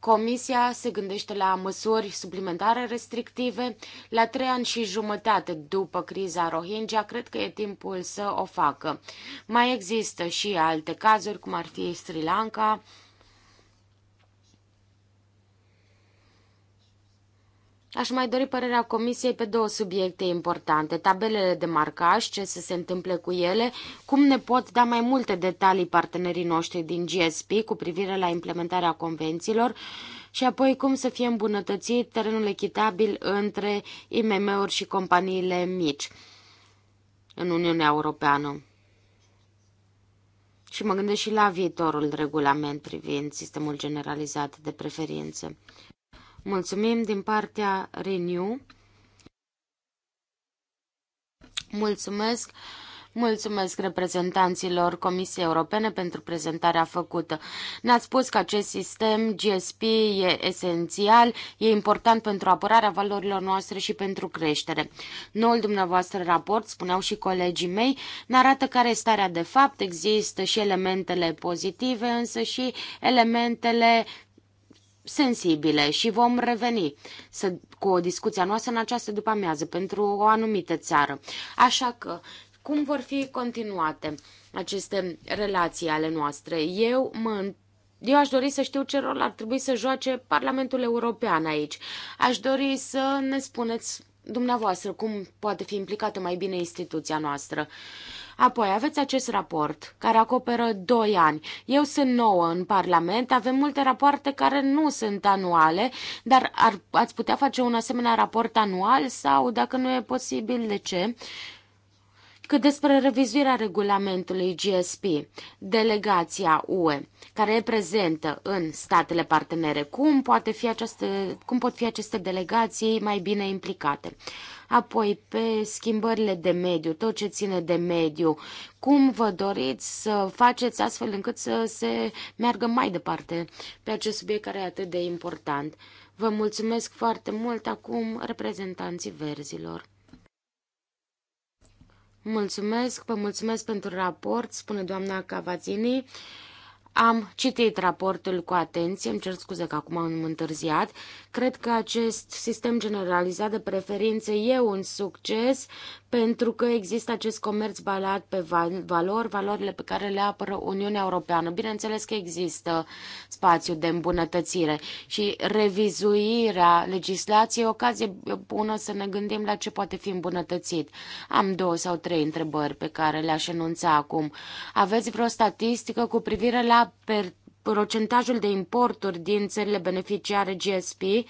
Comisia se gândește la măsuri suplimentare restrictive. La trei ani și jumătate după criza Rohingya, cred că e timpul să o facă. Mai există și alte cazuri, cum ar fi Sri Lanka, Aș mai dori părerea Comisiei pe două subiecte importante, tabelele de marcaj, ce să se întâmple cu ele, cum ne pot da mai multe detalii partenerii noștri din GSP cu privire la implementarea convențiilor și apoi cum să fie îmbunătățit terenul echitabil între IMM-uri și companiile mici în Uniunea Europeană. Și mă gândesc și la viitorul regulament privind sistemul generalizat de preferințe. Mulțumim din partea Renew. Mulțumesc. Mulțumesc reprezentanților Comisiei Europene pentru prezentarea făcută. Ne-ați spus că acest sistem GSP e esențial, e important pentru apărarea valorilor noastre și pentru creștere. Noul dumneavoastră raport, spuneau și colegii mei, ne arată care e starea de fapt. Există și elementele pozitive, însă și elementele sensibile și vom reveni să, cu o discuție noastră în această după-amiază pentru o anumită țară. Așa că, cum vor fi continuate aceste relații ale noastre? Eu mă eu aș dori să știu ce rol ar trebui să joace Parlamentul European aici. Aș dori să ne spuneți dumneavoastră cum poate fi implicată mai bine instituția noastră. Apoi aveți acest raport care acoperă 2 ani. Eu sunt nouă în Parlament, avem multe rapoarte care nu sunt anuale, dar ar, ați putea face un asemenea raport anual sau, dacă nu e posibil, de ce? Cât despre revizuirea regulamentului GSP, delegația UE, care e prezentă în statele partenere, cum, poate fi această, cum pot fi aceste delegații mai bine implicate? Apoi, pe schimbările de mediu, tot ce ține de mediu, cum vă doriți să faceți astfel încât să se meargă mai departe pe acest subiect care e atât de important? Vă mulțumesc foarte mult acum reprezentanții verzilor. Mulțumesc, vă mulțumesc pentru raport, spune doamna Cavazini, Am citit raportul cu atenție, îmi cer scuze că acum am întârziat. Cred că acest sistem generalizat de preferințe e un succes pentru că există acest comerț balat pe valori, valorile pe care le apără Uniunea Europeană. Bineînțeles că există spațiu de îmbunătățire și revizuirea legislației e ocazie bună să ne gândim la ce poate fi îmbunătățit. Am două sau trei întrebări pe care le-aș enunța acum. Aveți vreo statistică cu privire la per- procentajul de importuri din țările beneficiare GSP? Uh,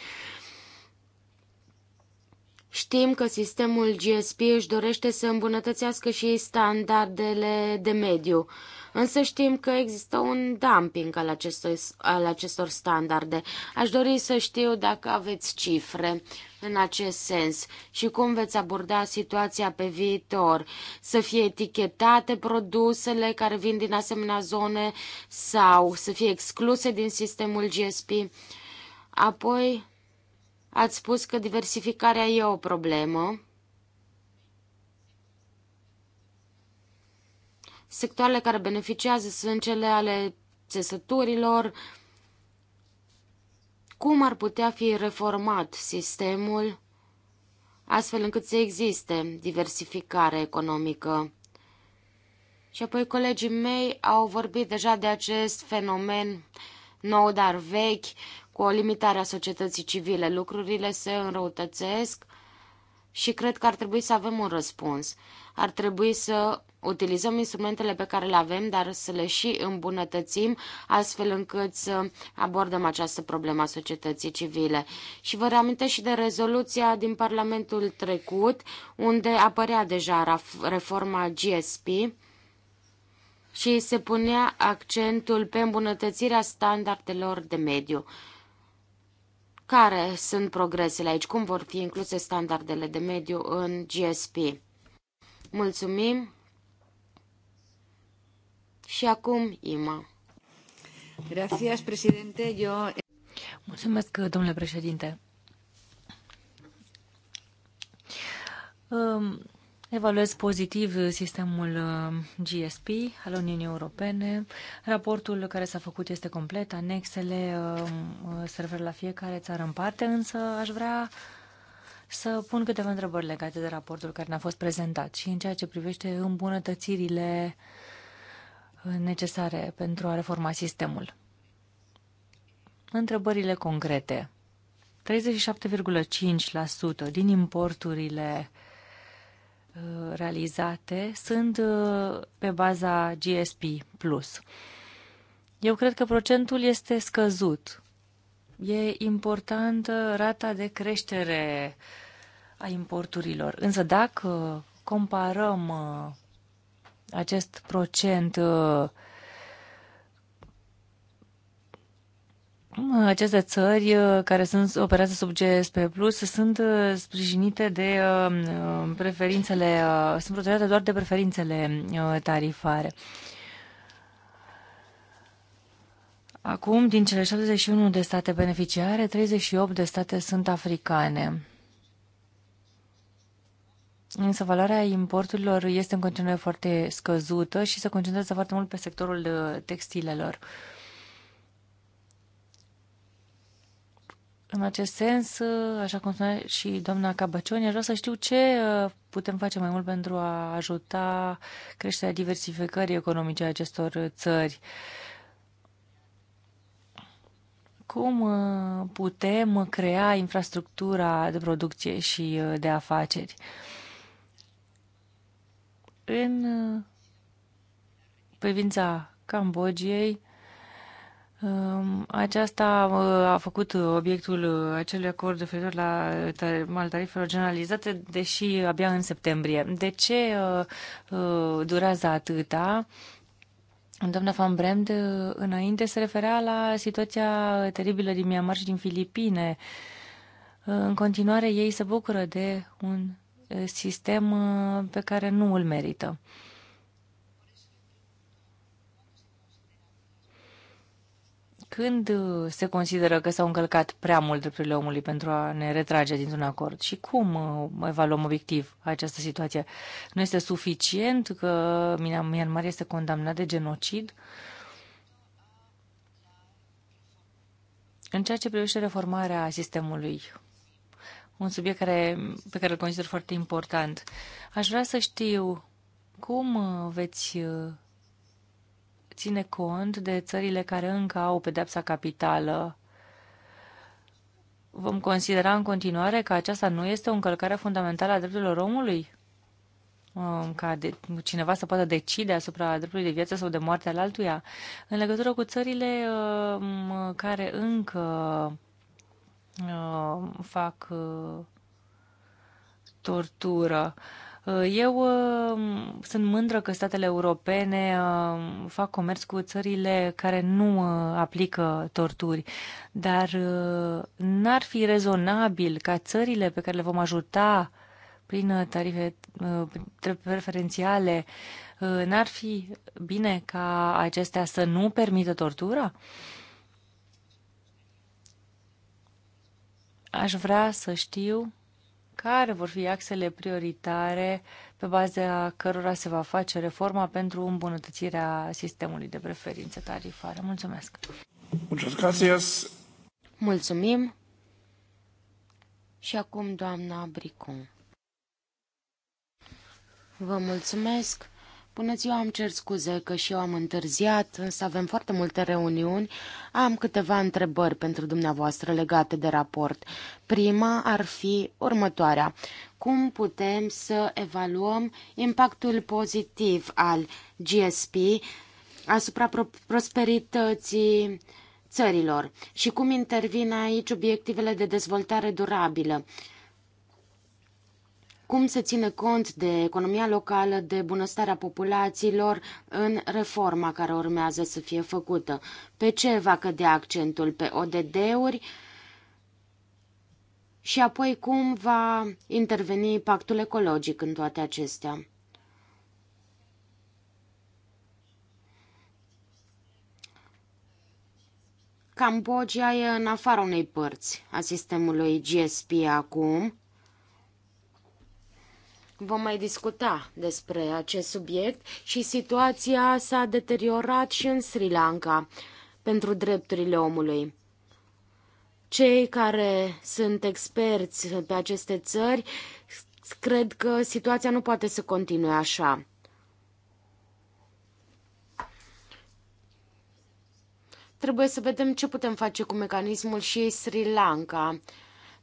Știm că sistemul GSP își dorește să îmbunătățească și standardele de mediu, însă știm că există un dumping al acestor, al acestor standarde. Aș dori să știu dacă aveți cifre în acest sens și cum veți aborda situația pe viitor. Să fie etichetate produsele care vin din asemenea zone sau să fie excluse din sistemul GSP. Apoi, Ați spus că diversificarea e o problemă. Sectoarele care beneficiază sunt cele ale țesăturilor. Cum ar putea fi reformat sistemul astfel încât să existe diversificare economică? Și apoi colegii mei au vorbit deja de acest fenomen nou, dar vechi, cu o limitare a societății civile, lucrurile se înrăutățesc și cred că ar trebui să avem un răspuns. Ar trebui să utilizăm instrumentele pe care le avem, dar să le și îmbunătățim, astfel încât să abordăm această problemă a societății civile. Și vă reamintesc și de rezoluția din Parlamentul trecut, unde apărea deja reforma GSP și se punea accentul pe îmbunătățirea standardelor de mediu. Care sunt progresele aici? Cum vor fi incluse standardele de mediu în GSP? Mulțumim! Și acum, Ima. Gracias, presidente. Eu... Mulțumesc, domnule președinte. Evaluez pozitiv uh, sistemul uh, GSP al Uniunii Europene. Raportul care s-a făcut este complet, anexele uh, se referă la fiecare țară în parte, însă aș vrea să pun câteva întrebări legate de raportul care ne-a fost prezentat și în ceea ce privește îmbunătățirile necesare pentru a reforma sistemul. Întrebările concrete. 37,5% din importurile uh, Uh, realizate sunt uh, pe baza GSP+. Eu cred că procentul este scăzut. E importantă rata de creștere a importurilor. Însă dacă comparăm uh, acest procent Aceste țări uh, care sunt, operează sub GSP Plus sunt uh, sprijinite de uh, preferințele, sunt protejate doar de preferințele tarifare. Acum, din cele 71 de state beneficiare, 38 de state sunt africane. Însă valoarea importurilor este în continuare foarte scăzută și se concentrează foarte mult pe sectorul textilelor. În acest sens, așa cum spunea și doamna Cabăcioni, vrea să știu ce uh, putem face mai mult pentru a ajuta creșterea diversificării economice a acestor țări. Cum uh, putem crea infrastructura de producție și uh, de afaceri? În privința Cambogiei, aceasta uh, a făcut uh, obiectul uh, acelui acord referitor la mal tarifelor generalizate, deși abia în septembrie. De ce durează atâta? Doamna Van Bremd, înainte se referea la situația teribilă din Myanmar și din Filipine. În continuare, ei se bucură de un sistem pe care nu îl merită. când uh, se consideră că s-au încălcat prea mult drepturile omului pentru a ne retrage dintr-un acord și cum uh, evaluăm obiectiv această situație? Nu este suficient că Myanmar este condamnat de genocid? În ceea ce privește reformarea sistemului, un subiect care, pe care îl consider foarte important, aș vrea să știu cum uh, veți ține cont de țările care încă au pedepsa capitală. Vom considera în continuare că aceasta nu este o încălcare fundamentală a drepturilor omului? Um, ca de, cineva să poată decide asupra dreptului de viață sau de moarte al altuia, în legătură cu țările uh, care încă uh, fac uh, tortură. Uh, Uh, eu uh, sunt mândră că statele europene uh, fac comerț cu țările care nu aplică torturi, dar n-ar fi rezonabil ca țările pe care le vom ajuta prin tarife preferențiale, n-ar fi bine ca acestea să nu permită tortura? Aș vrea să știu care vor fi axele prioritare pe baza cărora se va face reforma pentru îmbunătățirea sistemului de preferințe tarifare. Mulțumesc! Mulțumesc! Mulțumim! Și acum doamna Bricon. Vă mulțumesc! Bună ziua, am cer scuze că și eu am întârziat, însă avem foarte multe reuniuni. Am câteva întrebări pentru dumneavoastră legate de raport. Prima ar fi următoarea. Cum putem să evaluăm impactul pozitiv al GSP asupra prosperității țărilor și cum intervin aici obiectivele de dezvoltare durabilă? Uh, cum se ține cont de economia locală, de bunăstarea populațiilor în reforma care urmează să fie făcută. Pe ce va cădea accentul? Pe ODD-uri? Și apoi cum va interveni pactul ecologic în toate acestea? Cambogia e în afara unei părți a sistemului GSP acum, Vom mai discuta despre acest subiect și situația s-a deteriorat și în Sri Lanka pentru drepturile omului. Cei care sunt experți pe aceste țări cred că situația nu poate să continue așa. Trebuie să vedem ce putem face cu mecanismul și Sri Lanka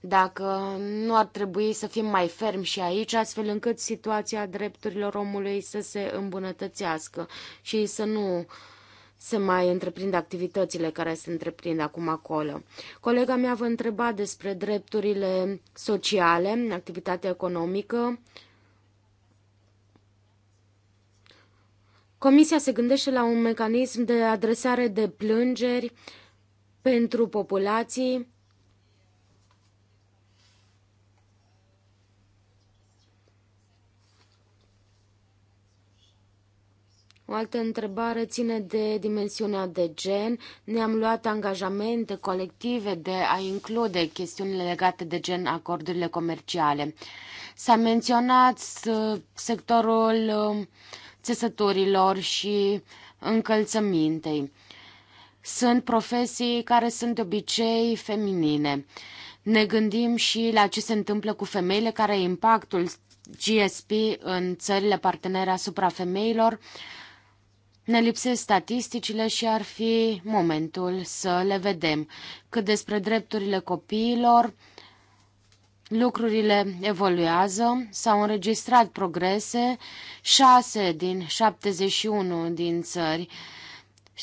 dacă nu ar trebui să fim mai fermi și aici, astfel încât situația drepturilor omului să se îmbunătățească și să nu se mai întreprind activitățile care se întreprind acum acolo. Colega mea vă întreba despre drepturile sociale, activitatea economică. Comisia se gândește la un mecanism de adresare de plângeri pentru populații O altă întrebare ține de dimensiunea de gen. Ne-am luat angajamente colective de a include chestiunile legate de gen acordurile comerciale. S-a menționat uh, sectorul um, țesăturilor și încălțămintei. Sunt profesii care sunt de obicei feminine. Ne gândim și la ce se întâmplă cu femeile, care e impactul GSP în țările partenere asupra femeilor. Ne lipsesc statisticile și ar fi momentul să le vedem. Cât despre drepturile copiilor, lucrurile evoluează, s-au înregistrat progrese, 6 din 71 din țări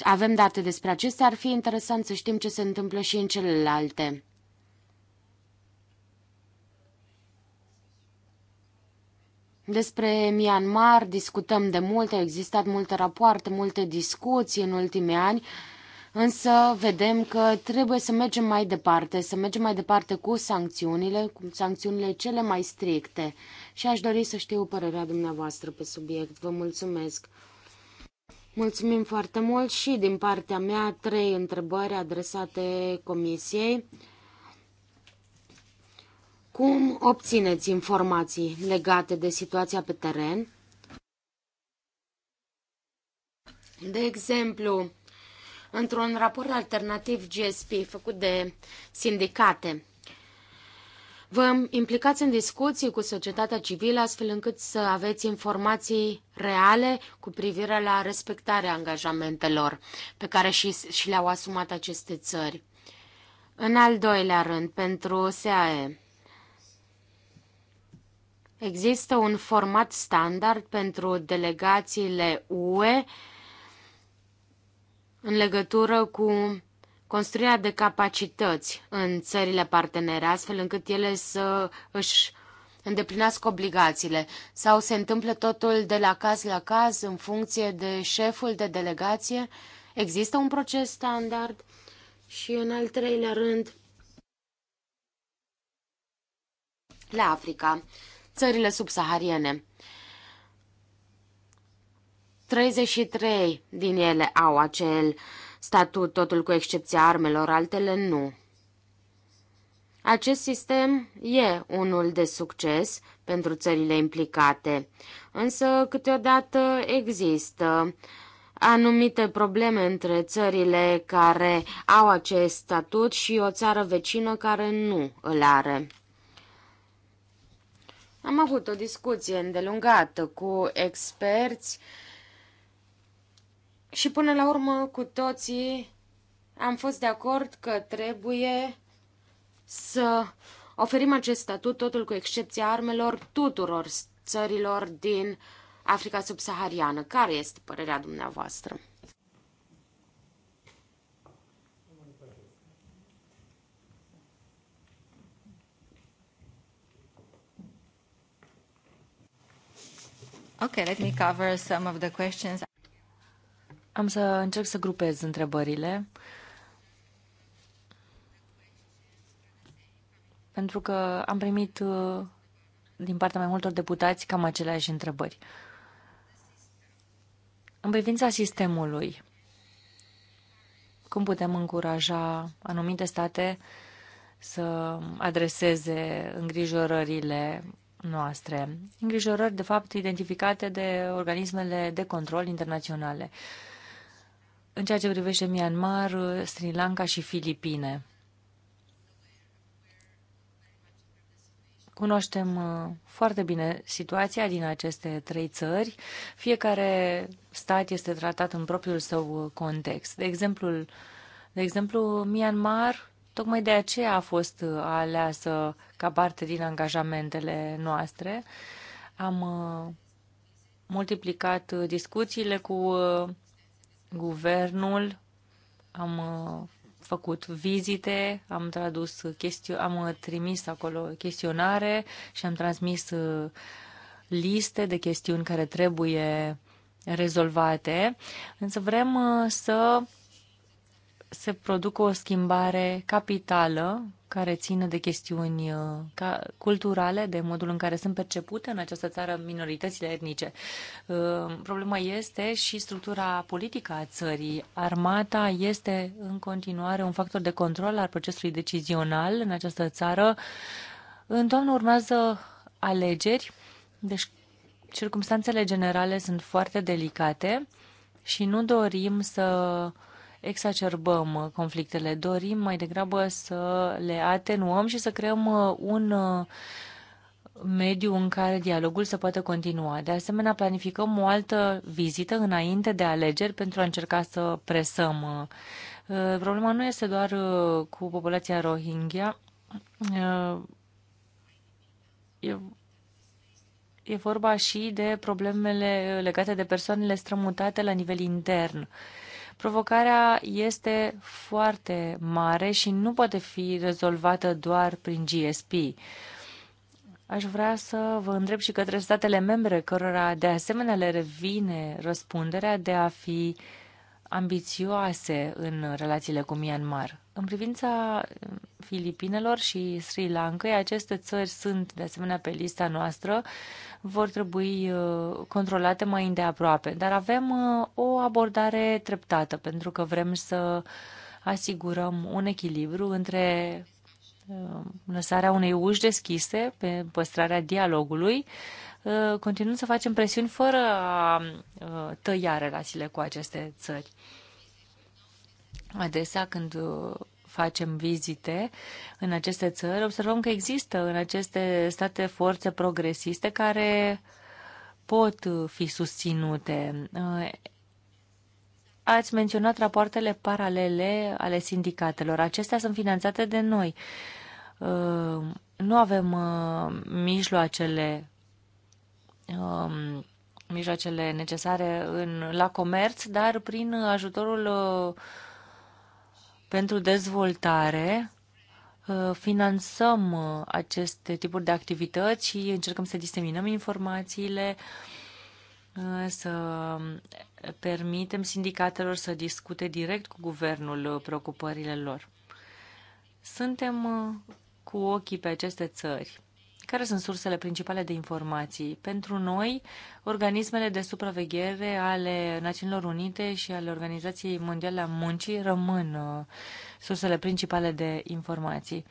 avem date despre acestea, ar fi interesant să știm ce se întâmplă și în celelalte. Despre Myanmar discutăm de mult, au existat multe rapoarte, multe discuții în ultimii ani, însă vedem că trebuie să mergem mai departe, să mergem mai departe cu sancțiunile, cu sancțiunile cele mai stricte. Și aș dori să știu părerea dumneavoastră pe subiect. Vă mulțumesc! Mulțumim foarte mult și din partea mea trei întrebări adresate Comisiei. Cum obțineți informații legate de situația pe teren? De exemplu, într-un raport alternativ GSP făcut de sindicate, Vă implicați în discuții cu societatea civilă astfel încât să aveți informații reale cu privire la respectarea angajamentelor pe care și, și le-au asumat aceste țări. În al doilea rând, pentru SAE, Există un format standard pentru delegațiile UE în legătură cu construirea de capacități în țările partenere, astfel încât ele să își îndeplinească obligațiile sau se întâmplă totul de la caz la caz în funcție de șeful de delegație? Există un proces standard? Și în al treilea rând, la Africa țările subsahariene. 33 din ele au acel statut, totul cu excepția armelor, altele nu. Acest sistem e unul de succes pentru țările implicate, însă câteodată există anumite probleme între țările care au acest statut și o țară vecină care nu îl are. Am avut o discuție îndelungată cu experți și până la urmă cu toții am fost de acord că trebuie să oferim acest statut, totul cu excepția armelor, tuturor țărilor din Africa subsahariană. Care este părerea dumneavoastră? Okay, let me cover some of the questions. Am să încerc să grupez întrebările. Pentru că am primit uh, din partea mai multor deputați cam aceleași întrebări. În privința sistemului, cum putem încuraja anumite state să adreseze îngrijorările noastre, îngrijorări de fapt identificate de organismele de control internaționale, în ceea ce privește Myanmar, Sri Lanka și Filipine. Cunoaștem uh, foarte bine situația din aceste trei țări. Fiecare stat este tratat în propriul său context. De exemplu, de exemplu Myanmar Tocmai de aceea a fost uh, aleasă ca parte din angajamentele noastre. Am uh, multiplicat uh, discuțiile cu guvernul, am făcut vizite, am tradus chestio- am trimis acolo chestionare și am transmis liste de chestiuni care trebuie rezolvate, însă vrem să se producă o schimbare capitală care țină de chestiuni uh, culturale, de modul în care sunt percepute în această țară minoritățile etnice. Uh, problema este și structura politică a țării. Armata este în continuare un factor de control al procesului decizional în această țară. În toamnă urmează alegeri, deci circumstanțele generale sunt foarte delicate și nu dorim să exacerbăm uh, conflictele. Dorim mai degrabă să le atenuăm și să creăm uh, un uh, mediu în care dialogul se poate continua. De asemenea, planificăm o altă vizită înainte de alegeri pentru a încerca să presăm. Problema nu este doar cu populația Rohingya. E, e vorba și de problemele legate de persoanele strămutate la nivel intern. Uh, Provocarea este foarte mare și nu poate fi rezolvată doar prin GSP. Aș vrea să vă întreb și către statele membre, cărora de asemenea le revine răspunderea de a fi ambițioase în relațiile cu Myanmar. În privința um, Filipinelor și Sri Lankai, aceste țări sunt de asemenea pe lista noastră, vor trebui uh, controlate mai îndeaproape, dar avem uh, o abordare treptată pentru că vrem să asigurăm un echilibru între um, lăsarea unei uși deschise pe păstrarea dialogului, uh, continuăm să facem presiuni fără a tăia relațiile cu aceste țări. Adesea, când facem vizite în aceste țări, observăm că există în aceste state forțe progresiste care pot fi susținute. Uh, ați menționat rapoartele paralele ale sindicatelor. Acestea sunt finanțate de noi. Uh, nu avem uh, mijloacele um, mijloacele necesare în, la comerț, dar prin ajutorul uh, pentru dezvoltare uh, finanțăm uh, aceste tipuri de activități și încercăm să diseminăm informațiile, uh, să um, permitem sindicatelor să discute direct cu guvernul preocupările lor. Suntem cu ochii pe aceste țări care sunt sursele principale de informații? Pentru noi, organismele de supraveghere ale Națiunilor Unite și ale Organizației Mondiale a Muncii rămân uh, sursele principale de informații.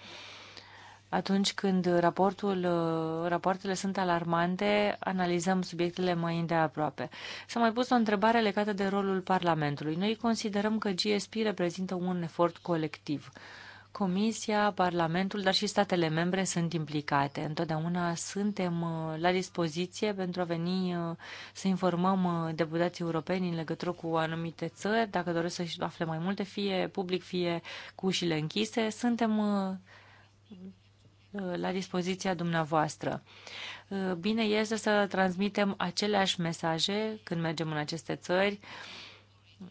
Atunci când raportul, uh, rapoartele sunt alarmante, analizăm subiectele mai îndeaproape. S-a mai pus o întrebare legată de rolul Parlamentului. Noi considerăm că GSP reprezintă un efort colectiv. Uh, Comisia, Parlamentul, dar și statele membre sunt implicate. Întotdeauna suntem uh, la dispoziție pentru a veni uh, să informăm uh, deputații europeni în legătură cu anumite țări, dacă doresc să afle mai multe, fie public, fie cu ușile închise. Suntem la dispoziția dumneavoastră. Bine este să transmitem aceleași mesaje când mergem în aceste țări,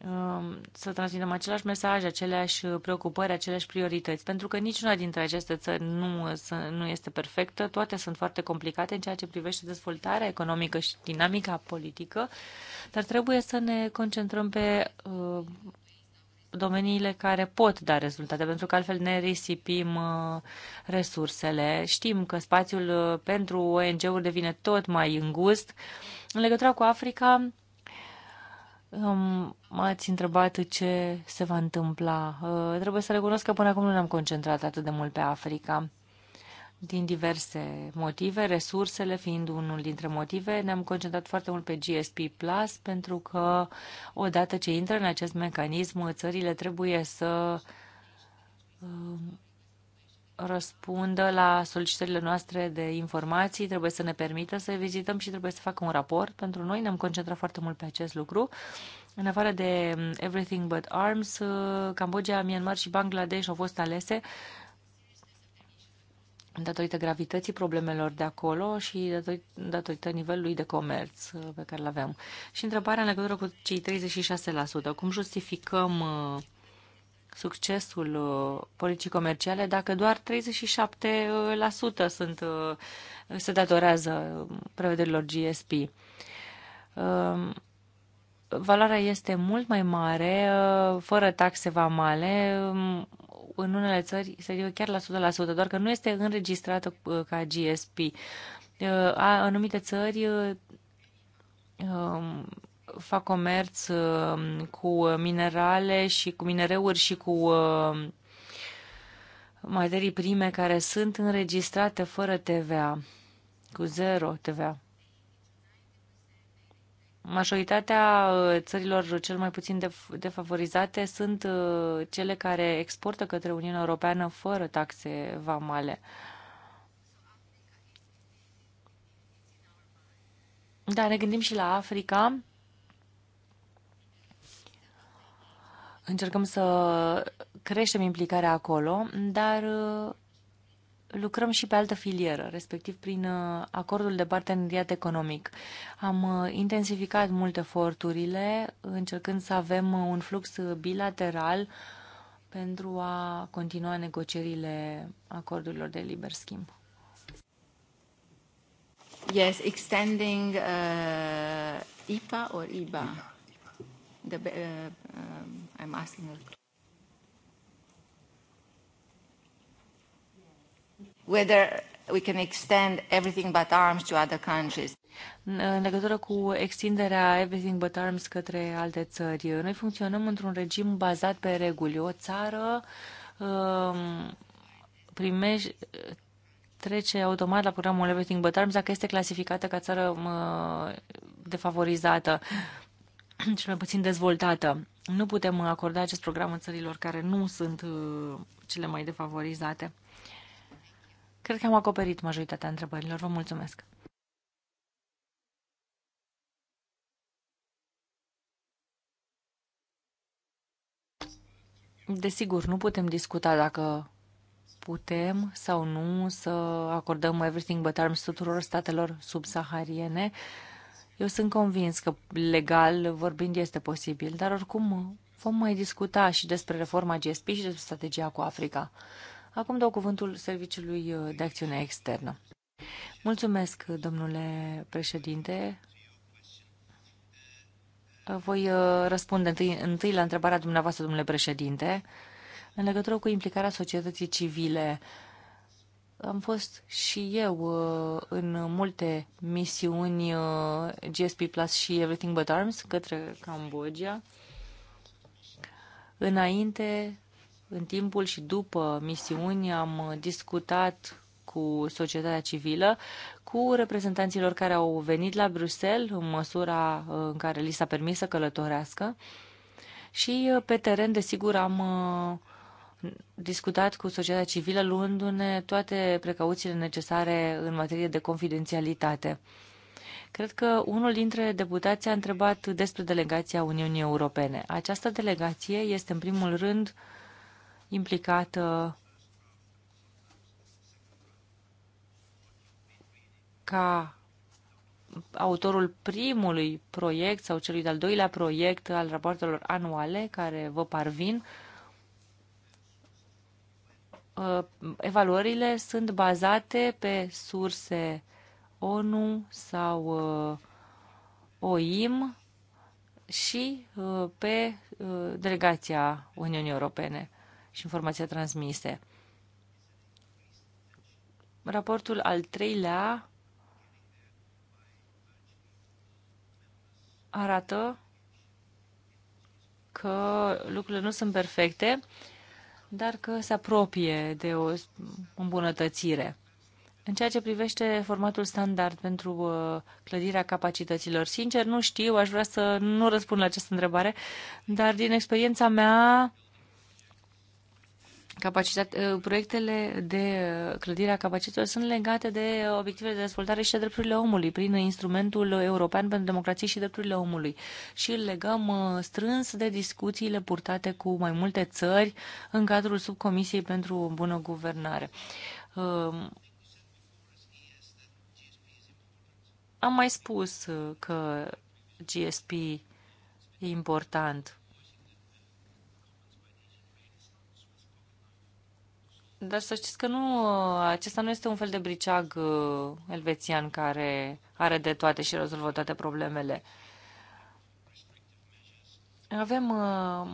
Um, să transmitem același mesaj, aceleași preocupări, aceleași priorități, pentru că niciuna dintre aceste țări nu, nu este perfectă, toate sunt foarte complicate în ceea ce privește dezvoltarea economică și dinamica politică, dar trebuie să ne concentrăm pe uh, domeniile care pot da rezultate, pentru că altfel ne risipim uh, resursele. Știm că spațiul uh, pentru ONG-uri devine tot mai îngust. În legătură cu Africa, M-ați întrebat ce se va întâmpla. Uh, trebuie să recunosc că până acum nu ne-am concentrat atât de mult pe Africa. Din diverse motive, resursele fiind unul dintre motive, ne-am concentrat foarte mult pe GSP Plus pentru că odată ce intră în acest mecanism, țările trebuie să uh, răspundă la solicitările noastre de informații, trebuie să ne permită să vizităm și trebuie să facă un raport pentru noi. Ne-am concentrat foarte mult pe acest lucru. În afară de mm, Everything But Arms, uh, Cambodgia, Myanmar și Bangladesh au fost alese datorită gravității problemelor de acolo și datorită nivelului de comerț uh, pe care îl aveam. Și întrebarea în legătură cu cei 36%, cum justificăm uh, succesul uh, politicii comerciale dacă doar 37% sunt, uh, se datorează uh, prevederilor GSP. Um, valoarea este mult mai mare, fără taxe vamale, um, în unele țări se ridică chiar la 100%, doar că nu este înregistrată ca GSP. Anumite țări um, fac comerț uh, cu minerale și cu minereuri și cu uh, materii prime care sunt înregistrate fără TVA, cu zero TVA. Majoritatea uh, țărilor cel mai puțin defavorizate sunt cele care exportă către Uniunea Europeană fără taxe vamale. Dar ne gândim și la Africa încercăm să creștem implicarea acolo, dar uh, lucrăm și pe altă filieră, respectiv prin uh, acordul de parteneriat economic. Am uh, intensificat mult eforturile, încercând să avem un flux bilateral pentru a continua negocierile acordurilor de liber schimb. Yes, extending uh, IPA or IBA? IPA. The, uh, um, I'm asking her. Whether we can extend everything but arms to other countries. În legătură cu extinderea Everything But Arms către alte țări, noi funcționăm într-un regim bazat pe reguli. O țară um, primește, trece automat la programul Everything But Arms dacă este clasificată ca țară defavorizată și mai puțin dezvoltată. Nu putem acorda acest program în țărilor care nu sunt uh, cele mai defavorizate. Cred că am acoperit majoritatea întrebărilor. Vă mulțumesc! Desigur, nu putem discuta dacă putem sau nu să acordăm everything but arms tuturor statelor subsahariene. Eu sunt convins că legal vorbind este posibil, dar oricum vom mai discuta și despre reforma GSP și despre strategia cu Africa. Acum dau cuvântul Serviciului de Acțiune Externă. Mulțumesc, domnule președinte. Voi uh, răspunde întâi, întâi la întrebarea dumneavoastră, domnule președinte, în legătură cu implicarea societății civile uh, am fost și eu uh, în multe misiuni uh, GSP Plus și Everything But Arms către Cambodgia. Înainte, în timpul și după misiuni, am discutat cu societatea civilă, cu reprezentanților care au venit la Bruxelles în măsura uh, în care li s-a permis să călătorească și pe teren, desigur, am uh, discutat cu societatea civilă, luându-ne toate precauțiile necesare în materie de confidențialitate. Cred că unul dintre deputați a întrebat despre delegația Uniunii Europene. Această delegație este, în primul rând, implicată ca autorul primului proiect sau celui de-al doilea proiect al rapoartelor anuale care vă parvin, uh, Uh, evaluările sunt bazate pe surse ONU sau uh, OIM și uh, pe delegația Uniunii Europene și informația transmise. Raportul al treilea arată că lucrurile nu sunt perfecte dar că se apropie de o îmbunătățire. În ceea ce privește formatul standard pentru uh, clădirea capacităților, sincer, nu știu, aș vrea să nu răspund la această întrebare, dar din experiența mea Capacitate, uh, proiectele de uh, clădire a capacităților sunt legate de uh, obiectivele de dezvoltare și de drepturile omului prin instrumentul european pentru democrație și drepturile omului și îl legăm strâns de discuțiile purtate cu mai multe țări în cadrul subcomisiei pentru bună guvernare. Um, am mai spus că GSP e important Dar să știți că nu, acesta nu este un fel de briceag uh, elvețian care are de toate și rezolvă toate problemele. Avem uh,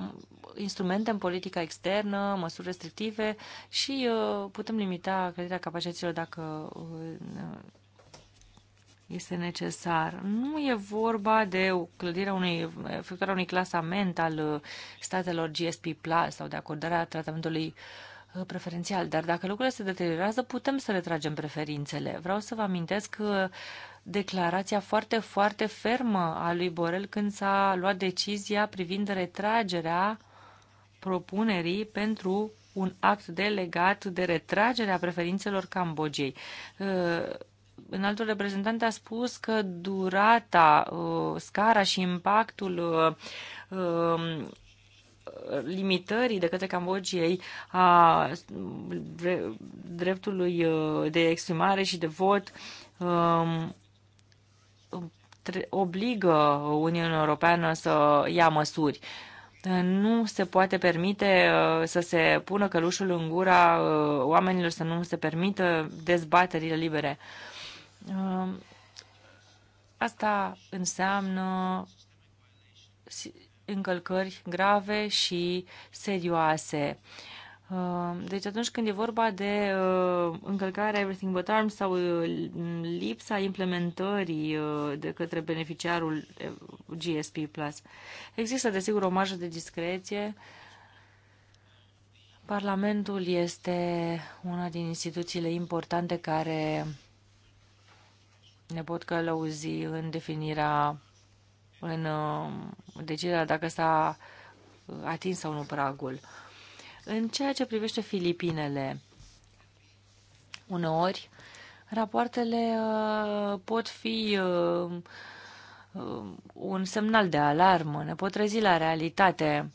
instrumente în politica externă, măsuri restrictive și uh, putem limita crederea capacităților dacă uh, este necesar. Nu e vorba de clădirea unui, efectuarea unui clasament al uh, statelor GSP Plus sau de acordarea tratamentului uh, Uh, preferențial, dar dacă lucrurile se deteriorează, putem să retragem preferințele. Vreau să vă amintesc declarația foarte, foarte fermă a lui Borel când s-a luat decizia privind retragerea propunerii pentru un act delegat de retragere a preferințelor Cambogiei. Uh, În altul reprezentant a spus că durata, uh, scara și impactul um, limitării de către Cambogiei a dreptului uh, de exprimare și de vot um, obligă Uniunea Europeană să ia măsuri. Nu se poate permite uh, să se pună călușul în gura uh, oamenilor, să nu se permită dezbaterile libere. Um, asta înseamnă încălcări grave și serioase. Uh, deci atunci când e vorba de uh, încălcarea Everything But Arms sau uh, lipsa implementării de către beneficiarul GSP+, există desigur o marjă de discreție. Parlamentul este una din instituțiile importante care ne pot călăuzi în definirea în uh, decizia dacă s-a uh, atins sau nu pragul. În ceea ce privește Filipinele, uneori rapoartele uh, pot fi un semnal de alarmă, ne pot trezi la realitate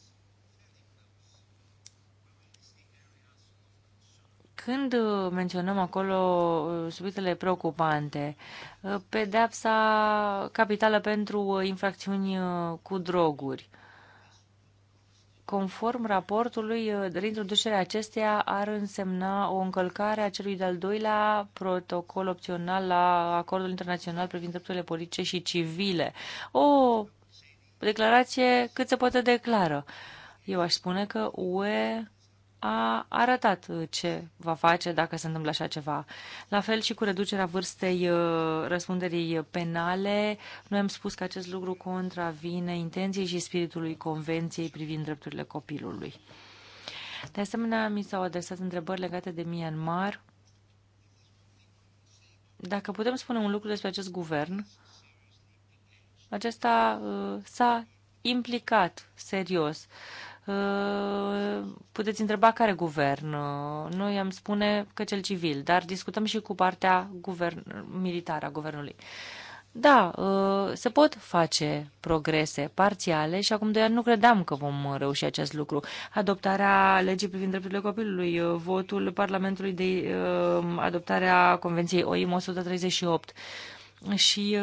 Când uh, menționăm acolo uh, subiectele preocupante, uh, pedepsa capitală pentru infracțiuni cu droguri, conform raportului, reintroducerea acesteia ar însemna o încălcare a celui de-al doilea protocol opțional la acordul internațional privind drepturile politice și civile. O declarație cât se poate declară. Eu aș spune că UE a arătat uh, ce va face dacă se întâmplă așa ceva. La fel și cu reducerea vârstei uh, răspunderii uh, penale, noi am spus că acest lucru contravine intenției și spiritului Convenției privind drepturile copilului. De asemenea, mi s-au adresat întrebări legate de Myanmar. Dacă putem spune un lucru despre acest guvern, acesta s-a implicat serios Uh, puteți întreba care guvern. Uh, noi am spune că cel civil, dar discutăm și cu partea guvern, militară a guvernului. Da, uh, se pot face progrese parțiale și acum doi ani nu credeam că vom reuși acest lucru. Adoptarea legii privind drepturile copilului, votul Parlamentului de adoptarea Convenției OIM 138 și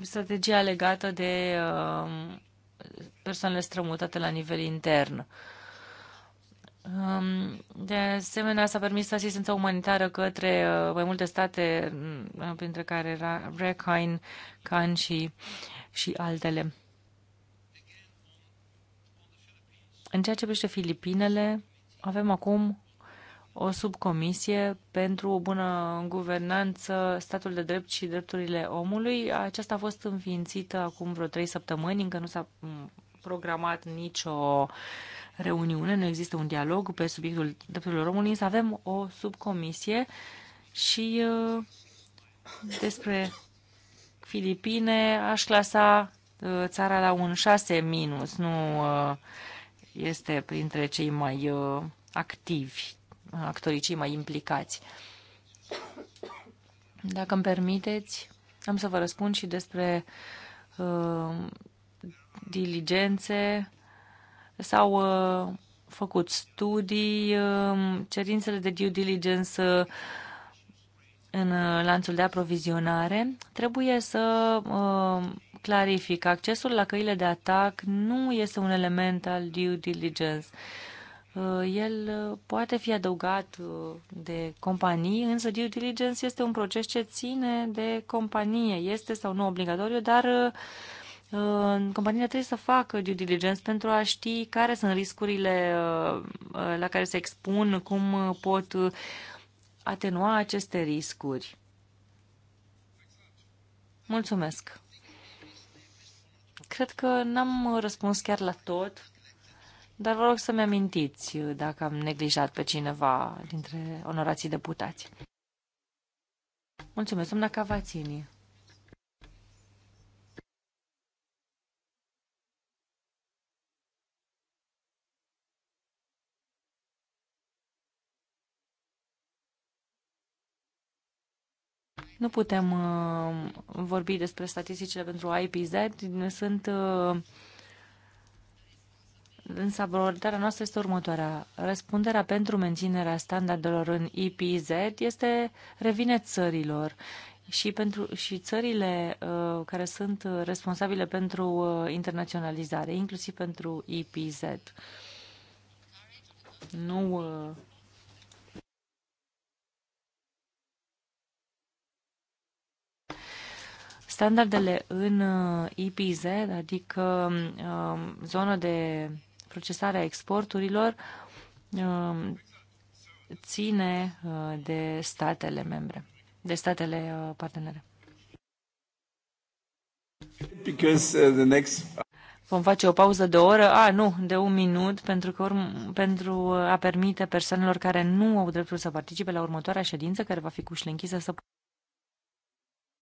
strategia legată de um, persoanele strămutate la nivel intern. Um, de asemenea, s-a permis asistența umanitară către uh, mai multe state, uh, printre care era Rakhine, Khan și, și altele. În ceea ce privește Filipinele, avem acum o subcomisie pentru o bună guvernanță, statul de drept și drepturile omului. Aceasta a fost înființită acum vreo trei săptămâni, încă nu s-a programat nicio reuniune, nu există un dialog pe subiectul drepturilor omului, însă avem o subcomisie și uh, despre Filipine aș clasa uh, țara la un 6 minus, nu uh, este printre cei mai activi actorii cei mai implicați. Dacă îmi permiteți, am să vă răspund și despre uh, diligențe sau uh, făcut studii, uh, cerințele de due diligence uh, în uh, lanțul de aprovizionare, trebuie să uh, clarific. Accesul la căile de atac nu este un element al due diligence. Uh, Uh, el uh, poate fi adăugat uh, de companii, însă due diligence este un proces ce ține de companie. Este sau nu obligatoriu, dar companiile trebuie să facă due diligence pentru a ști care sunt riscurile la care se expun, cum pot atenua aceste riscuri. Mulțumesc! Cred că n-am răspuns chiar la tot, dar vă rog să-mi amintiți uh, dacă am neglijat pe cineva dintre onorații deputați. Mulțumesc, doamna Cavațini. Nu putem uh, vorbi despre statisticile pentru IPZ. Sunt uh, Însă abordarea noastră este următoarea. Răspunderea pentru menținerea standardelor în IPZ este revine țărilor și, pentru, și țările uh, care sunt responsabile pentru uh, internaționalizare, inclusiv pentru IPZ. Nu uh, standardele în uh, IPZ, adică um, zona de procesarea exporturilor um, ține uh, de statele membre, de statele uh, partenere. Uh, Vom face o pauză de o oră, a, nu, de un minut, pentru, că urm- pentru a permite persoanelor care nu au dreptul să participe la următoarea ședință, care va fi cu ușile închisă, să